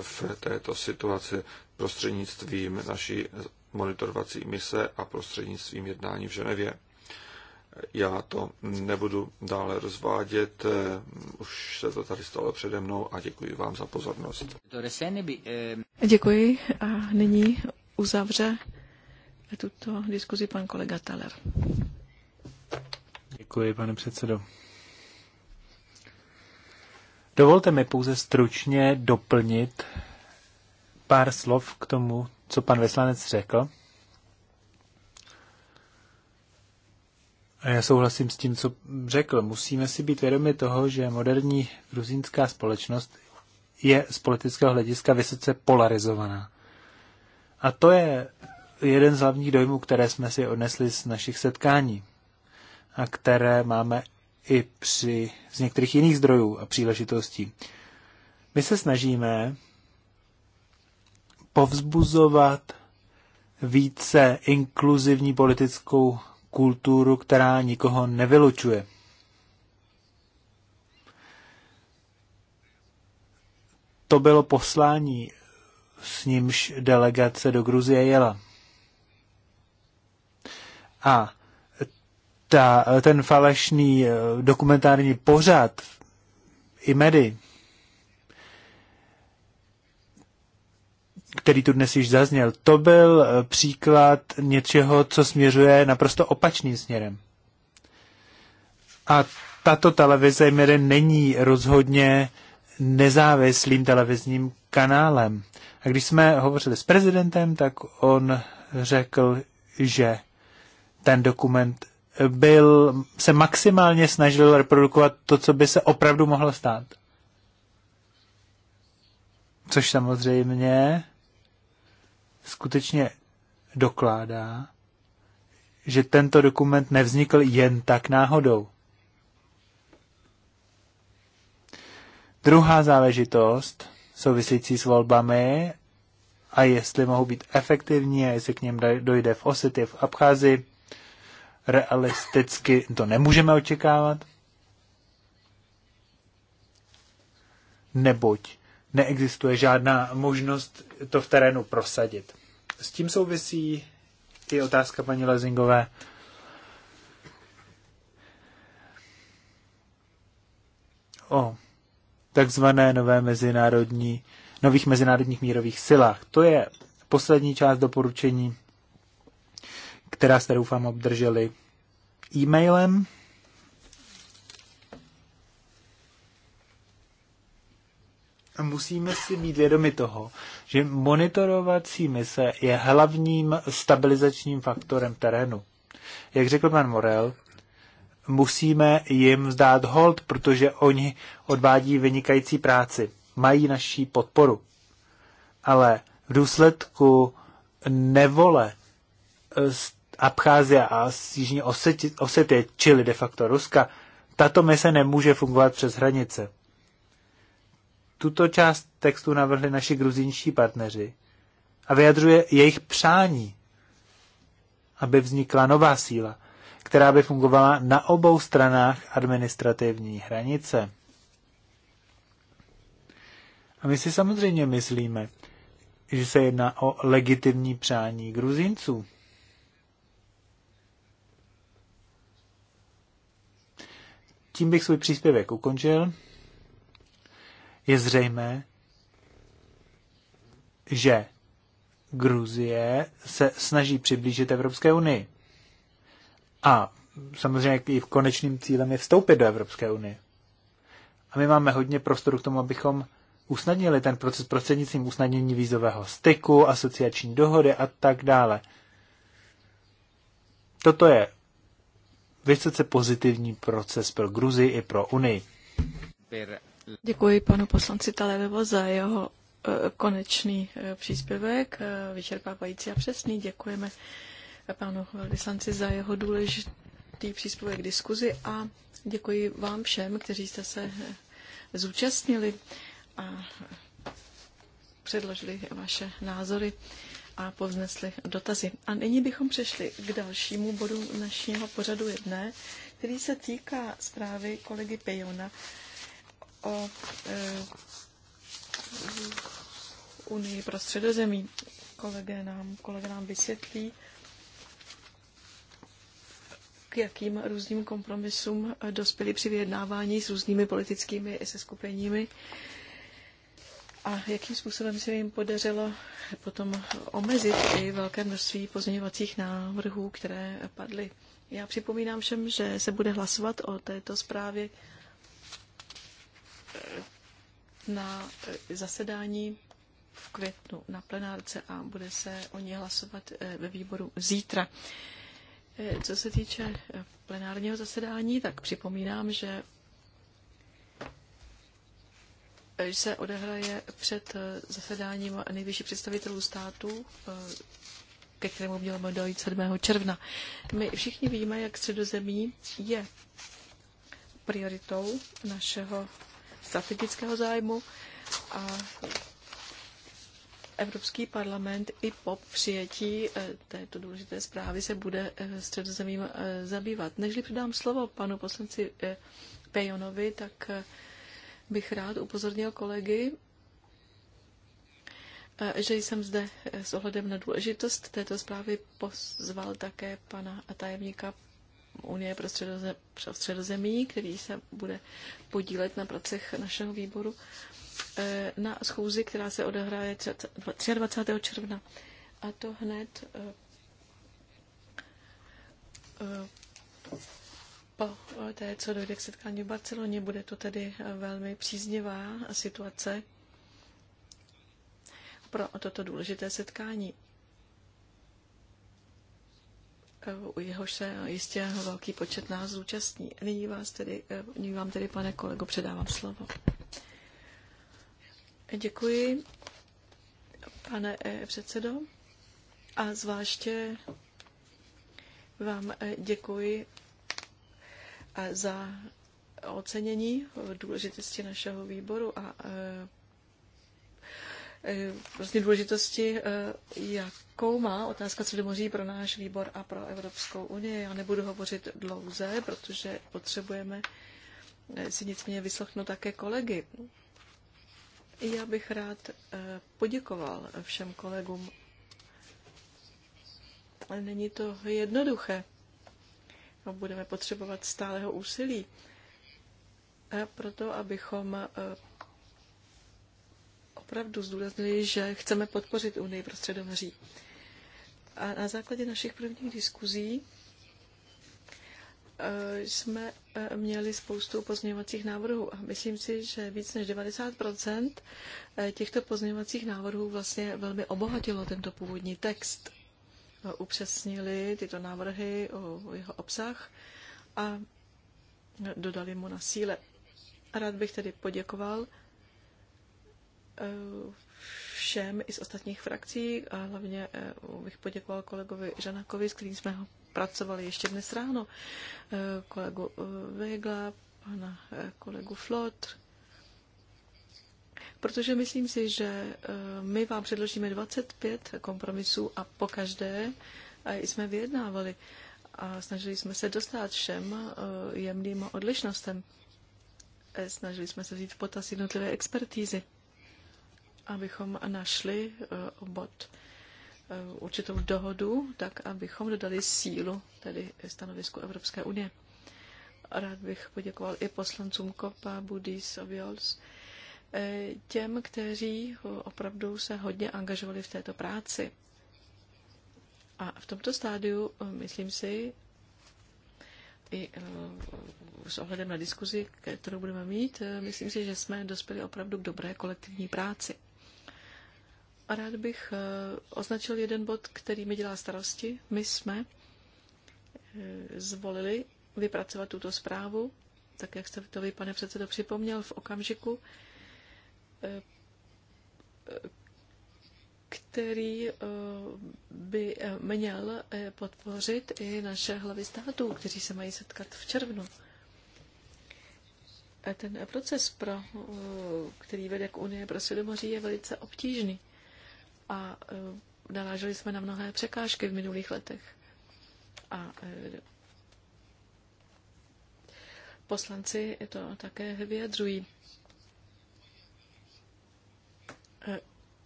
v této situaci prostřednictvím naší monitorovací mise a prostřednictvím jednání v Ženevě. Já to nebudu dále rozvádět, už se to tady stalo přede mnou a děkuji vám za pozornost. Děkuji a nyní uzavře tuto diskuzi pan kolega Taler. Děkuji, pane předsedo. Dovolte mi pouze stručně doplnit pár slov k tomu, co pan veslanec řekl. A já souhlasím s tím, co řekl. Musíme si být vědomi toho, že moderní gruzínská společnost je z politického hlediska vysoce polarizovaná. A to je jeden z hlavních dojmů, které jsme si odnesli z našich setkání a které máme i při, z některých jiných zdrojů a příležitostí. My se snažíme povzbuzovat více inkluzivní politickou kulturu, která nikoho nevylučuje. To bylo poslání, s nímž delegace do Gruzie jela. A ta, ten falešný eh, dokumentární pořad i medy, který tu dnes již zazněl, to byl eh, příklad něčeho, co směřuje naprosto opačným směrem. A tato televize Mire není rozhodně nezávislým televizním kanálem. A když jsme hovořili s prezidentem, tak on řekl, že ten dokument byl, se maximálně snažil reprodukovat to, co by se opravdu mohlo stát. Což samozřejmě skutečně dokládá, že tento dokument nevznikl jen tak náhodou. Druhá záležitost související s volbami a jestli mohou být efektivní a jestli k něm dojde v Osity, v Abcházi, realisticky to nemůžeme očekávat, neboť neexistuje žádná možnost to v terénu prosadit. S tím souvisí i otázka paní Lezingové. O takzvané nové mezinárodní, nových mezinárodních mírových silách. To je poslední část doporučení která jste doufám obdrželi e-mailem. A musíme si být vědomi toho, že monitorovací mise je hlavním stabilizačním faktorem terénu. Jak řekl pan Morel, musíme jim vzdát hold, protože oni odvádí vynikající práci, mají naší podporu. Ale v důsledku nevole Abcházie a Jižní Osety, Osety, čili de facto Ruska, tato mise nemůže fungovat přes hranice. Tuto část textu navrhli naši gruzínští partneři a vyjadřuje jejich přání, aby vznikla nová síla, která by fungovala na obou stranách administrativní hranice. A my si samozřejmě myslíme, že se jedná o legitimní přání Gruzinců. tím bych svůj příspěvek ukončil. Je zřejmé, že Gruzie se snaží přiblížit Evropské unii. A samozřejmě i v konečným cílem je vstoupit do Evropské unie. A my máme hodně prostoru k tomu, abychom usnadnili ten proces prostřednictvím usnadnění vízového styku, asociační dohody a tak dále. Toto je vysoce pozitivní proces pro Gruzii i pro Unii. Děkuji panu poslanci Talerevo za jeho eh, konečný eh, příspěvek, eh, vyčerpávající a přesný. Děkujeme panu vyslanci za jeho důležitý příspěvek k diskuzi a děkuji vám všem, kteří jste se zúčastnili a předložili vaše názory a povznesli dotazy. A nyní bychom přešli k dalšímu bodu našeho pořadu jedné, který se týká zprávy kolegy Pejona o e, Unii pro středozemí. Kolega nám, kolega nám vysvětlí, k jakým různým kompromisům dospěli při vyjednávání s různými politickými seskupeními. E, a jakým způsobem se jim podařilo potom omezit i velké množství pozměňovacích návrhů, které padly. Já připomínám všem, že se bude hlasovat o této zprávě eh, na eh, zasedání v květnu na plenárce a bude se o ní hlasovat eh, ve výboru zítra. Co se týče plenárního zasedání, tak připomínám, že se odehraje před eh, zasedáním nejvyšších představitelů státu, eh, ke kterému mělo dojít 7. června. My všichni víme, jak středozemí je prioritou našeho strategického zájmu a Evropský parlament i po přijetí eh, této důležité zprávy se bude středozemím zabývat. Nežli předám slovo panu poslanci Pejonovi, tak bych rád upozornil kolegy, eh, že jsem zde eh, s ohledem na důležitost této zprávy pozval také pana tajemníka Unie pro, středozem, středozemí, který se bude podílet na pracech našeho výboru eh, na schůzi, která se odehraje 23. června. A to hned po eh, té, co dojde k setkání v Barceloně, bude to tedy eh, velmi příznivá situace pro toto důležité setkání. Eh, u jehož se jistě velký počet nás zúčastní. Nyní, vás tedy, nyní vám tedy, pane kolego, předávám slovo. Děkuji, pane předsedo, a zvláště vám děkuji za ocenění důležitosti našeho výboru a e, e, vlastně důležitosti, e, jakou má otázka co Středomoří pro náš výbor a pro Evropskou unii. Já nebudu hovořit dlouze, protože potřebujeme si nicméně vyslechnout také kolegy. Já bych rád poděkoval všem kolegům. Ale není to jednoduché budeme potřebovat stáleho úsilí. A proto, abychom e, opravdu zdůraznili, že chceme podpořit Unii pro středomoří. A na základě našich prvních diskuzí e, jsme e, měli spoustu pozměňovacích návrhů a myslím si, že víc než 90 těchto pozměňovacích návrhů vlastně velmi obohatilo tento původní text upřesnili tyto návrhy o jeho obsah a dodali mu na síle. Rád bych tedy poděkoval e, všem i z ostatních frakcí a hlavně e, bych poděkoval kolegovi Žanakovi, s kterým jsme pracovali ještě dnes ráno, e, kolegu Vegla, pana kolegu Flotr, protože myslím si, že eh, my vám předložíme 25 kompromisů a po každé jsme vyjednávali a snažili jsme se dostat všem eh, jemným odlišnostem. Eh, snažili jsme se vzít v potaz jednotlivé expertízy, abychom našli bod určitou dohodu, tak abychom dodali sílu, tedy stanovisku Evropské unie. Rád bych poděkoval i poslancům Kopa, Budis a Viols, těm, kteří opravdu se hodně angažovali v této práci. A v tomto stádiu, myslím si, i eh, s ohledem na diskuzi, kterou budeme mít, eh, myslím si, že jsme dospěli opravdu k dobré kolektivní práci. A rád bych eh, označil jeden bod, který mi dělá starosti. My jsme zvolili vypracovat tuto zprávu, tak jak jste to vy, pane předsedo, připomněl v okamžiku, který eh, by eh, měl eh, podpořit i naše hlavy států, kteří se mají setkat v červnu. A ten proces, pro, který vede k Unie pro Svědomoří, je velice obtížný. A naráželi jsme na mnohé překážky v minulých letech. A poslanci to také vyjadřují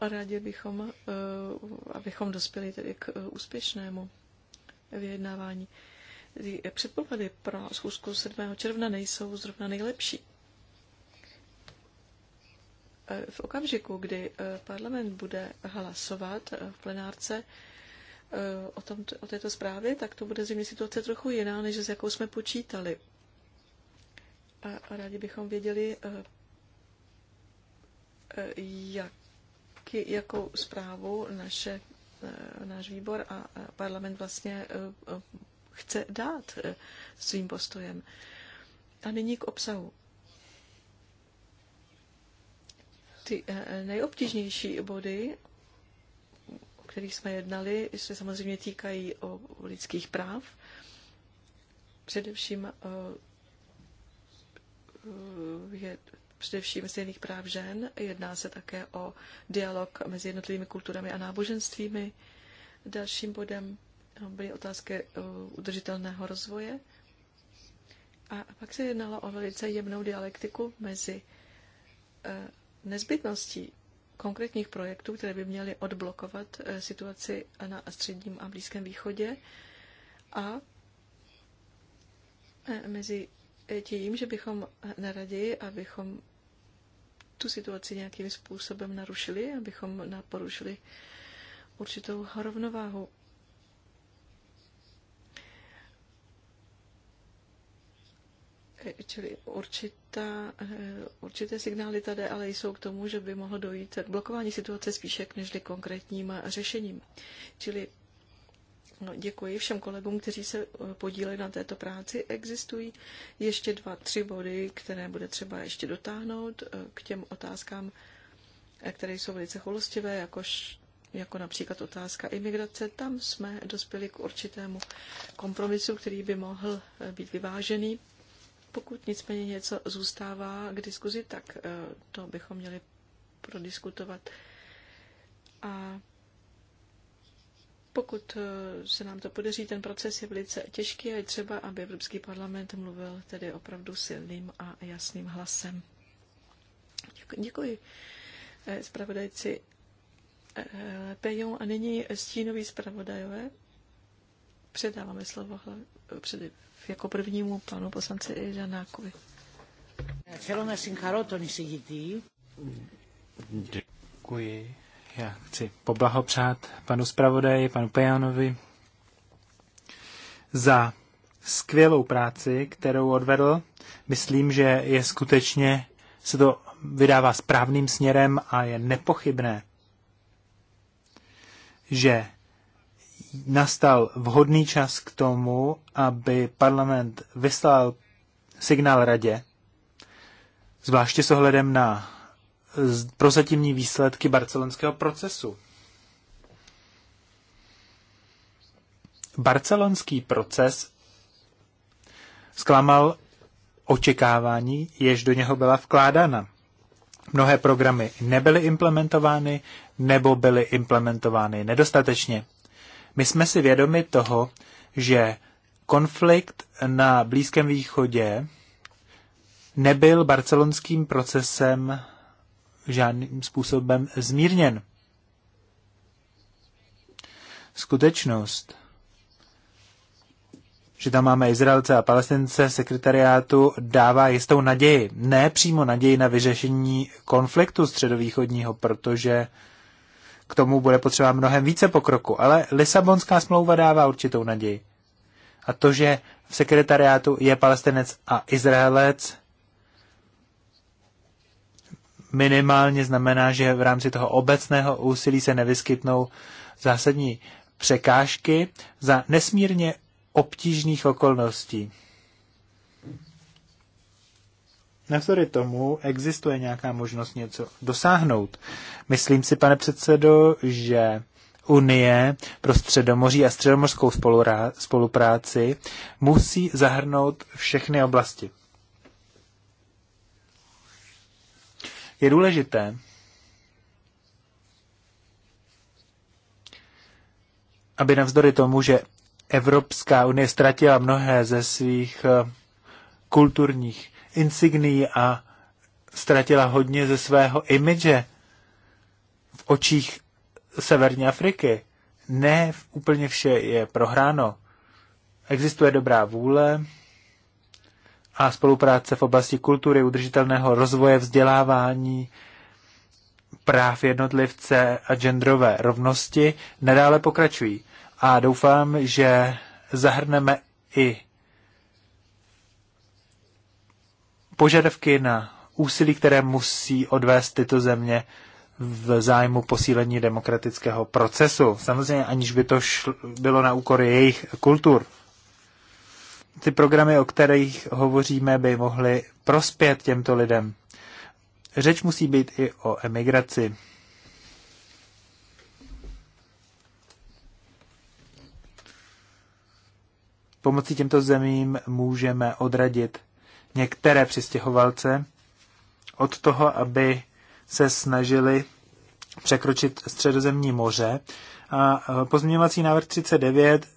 rádi bychom, eh, abychom dospěli tedy k eh, úspěšnému vyjednávání. Eh, předpoklady pro schůzku 7. června nejsou zrovna nejlepší. V okamžiku, kdy parlament bude hlasovat v plenárce o, tom, o této zprávě, tak to bude zřejmě situace trochu jiná, než s jakou jsme počítali. A rádi bychom věděli, jak jakou zprávu naše, eh, náš výbor a parlament vlastně eh, eh, chce dát svým postojem. A nyní k obsahu. Ty nejobtížnější body, o kterých jsme jednali, se samozřejmě týkají o lidských práv, především je především silných práv žen. Jedná se také o dialog mezi jednotlivými kulturami a náboženstvími. Dalším bodem no, byly otázky eh, udržitelného rozvoje. A pak se jednalo o velice jemnou dialektiku mezi eh, nezbytností konkrétních projektů, které by měly odblokovat eh, situaci na středním a blízkém východě a mezi tím, že bychom neradi, abychom tu situaci nějakým způsobem narušili, abychom naporušili určitou rovnováhu. Čili určitá, určité signály tady ale jsou k tomu, že by mohlo dojít k blokování situace spíše než konkrétním řešením. Čili No, děkuji všem kolegům, kteří se eh, podíleli na této práci. Existují ještě dva, tři body, které bude třeba ještě dotáhnout eh, k těm otázkám, eh, které jsou velice cholostivé, jakož, jako například otázka imigrace. Tam jsme dospěli k určitému kompromisu, který by mohl být vyvážený. Pokud nicméně něco zůstává k diskuzi, tak to bychom měli prodiskutovat. A pokud eh, se nám to podaří, ten proces je velice těžký a je třeba, aby Evropský parlament mluvil tedy opravdu silným a jasným hlasem. Děkuji. Eh, zpravodajci Spravodajci eh, Pejon a nyní stínový zpravodajové. Předáváme slovo před, jako prvnímu panu poslanci Janákovi. Děkuji já chci poblahopřát panu zpravodaji, panu Pejanovi za skvělou práci, kterou odvedl. Myslím, že je skutečně, se to vydává správným směrem a je nepochybné, že nastal vhodný čas k tomu, aby parlament vyslal signál radě, zvláště s ohledem na prozatímní výsledky barcelonského procesu. Barcelonský proces zklamal očekávání, jež do něho byla vkládána. Mnohé programy nebyly implementovány nebo byly implementovány nedostatečně. My jsme si vědomi toho, že konflikt na Blízkém východě nebyl barcelonským procesem žádným způsobem zmírněn. Skutečnost, že tam máme Izraelce a Palestince sekretariátu, dává jistou naději. Ne přímo naději na vyřešení konfliktu středovýchodního, protože k tomu bude potřeba mnohem více pokroku, ale Lisabonská smlouva dává určitou naději. A to, že v sekretariátu je palestinec a Izraelec, minimálně znamená, že v rámci toho obecného úsilí se nevyskytnou zásadní překážky za nesmírně obtížných okolností. Navzdory tomu existuje nějaká možnost něco dosáhnout. Myslím si, pane předsedo, že Unie pro středomoří a středomořskou spolupráci musí zahrnout všechny oblasti. je důležité, aby navzdory tomu, že Evropská unie ztratila mnohé ze svých eh, kulturních insigní a ztratila hodně ze svého imidže v očích Severní Afriky. Ne úplně vše je prohráno. Existuje dobrá vůle, a spolupráce v oblasti kultury, udržitelného rozvoje, vzdělávání, práv jednotlivce a genderové rovnosti nadále pokračují. A doufám, že zahrneme i požadavky na úsilí, které musí odvést tyto země v zájmu posílení demokratického procesu. Samozřejmě, aniž by to šlo, bylo na úkor jejich kultur ty programy, o kterých hovoříme, by mohly prospět těmto lidem. Řeč musí být i o emigraci. Pomocí těmto zemím můžeme odradit některé přistěhovalce od toho, aby se snažili překročit středozemní moře. A pozměňovací návrh 39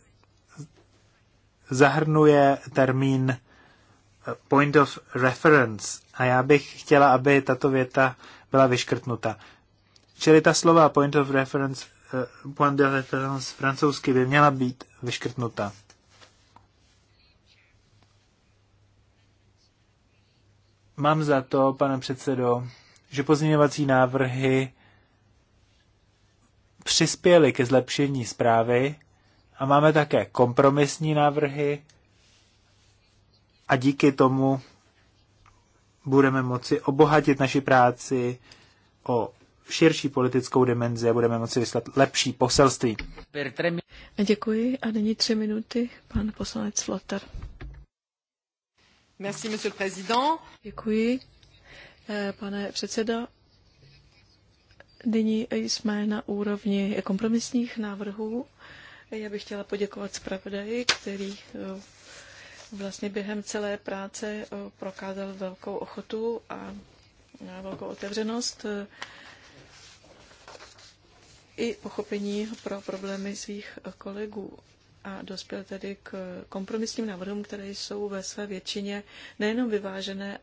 zahrnuje termín eh, point of reference a já bych chtěla, aby tato věta byla vyškrtnuta. Čili ta slova point of reference, eh, point de reference francouzsky by měla být vyškrtnuta. Mám za to, pane předsedo, že pozměňovací návrhy přispěly ke zlepšení zprávy a máme také kompromisní návrhy a díky tomu budeme moci obohatit naši práci o širší politickou dimenzi a budeme moci vyslat lepší poselství. Děkuji a nyní tři minuty pan poslanec Flotter. Merci, monsieur le président. Děkuji, eh, pane předsedo. Nyní jsme na úrovni kompromisních návrhů já bych chtěla poděkovat zpravodaji, který eh, vlastně během celé práce eh, prokázal velkou ochotu a velkou otevřenost eh, i pochopení pro problémy svých kolegů a dospěl tedy k kompromisním návrhům, které jsou ve své většině nejenom vyvážené,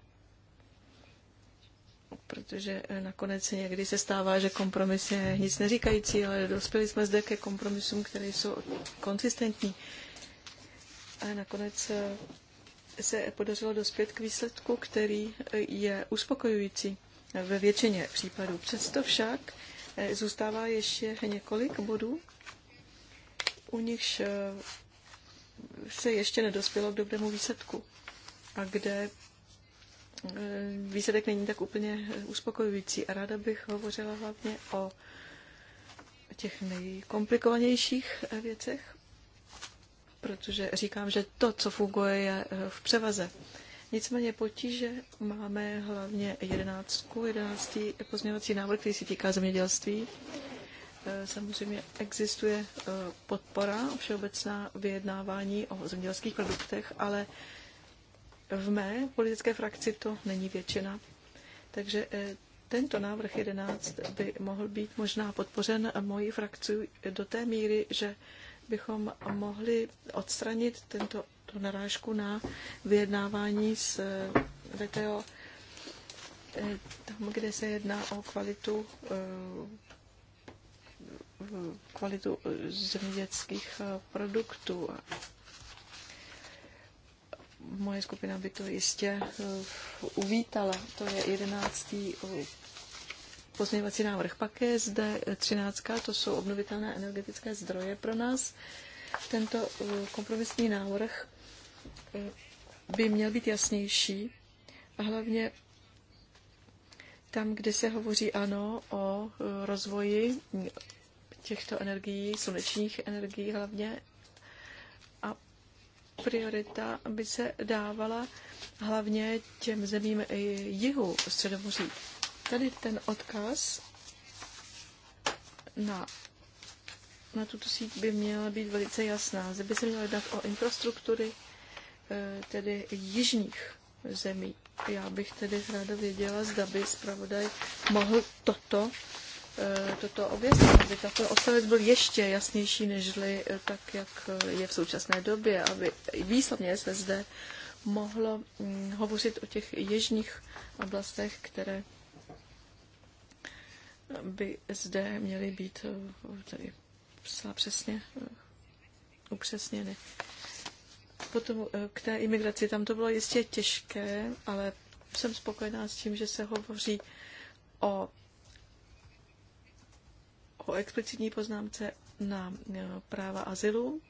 protože eh, nakonec někdy se stává, že kompromis je nic neříkající, ale dospěli jsme zde ke kompromisům, které jsou konsistentní. A nakonec eh, se podařilo dospět k výsledku, který eh, je uspokojující ve většině případů. Přesto však zůstává ještě několik bodů, u nichž se ještě nedospělo k dobrému výsledku a kde Eh, výsledek není tak úplně eh, uspokojující a ráda bych hovořila hlavně o těch nejkomplikovanějších eh, věcech, protože říkám, že to, co funguje, je v převaze. Nicméně potíže máme hlavně jedenáctku, jedenáctý pozměňovací návrh, který se týká zemědělství. Samozřejmě existuje podpora všeobecná vyjednávání o zemědělských produktech, ale v mé politické frakci to není většina, takže eh, tento návrh 11 by mohl být možná podpořen mojí frakci do té míry, že bychom mohli odstranit tento, tu narážku na vyjednávání s eh, VTO, eh, tam, kde se jedná o kvalitu, kvalitu zemědělských produktů moje skupina by to jistě eh, uvítala. To je jedenáctý eh, pozměňovací návrh. Pak je zde třináctka, to jsou obnovitelné energetické zdroje pro nás. Tento eh, kompromisní návrh by měl být jasnější a hlavně tam, kde se hovoří ano o rozvoji těchto energií, slunečních energií hlavně, priorita by se dávala hlavně těm zemím jihu Středomoří. Tady ten odkaz na, na tuto síť by měla být velice jasná. Zde by se mělo jednat o infrastruktury, eh, tedy jižních zemí. Já bych tedy ráda věděla, zda by zpravodaj mohl toto Eh, toto objasnit, aby tato odstavec byl ještě jasnější, než eh, tak, jak eh, je v současné době, aby výslovně se zde mohlo mm, hovořit o těch ježních oblastech, které by zde měly být tady psala přesně upřesněny. Potom k té imigraci, tam to bylo jistě těžké, ale jsem spokojená s tím, že se hovoří o o explicitní poznámce na e, práva azylu.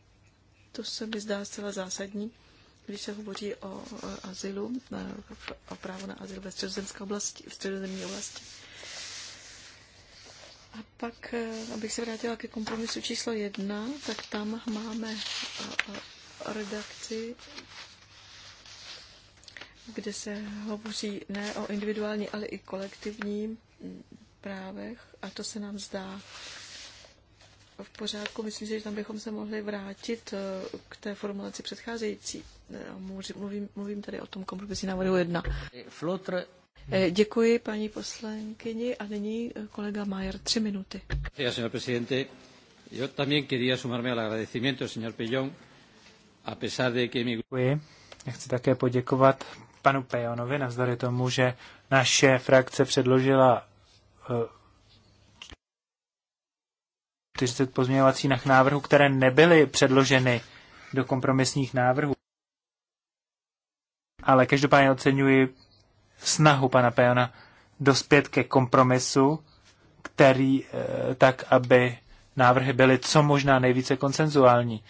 To se mi zdá zcela zásadní, když se hovoří o azylu, o právu na azyl ve středozemské oblasti, v středozemní oblasti. A pak, e, abych se vrátila ke kompromisu číslo jedna, tak tam máme e, redakci, kde se hovoří ne o individuální, ale i kolektivním právech a to se nám zdá v pořádku. Myslím si, že tam bychom se mohli vrátit eh, k té formulaci předcházející. Eh, mluvím, mluvím tady o tom kompromisní návrhu 1. Eh, Flotr. Děkuji paní poslankyni a nyní kolega Majer, tři minuty. señor presidente. Yo también quería sumarme al agradecimiento, señor a pesar de que Děkuji. Já chci také poděkovat panu Pejonovi, navzdory tomu, že naše frakce předložila 40 pozměňovacích návrhů, které nebyly předloženy do kompromisních návrhů. Ale každopádně oceňuji snahu pana Pejona dospět ke kompromisu, který eh, tak, aby návrhy byly co možná nejvíce konsenzuální.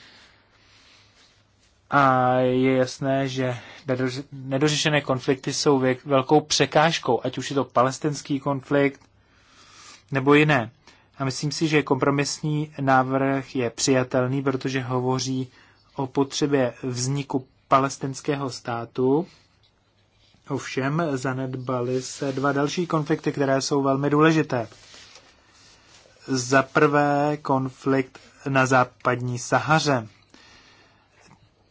A je jasné, že nedořešené konflikty jsou velkou překážkou, ať už je to palestinský konflikt, nebo jiné. A myslím si, že kompromisní návrh je přijatelný, protože hovoří o potřebě vzniku palestinského státu. Ovšem zanedbali se dva další konflikty, které jsou velmi důležité. Za prvé konflikt na západní Sahaře.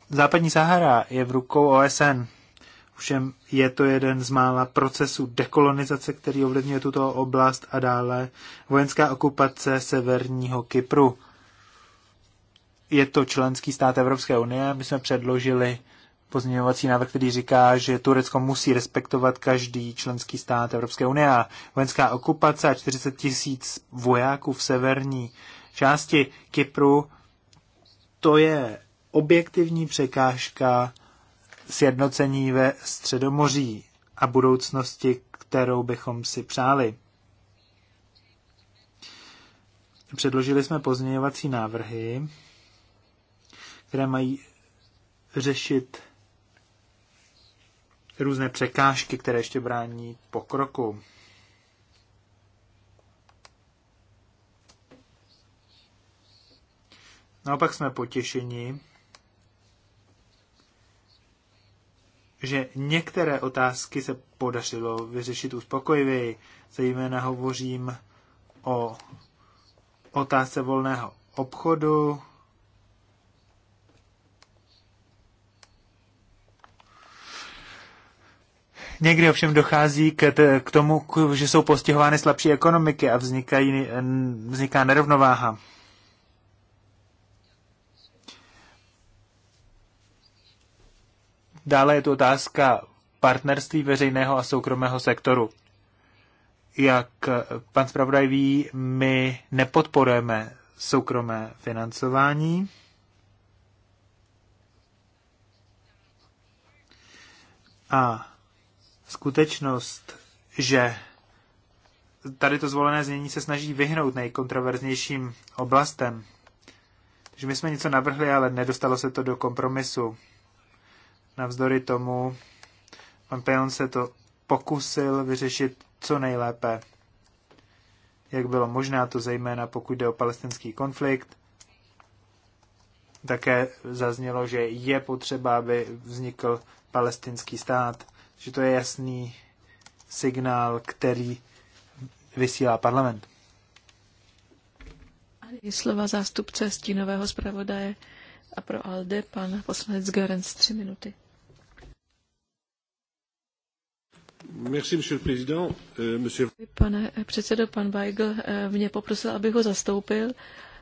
Západní Sahara je v rukou OSN Všem je to jeden z mála procesů dekolonizace, který ovlivňuje tuto oblast a dále vojenská okupace severního Kypru. Je to členský stát Evropské unie. My jsme předložili pozměňovací návrh, který říká, že Turecko musí respektovat každý členský stát Evropské unie a vojenská okupace a 40 tisíc vojáků v severní části Kypru, to je objektivní překážka sjednocení ve Středomoří a budoucnosti, kterou bychom si přáli. Předložili jsme pozměňovací návrhy, které mají řešit různé překážky, které ještě brání pokroku. Naopak jsme potěšeni, že některé otázky se podařilo vyřešit uspokojivěji. Zejména hovořím o otázce volného obchodu, Někdy ovšem dochází k, k tomu, že jsou postihovány slabší ekonomiky a vznikají, vzniká nerovnováha. Dále je tu otázka partnerství veřejného a soukromého sektoru. Jak pan zpravodaj ví, my nepodporujeme soukromé financování. A skutečnost, že tady to zvolené znění se snaží vyhnout nejkontroverznějším oblastem. Takže my jsme něco navrhli, ale nedostalo se to do kompromisu. Navzdory tomu, pan Pejon se to pokusil vyřešit co nejlépe, jak bylo možná, to zejména pokud jde o palestinský konflikt. Také zaznělo, že je potřeba, aby vznikl palestinský stát, že to je jasný signál, který vysílá parlament. A slova zástupce stínového zpravodaje a pro ALDE pan poslanec Görens tři minuty. Euh, Pane předsedo, pan Weigl eh, mě poprosil, abych ho zastoupil,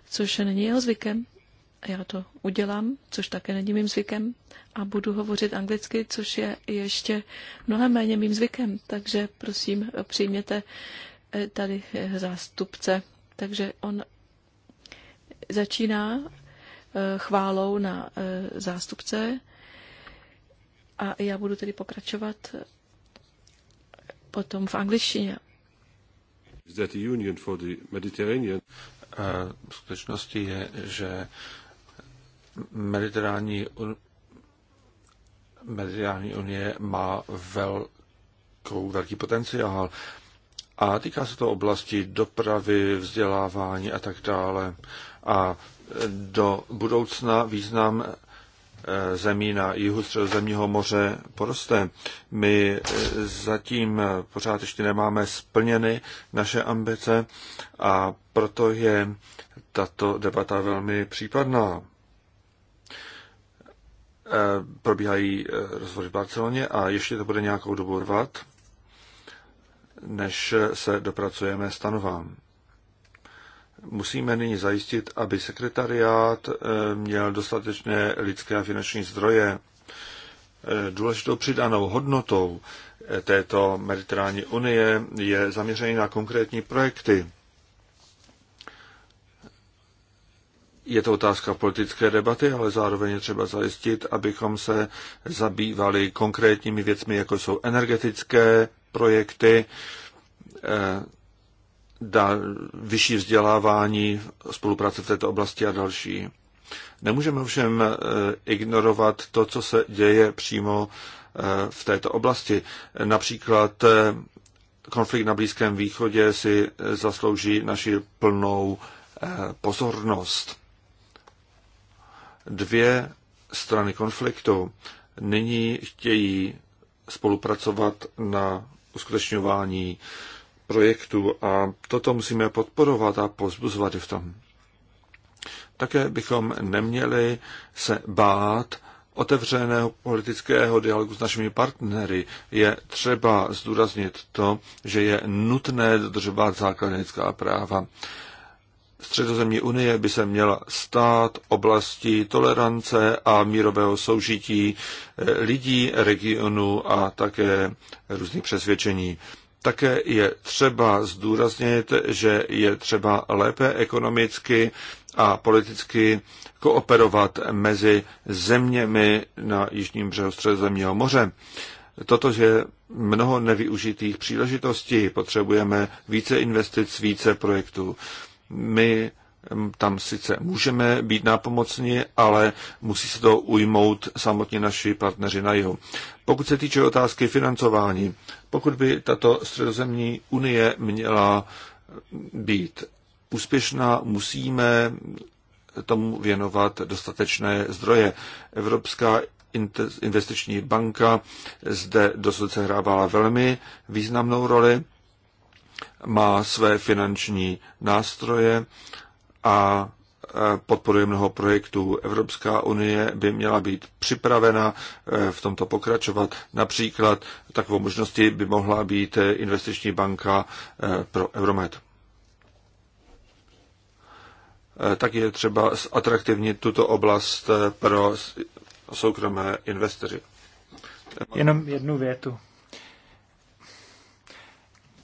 což není jeho zvykem. Já to udělám, což také není mým zvykem. A budu hovořit anglicky, což je ještě mnohem méně mým zvykem. Takže prosím, přijměte eh, tady eh, zástupce. Takže on začíná chválou na zástupce a já budu tedy pokračovat potom v angličtině. Eh, v skutečnosti je, že mediterální, mediterální unie má velkou, velký potenciál. A týká se to oblasti dopravy, vzdělávání a tak dále. A do budoucna význam Eh, zemí na jihu středozemního moře poroste. My eh, zatím eh, pořád ještě nemáme splněny naše ambice a proto je tato debata velmi případná. Probíhají rozvody v Barceloně a ještě to bude nějakou dobu rvat, než se dopracujeme stanovám. Musíme nyní zajistit, aby sekretariát eh, měl dostatečné lidské a finanční zdroje. Eh, důležitou přidanou hodnotou eh, této mediterální unie je zaměření na konkrétní projekty. Je to otázka politické debaty, ale zároveň je třeba zajistit, abychom se zabývali konkrétními věcmi, jako jsou energetické projekty, vyšší vzdělávání, spolupráce v této oblasti a další. Nemůžeme ovšem eh, ignorovat to, co se děje přímo eh, v této oblasti. Například eh, konflikt na Blízkém východě si zaslouží naši plnou pozornost. Dvě strany konfliktu nyní chtějí spolupracovat na uskutečňování projektů a toto musíme podporovat a pozbuzovat i v tom. Také bychom neměli se bát otevřeného politického dialogu s našimi partnery. Je třeba zdůraznit to, že je nutné dodržovat základní lidská práva. Středozemní unie by se měla stát oblastí tolerance a mírového soužití eh, lidí, regionu a také různých přesvědčení. Také je třeba zdůraznit, že je třeba lépe ekonomicky a politicky kooperovat mezi zeměmi na jižním břehu Středozemního moře. Toto je mnoho nevyužitých příležitostí. Potřebujeme více investic, více projektů. My tam sice můžeme být nápomocni, ale musí se to ujmout samotně naši partneři na jihu. Pokud se týče otázky financování, pokud by tato středozemní unie měla být úspěšná, musíme tomu věnovat dostatečné zdroje. Evropská investiční banka zde dosud sehrávala velmi významnou roli, má své finanční nástroje a e, podporuje mnoho projektů. Evropská unie by měla být připravena e, v tomto pokračovat. Například takovou možností by mohla být e, investiční banka pro Euromed. Tak je třeba zatraktivnit tuto oblast pro soukromé investory. Jenom jednu větu.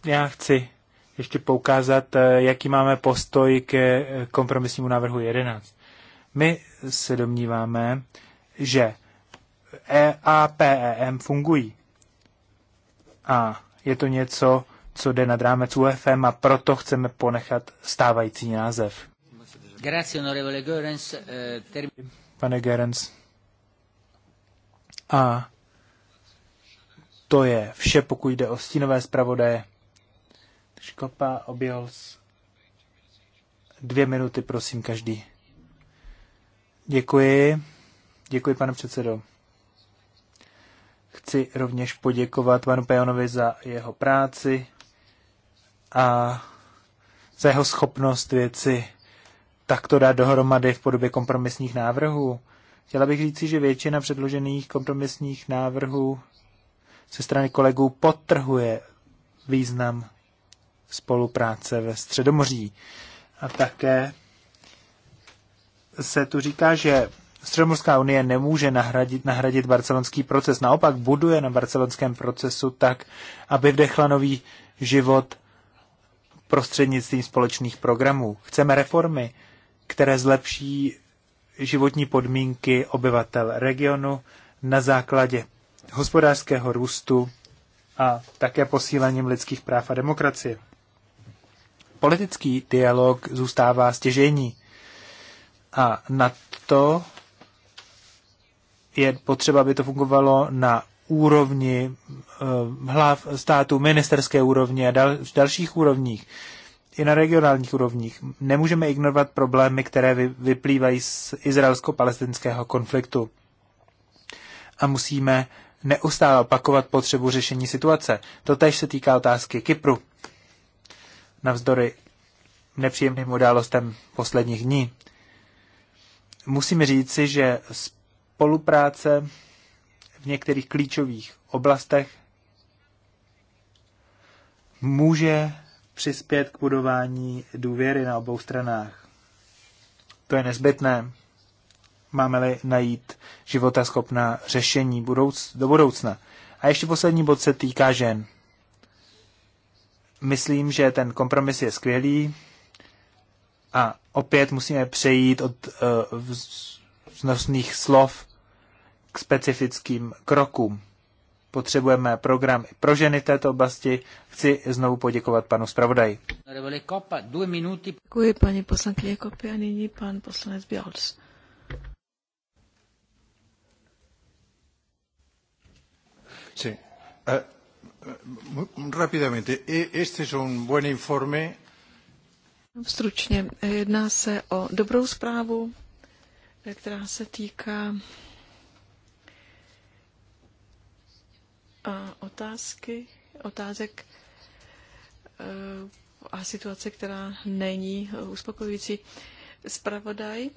Já chci ještě poukázat, eh, jaký máme postoj k eh, kompromisnímu návrhu 11. My se domníváme, že EAPEM fungují. A je to něco, co jde nad rámec UFM a proto chceme ponechat stávající název. Eh, Pane Gerens. A to je vše, pokud jde o stínové zpravodaje. Škopa, Obiols. Dvě minuty, prosím, každý. Děkuji. Děkuji, pane předsedo. Chci rovněž poděkovat panu Pejonovi za jeho práci a za jeho schopnost věci takto dát dohromady v podobě kompromisních návrhů. Chtěla bych říci, že většina předložených kompromisních návrhů se strany kolegů potrhuje význam spolupráce ve Středomoří. A také se tu říká, že Středomorská unie nemůže nahradit, nahradit barcelonský proces. Naopak buduje na barcelonském procesu tak, aby vdechla nový život prostřednictvím společných programů. Chceme reformy, které zlepší životní podmínky obyvatel regionu na základě hospodářského růstu a také posílením lidských práv a demokracie politický dialog zůstává stěžení. A na to je potřeba, aby to fungovalo na úrovni eh, hlav státu, ministerské úrovni a dal, dalších úrovních, i na regionálních úrovních. Nemůžeme ignorovat problémy, které vyplývají z izraelsko-palestinského konfliktu. A musíme neustále opakovat potřebu řešení situace. Totež se týká otázky Kypru navzdory nepříjemným událostem posledních dní. Musím říci, že spolupráce v některých klíčových oblastech může přispět k budování důvěry na obou stranách. To je nezbytné. Máme-li najít životaschopná řešení budouc- do budoucna. A ještě poslední bod se týká žen myslím, že ten kompromis je skvělý a opět musíme přejít od eh, vznosných slov k specifickým krokům. Potřebujeme program pro ženy této oblasti. Chci znovu poděkovat panu zpravodaji. Děkuji paní poslankyně Kopy a nyní pan poslanec Bjals. Sí. Eh. Muy rápidamente, e, este es un buen informe. Stručně, jedná se o dobrou zprávu, která se týká otázky, otázek e, a situace, která není uspokojující. Zpravodaj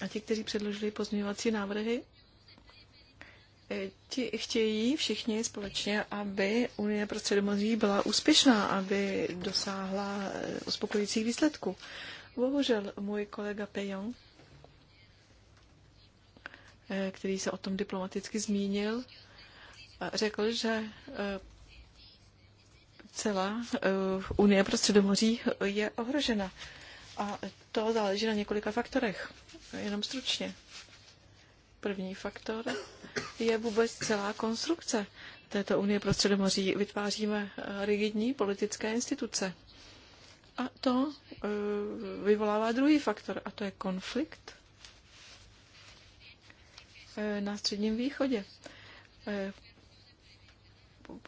a ti, kteří předložili pozměňovací návrhy, E, ti chtějí všichni společně, aby Unie pro středomoří byla úspěšná, aby dosáhla e, uspokojících výsledků. Bohužel můj kolega Pejon, e, který se o tom diplomaticky zmínil, řekl, že celá Unie pro středomoří je ohrožena. A to záleží na několika faktorech. Jenom stručně. První faktor je vůbec celá konstrukce této unie pro Středomoří. Vytváříme eh, rigidní politické instituce. A to eh, vyvolává druhý faktor, a to je konflikt eh, na Středním východě.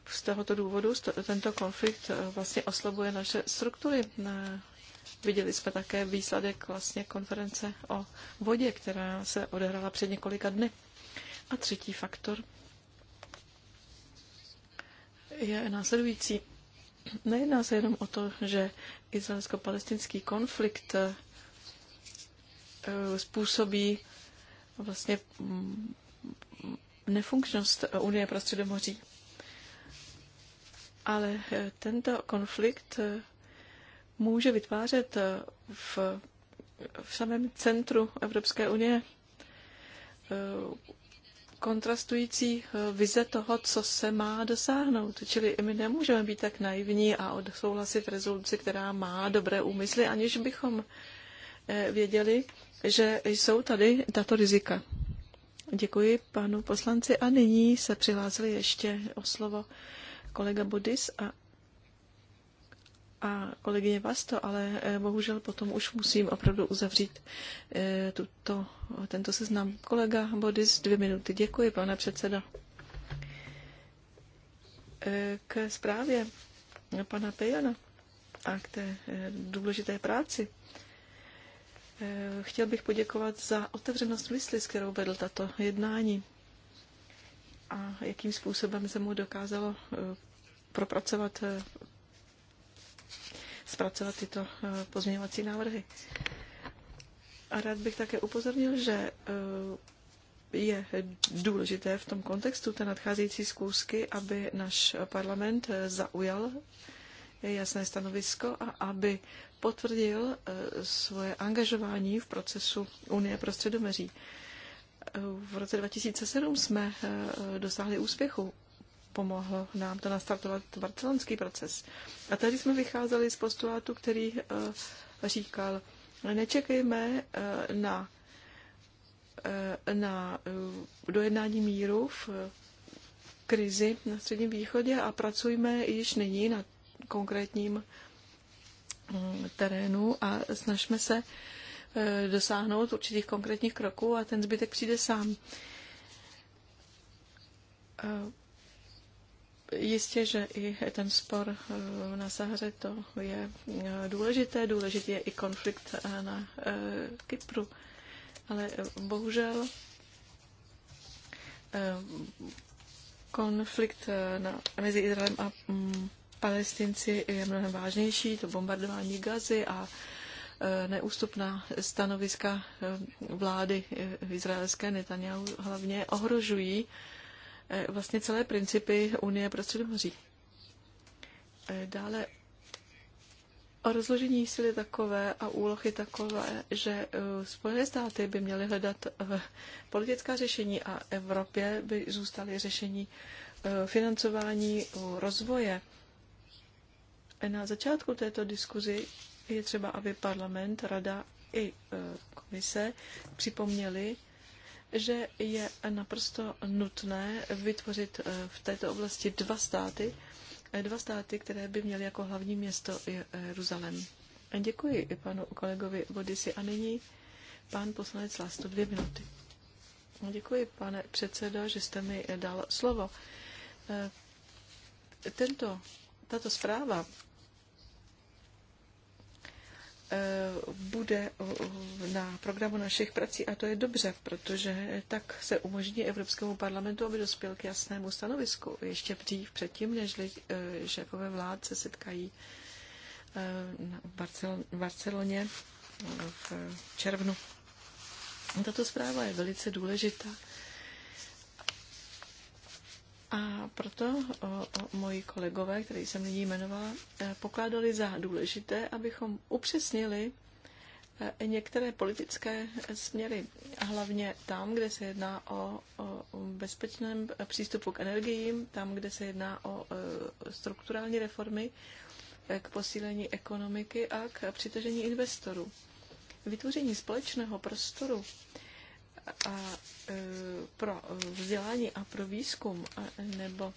Z tohoto důvodu tento konflikt vlastně oslabuje naše struktury Viděli jsme také výsledek vlastně konference o vodě, která se odehrála před několika dny. A třetí faktor je následující. Nejedná se jenom o to, že izraelsko-palestinský konflikt eh, způsobí vlastně mm, nefunkčnost Unie pro Středomoří. Ale eh, tento konflikt eh, může vytvářet eh, v, v samém centru Evropské unie eh, kontrastující eh, vize toho, co se má dosáhnout. Čili my nemůžeme být tak naivní a odsouhlasit rezoluci, která má dobré úmysly, aniž bychom věděli, že jsou tady tato rizika. Děkuji panu poslanci a nyní se přihlásili ještě o slovo kolega Bodis a a kolegyně to, ale eh, bohužel potom už musím opravdu uzavřít eh, tuto, tento seznam. Kolega Bodis, dvě minuty. Děkuji, pane předseda. Eh, k zprávě pana Pejana a k té důležité práci. Chtěl bych poděkovat za otevřenost mysli, s kterou vedl tato jednání a jakým způsobem se mu dokázalo propracovat zpracovat tyto eh, pozměňovací návrhy. A rád bych také upozornil, že eh, je důležité v tom kontextu té nadcházející zkoušky, aby náš parlament eh, zaujal jasné stanovisko a aby potvrdil svoje angažování v procesu Unie pro středomeří. V roce 2007 jsme dosáhli úspěchu pomohlo nám to nastartovat barcelonský proces. A tady jsme vycházeli z postulátu, který eh, říkal, nečekejme eh, na, eh, na dojednání míru v krizi na Středním východě a pracujme již nyní na konkrétním mm, terénu a snažme se dosáhnout určitých konkrétních kroků a ten zbytek přijde sám. Jistě, že i ten spor eh, na Sahře to je eh, důležité. Důležitý je i konflikt eh, na Kypru. Ale bohužel konflikt na, mezi Izraelem a mm, Palestinci je mnohem vážnější, to bombardování Gazy a neústupná stanoviska vlády izraelské Netanyahu hlavně ohrožují Eh, vlastně celé principy Unie pro Středomoří. Eh, dále o rozložení síly takové a úlohy takové, že eh, Spojené státy by měly hledat politická řešení a Evropě by zůstaly řešení financování rozvoje. Na začátku této diskuzi je třeba, aby parlament, rada i komise připomněli, že je naprosto nutné vytvořit eh, v této oblasti dva státy, eh, dva státy, které by měly jako hlavní město Jeruzalém. Eh, děkuji panu kolegovi Bodisi a nyní pan poslanec Lásto dvě minuty. Děkuji, pane předsedo, že jste mi dal slovo. Tento, tato zpráva Eh, bude na programu našich prací a to je dobře, protože tak se umožní Evropskému parlamentu, aby dospěl k jasnému stanovisku ještě dřív předtím, než eh, šéfové vlád se setkají v eh, Barceloně v červnu. Tato zpráva je velice důležitá a proto o, o, moji kolegové, který jsem nyní jmenovala, eh, pokládali za důležité, abychom upřesnili eh, některé politické směry, hlavně tam, kde se jedná o, o bezpečném přístupu k energiím, tam, kde se jedná o strukturální reformy, eh, k posílení ekonomiky a k přitažení investorů. Vytvoření společného prostoru a e, pro vzdělání a pro výzkum nebo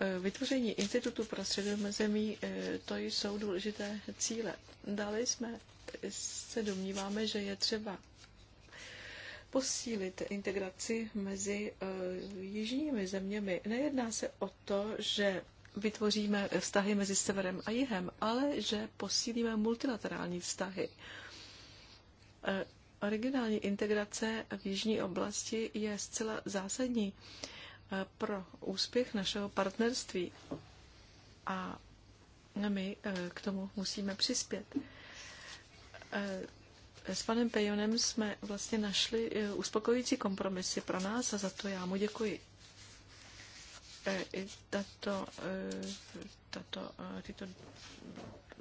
e, vytvoření institutu pro středozemí, e, to jsou důležité cíle. Dále jsme se domníváme, že je třeba posílit integraci mezi jižními zeměmi. Nejedná se o to, že vytvoříme vztahy mezi severem a jihem, ale že posílíme multilaterální vztahy Originální integrace v jižní oblasti je zcela zásadní eh, pro úspěch našeho partnerství a my eh, k tomu musíme přispět. Eh, s panem Pejonem jsme vlastně našli uspokojící kompromisy pro nás a za to já mu děkuji. I tato, tato, tyto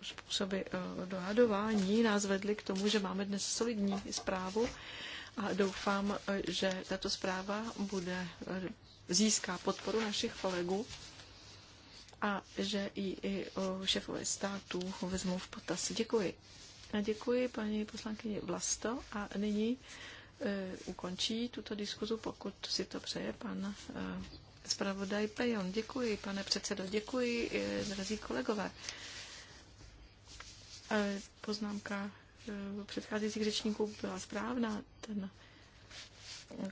způsoby eh, dohadování nás vedly k tomu, že máme dnes solidní zprávu a doufám, eh, že tato zpráva bude eh, získá podporu našich kolegů a že i, i šéfové států ho vezmou v potaz. Děkuji. A děkuji paní poslankyni Vlasto a nyní e, ukončí tuto diskuzu, pokud si to přeje pan e, zpravodaj Pejon. Děkuji, pane předsedo, děkuji, e, drazí kolegové. Poznámka eh, předcházejících řečníků byla správná. Ten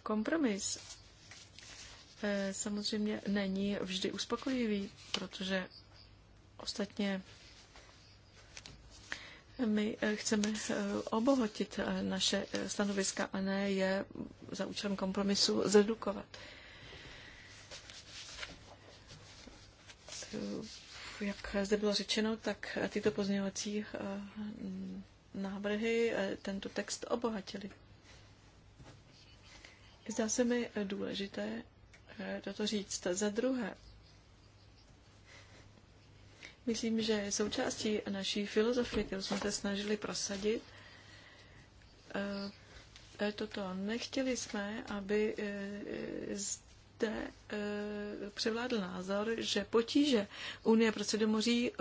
kompromis eh, samozřejmě není vždy uspokojivý, protože ostatně my eh, chceme obohotit naše stanoviska a ne je za účelem kompromisu zredukovat. Jak zde bylo řečeno, tak tyto pozměňovací eh, návrhy eh, tento text obohatily. Zdá se mi důležité eh, toto říct. Za druhé, myslím, že součástí naší filozofie, kterou jsme se snažili prosadit, toto. Nechtěli jsme, aby zde e, převládl názor, že potíže Unie pro Středomoří e,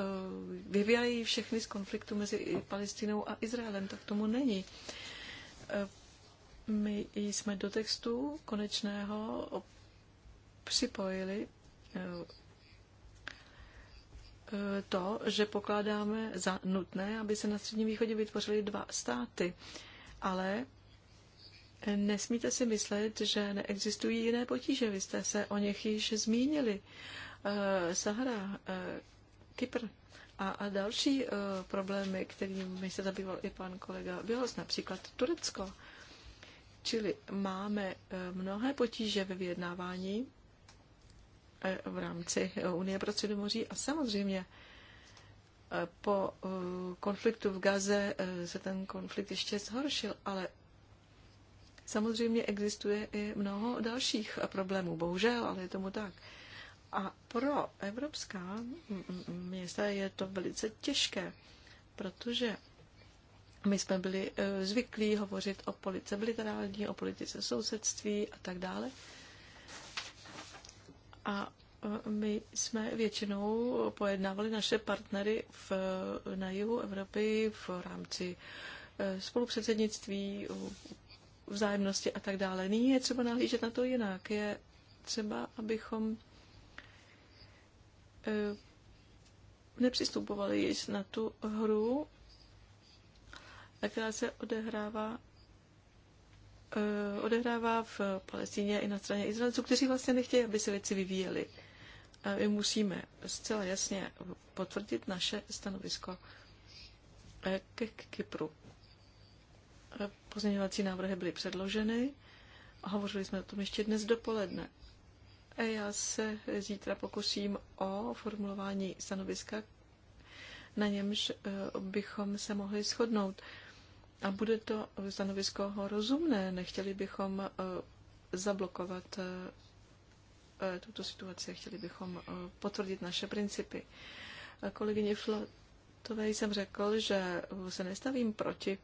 vyvíjají všechny z konfliktu mezi Palestinou a Izraelem. Tak tomu není. E, my jsme do textu konečného připojili to, že pokládáme za nutné, aby se na Středním východě vytvořily dva státy. Ale Nesmíte si myslet, že neexistují jiné potíže. Vy jste se o nich již zmínili. Eh, Sahara, eh, Kypr a, a další eh, problémy, kterými se zabýval i pan kolega Bělos, například Turecko. Čili máme mnohé potíže ve vyjednávání v rámci Unie pro moří a samozřejmě po konfliktu v Gaze se ten konflikt ještě zhoršil, ale Samozřejmě existuje i mnoho dalších problémů, bohužel, ale je tomu tak. A pro evropská města je to velice těžké, protože my jsme byli e, zvyklí hovořit o politice bilaterální, o politice sousedství a tak dále. A e, my jsme většinou pojednávali naše partnery v, na jihu Evropy v rámci e, spolupředsednictví vzájemnosti a tak dále. Nyní je třeba nahlížet na to jinak. Je třeba, abychom eh, nepřistupovali již na tu hru, která se odehrává eh, odehrává v Palestíně i na straně Izraelců, kteří vlastně nechtějí, aby se věci vyvíjely. A my musíme zcela jasně potvrdit naše stanovisko eh, k Kypru. Pozměňovací návrhy byly předloženy a hovořili jsme o tom ještě dnes dopoledne. A já se zítra pokusím o formulování stanoviska, na němž eh, bychom se mohli shodnout. A bude to stanovisko rozumné. Nechtěli bychom eh, zablokovat eh, tuto situaci, chtěli bychom potvrdit naše principy. Kolegyně Flotové jsem řekl, že se nestavím proti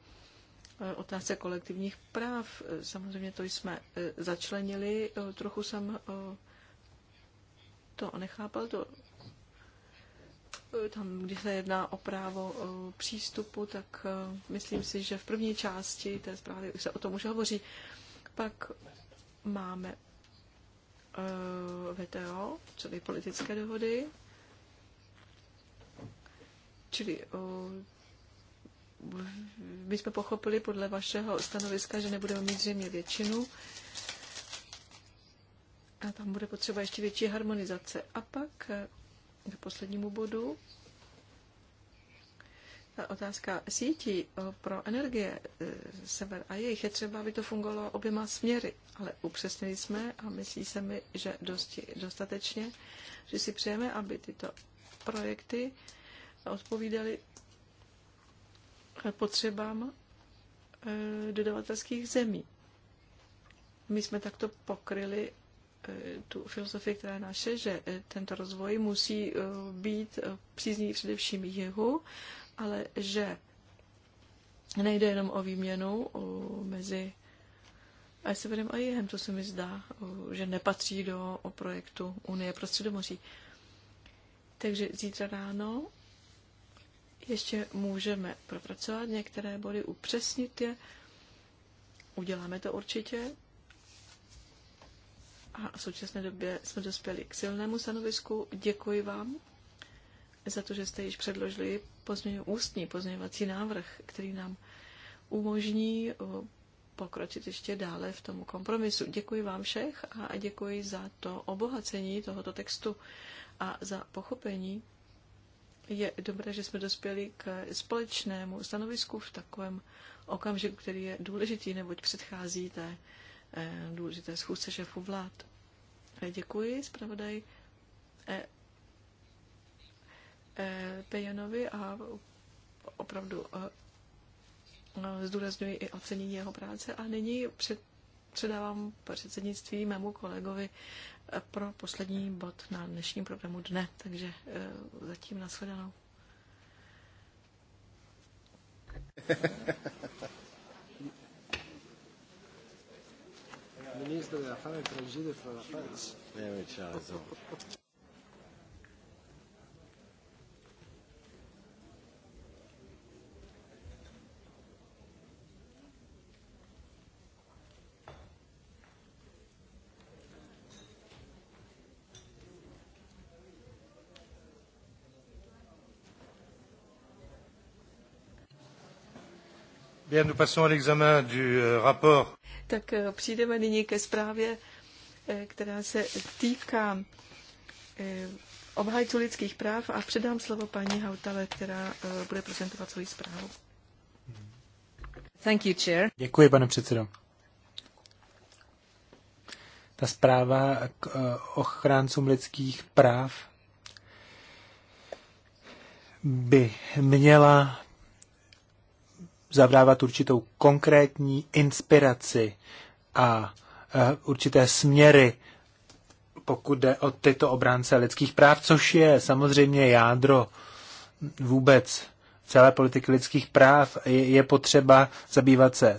Eh, otázce kolektivních práv. Eh, samozřejmě to jsme eh, začlenili, trochu jsem to nechápal, to tam, když se jedná o právo přístupu, tak myslím si, že v první části té zprávy se o tom už hovoří. Pak máme VTO, čili politické dohody, čili my jsme pochopili podle vašeho stanoviska, že nebudeme mít zřejmě většinu. A tam bude potřeba ještě větší harmonizace. A pak eh, k poslednímu bodu. Ta otázka sítí eh, pro energie eh, sever a jejich je třeba, aby to fungovalo oběma směry, ale upřesnili jsme a myslí se mi, že dosti, dostatečně, že si přejeme, aby tyto projekty odpovídaly potřebám eh, dodavatelských zemí. My jsme takto pokryli eh, tu filozofii, která je naše, že eh, tento rozvoj musí být příznivý především jihu, ale že nejde jenom o výměnu mezi A severem a jihem. To se mi zdá, že nepatří do projektu Unie pro středomoří. Takže zítra ráno ještě můžeme propracovat, některé body upřesnit je. Uděláme to určitě. A v současné době jsme dospěli k silnému stanovisku. Děkuji vám za to, že jste již předložili pozměň, ústní pozměňovací návrh, který nám umožní pokročit ještě dále v tomu kompromisu. Děkuji vám všech a děkuji za to obohacení tohoto textu a za pochopení je dobré, že jsme dospěli k společnému stanovisku v takovém okamžiku, který je důležitý, neboť předchází té eh, důležité schůzce šéfů vlád. Eh, děkuji, zpravodaj eh, Pejanovi a opravdu zdůrazňuji i ocenění jeho práce. A nyní před, předávám předsednictví mému kolegovi pro poslední bod na dnešním programu dne. Takže eh, zatím nashledanou. Ministro della fame preside fra la paz. Eh, Euh, tak eh, přijdeme nyní ke zprávě, eh, která se týká eh, obhájců lidských práv a předám slovo paní Hautale, která bude prezentovat svou zprávu. Thank you, chair. Děkuji, pane předsedo. Ta zpráva k ochráncům lidských práv by měla zavrávat určitou konkrétní inspiraci a e, určité směry, pokud jde o tyto obránce lidských práv, což je samozřejmě jádro vůbec celé politiky lidských práv. Je potřeba zabývat se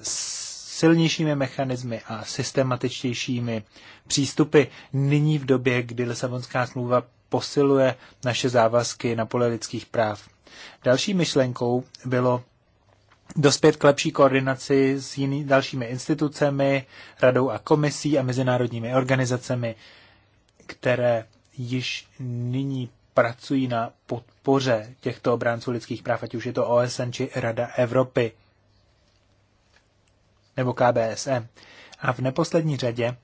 silnějšími mechanismy a systematičtějšími přístupy nyní v době, kdy Lisabonská smlouva posiluje naše závazky na pole lidských práv. Další myšlenkou bylo dospět k lepší koordinaci s jiný, dalšími institucemi, radou a komisí a mezinárodními organizacemi, které již nyní pracují na podpoře těchto obránců lidských práv, ať už je to OSN či Rada Evropy nebo KBSE. A v neposlední řadě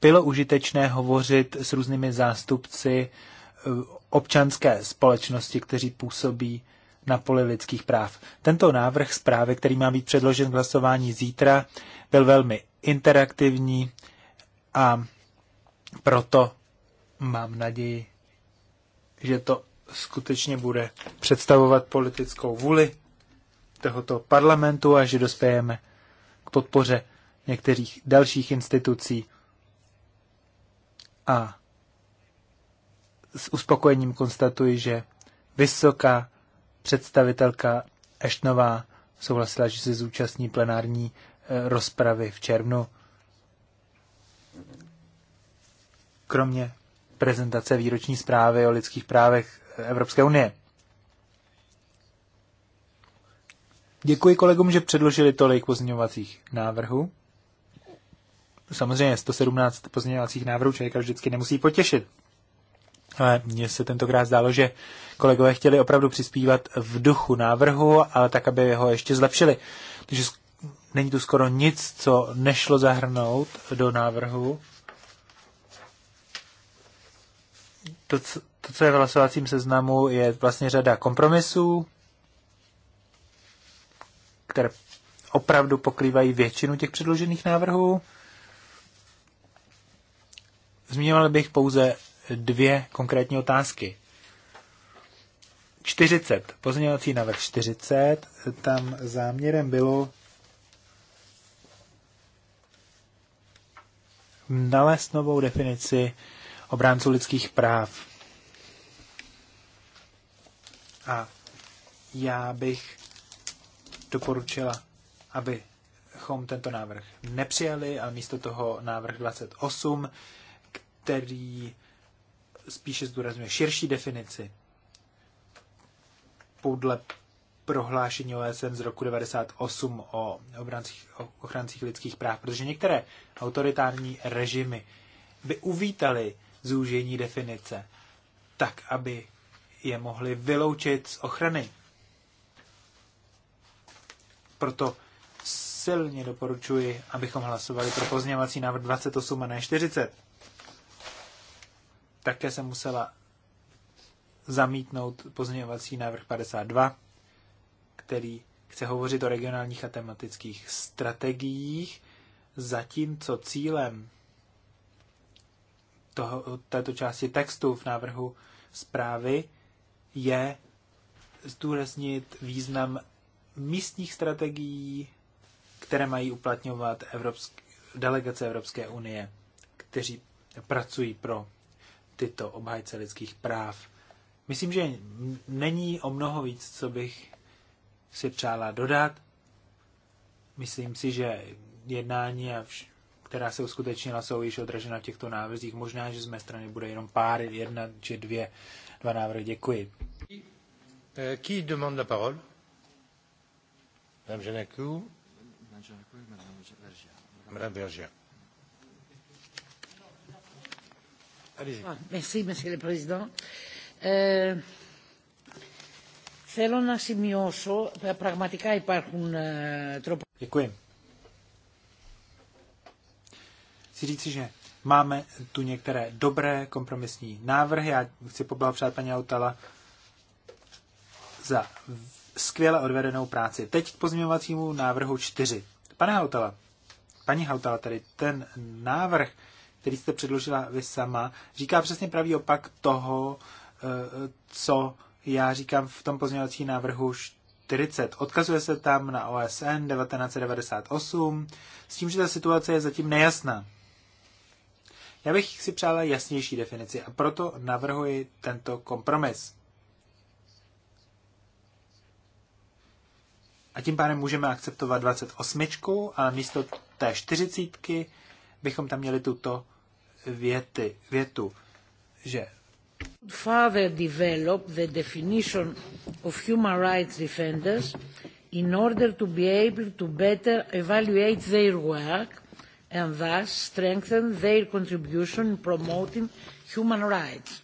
bylo užitečné hovořit s různými zástupci eh, občanské společnosti, kteří působí na poli lidských práv. Tento návrh zprávy, který má být předložen k hlasování zítra, byl velmi interaktivní a proto mám naději, že to skutečně bude představovat politickou vůli tohoto parlamentu a že dospějeme k podpoře některých dalších institucí a s uspokojením konstatuji, že vysoká Představitelka Eštnová souhlasila, že se zúčastní plenární eh, rozpravy v červnu. Kromě prezentace výroční zprávy o lidských právech eh, Evropské unie. Děkuji kolegům, že předložili tolik pozměňovacích návrhů. Samozřejmě 117 pozměňovacích návrhů člověka vždycky nemusí potěšit. Ale mně se tentokrát zdálo, že kolegové chtěli opravdu přispívat v duchu návrhu, ale tak, aby ho ještě zlepšili. Takže není tu skoro nic, co nešlo zahrnout do návrhu. To, to co je v hlasovacím seznamu, je vlastně řada kompromisů, které opravdu pokrývají většinu těch předložených návrhů. Zmínil bych pouze dvě konkrétní otázky. 40, pozměňovací návrh 40, tam záměrem bylo nalézt novou definici obránců lidských práv. A já bych doporučila, abychom tento návrh nepřijali, ale místo toho návrh 28, který spíše zdůrazňuje širší definici podle prohlášení OSN z roku 98 o, obrancích, o ochrancích lidských práv, protože některé autoritární režimy by uvítali zúžení definice tak, aby je mohli vyloučit z ochrany. Proto silně doporučuji, abychom hlasovali pro pozněvací návrh 28 a ne 40. Také se musela zamítnout pozměňovací návrh 52, který chce hovořit o regionálních a tematických strategiích, zatímco cílem toho, této části textu v návrhu zprávy je zdůraznit význam místních strategií, které mají uplatňovat evropsk- delegace Evropské unie, kteří pracují pro tyto obhajce lidských práv. Myslím, že není o mnoho víc, co bych si přála dodat. Myslím si, že jednání, která se uskutečnila, jsou již odražena v těchto návrzích. Možná, že z mé strany bude jenom pár, jedna či dvě, dva návrhy. Děkuji. Qui demande la parole? Madame Janakou. Madame Janakou, Madame Vergia. Madame Vergia. pane ah, Monsieur le Président. Euh, θέλω να σημειώσω, πραγματικά υπάρχουν ε, Děkuji. Chci říci, že máme tu některé dobré kompromisní návrhy. Já chci poblahopřát paní Autala za skvěle odvedenou práci. Teď k pozměňovacímu návrhu 4. Pane Hautala, paní Hautala, tady ten návrh který jste předložila vy sama, říká přesně pravý opak toho, eh, co já říkám v tom pozměňovacím návrhu 40. Odkazuje se tam na OSN 1998 s tím, že ta situace je zatím nejasná. Já bych si přála jasnější definici a proto navrhuji tento kompromis. A tím pádem můžeme akceptovat 28, ale místo té 40 bychom tam měli tuto věty, větu, že further develop the definition of human rights defenders in order to be able to better evaluate their work and thus strengthen their contribution in promoting human rights.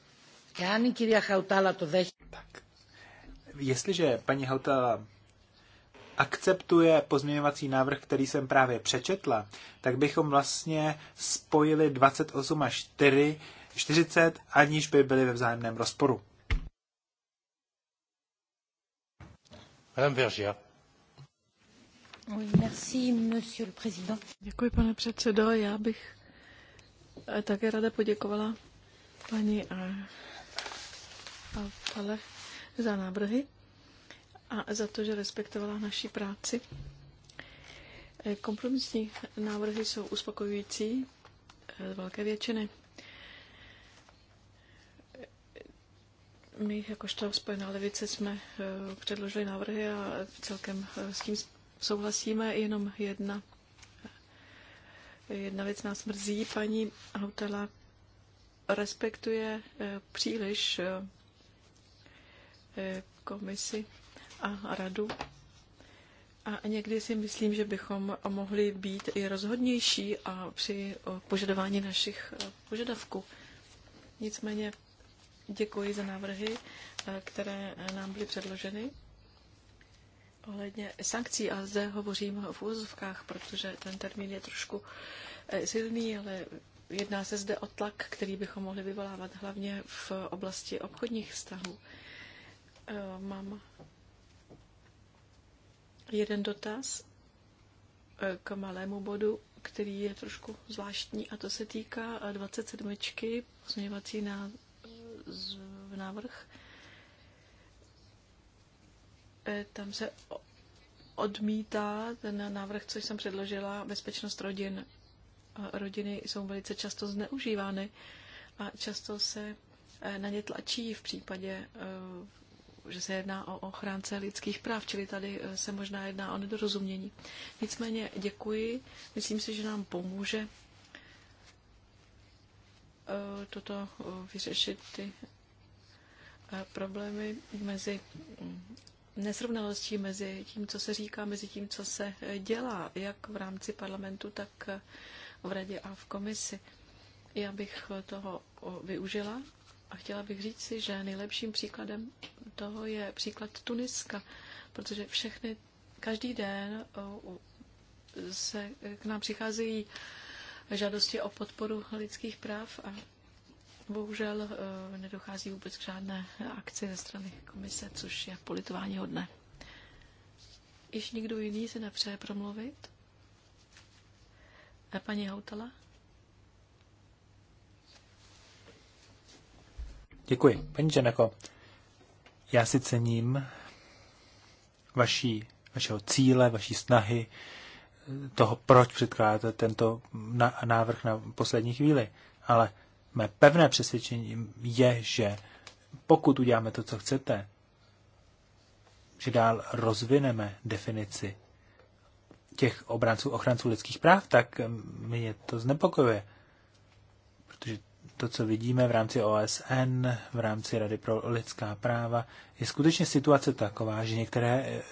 Já κυρία Χαουτάλα, το δέχεται. Jestliže paní Hautala akceptuje pozměňovací návrh, který jsem právě přečetla, tak bychom vlastně spojili 28 až 4, 40, aniž by byly ve vzájemném rozporu. Madame Vergia. merci, monsieur le président. Děkuji, pane předsedo. Já bych eh, také ráda poděkovala paní eh, a, a za návrhy a za to, že respektovala naší práci. Eh, kompromisní návrhy jsou uspokojující eh, z velké většiny. My, jakožto Spojená levice, jsme eh, předložili návrhy a celkem s tím souhlasíme. Jenom jedna, jedna věc nás mrzí. Paní Hautala respektuje příliš komisi a radu. A někdy si myslím, že bychom mohli být i rozhodnější a při požadování našich požadavků. Nicméně děkuji za návrhy, které nám byly předloženy. Ohledně sankcí, a zde hovořím v úzovkách, protože ten termín je trošku eh, silný, ale jedná se zde o tlak, který bychom mohli vyvolávat hlavně v oblasti obchodních vztahů. Eh, mám jeden dotaz eh, k malému bodu, který je trošku zvláštní, a to se týká 27. Eh, pozměňovací na, návrh. Eh, tam se odmítá ten návrh, co jsem předložila, bezpečnost rodin. Rodiny jsou velice často zneužívány a často se na ně tlačí v případě že se jedná o ochránce lidských práv, čili tady eh, se možná jedná o nedorozumění. Nicméně děkuji, myslím si, že nám pomůže eh, toto eh, vyřešit ty problémy mezi mm, nesrovnalostí mezi tím, co se říká, mezi tím, co se dělá, jak v rámci parlamentu, tak v radě a v komisi. Já bych toho využila a chtěla bych říct si, že nejlepším příkladem toho je příklad Tuniska, protože všechny, každý den eh, se k nám přicházejí žádosti o podporu lidských práv a bohužel eh, nedochází vůbec k žádné akci ze strany komise, což je politování hodné. Již nikdo jiný se nepřeje promluvit? A eh, paní Houtala? Děkuji. Paní Ženako, já si cením vaší, vašeho cíle, vaší snahy, toho, proč předkládáte tento návrh na poslední chvíli. Ale mé pevné přesvědčení je, že pokud uděláme to, co chcete, že dál rozvineme definici těch obránců ochranců lidských práv, tak mě to znepokojuje. Protože to, co vidíme v rámci OSN, v rámci Rady pro lidská práva, je skutečně situace taková, že některé e,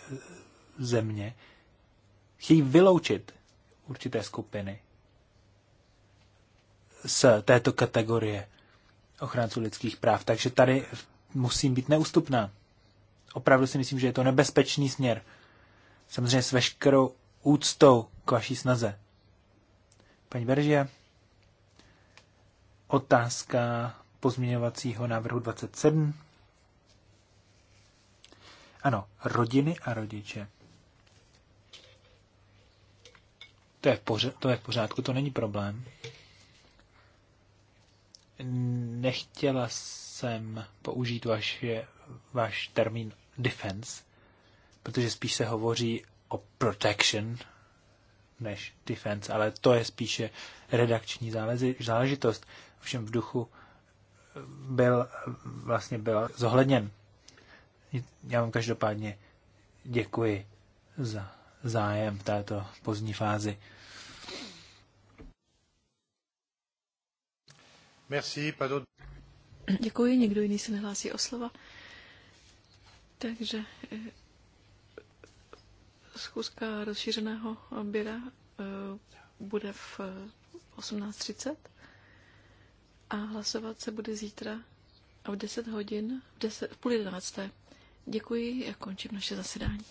země chtějí vyloučit určité skupiny z této kategorie ochránců lidských práv. Takže tady musím být neústupná. Opravdu si myslím, že je to nebezpečný směr. Samozřejmě s veškerou úctou k vaší snaze. Paní Beržia. Otázka pozměňovacího návrhu 27. Ano, rodiny a rodiče. To je, v pořádku, to je v pořádku, to není problém. Nechtěla jsem použít váš, váš termín defense, protože spíš se hovoří o protection než defense, ale to je spíše redakční záležitost všem v duchu byl vlastně byl zohledněn. Já vám každopádně děkuji za zájem v této pozdní fázi. Merci, pardon. Děkuji, někdo jiný se nehlásí o slova. Takže eh, schůzka rozšířeného oběda eh, bude v 18.30. Eh, a hlasovat se bude zítra a v 10 hodin, v, 10, v půl jedenácté. Děkuji a končím naše zasedání.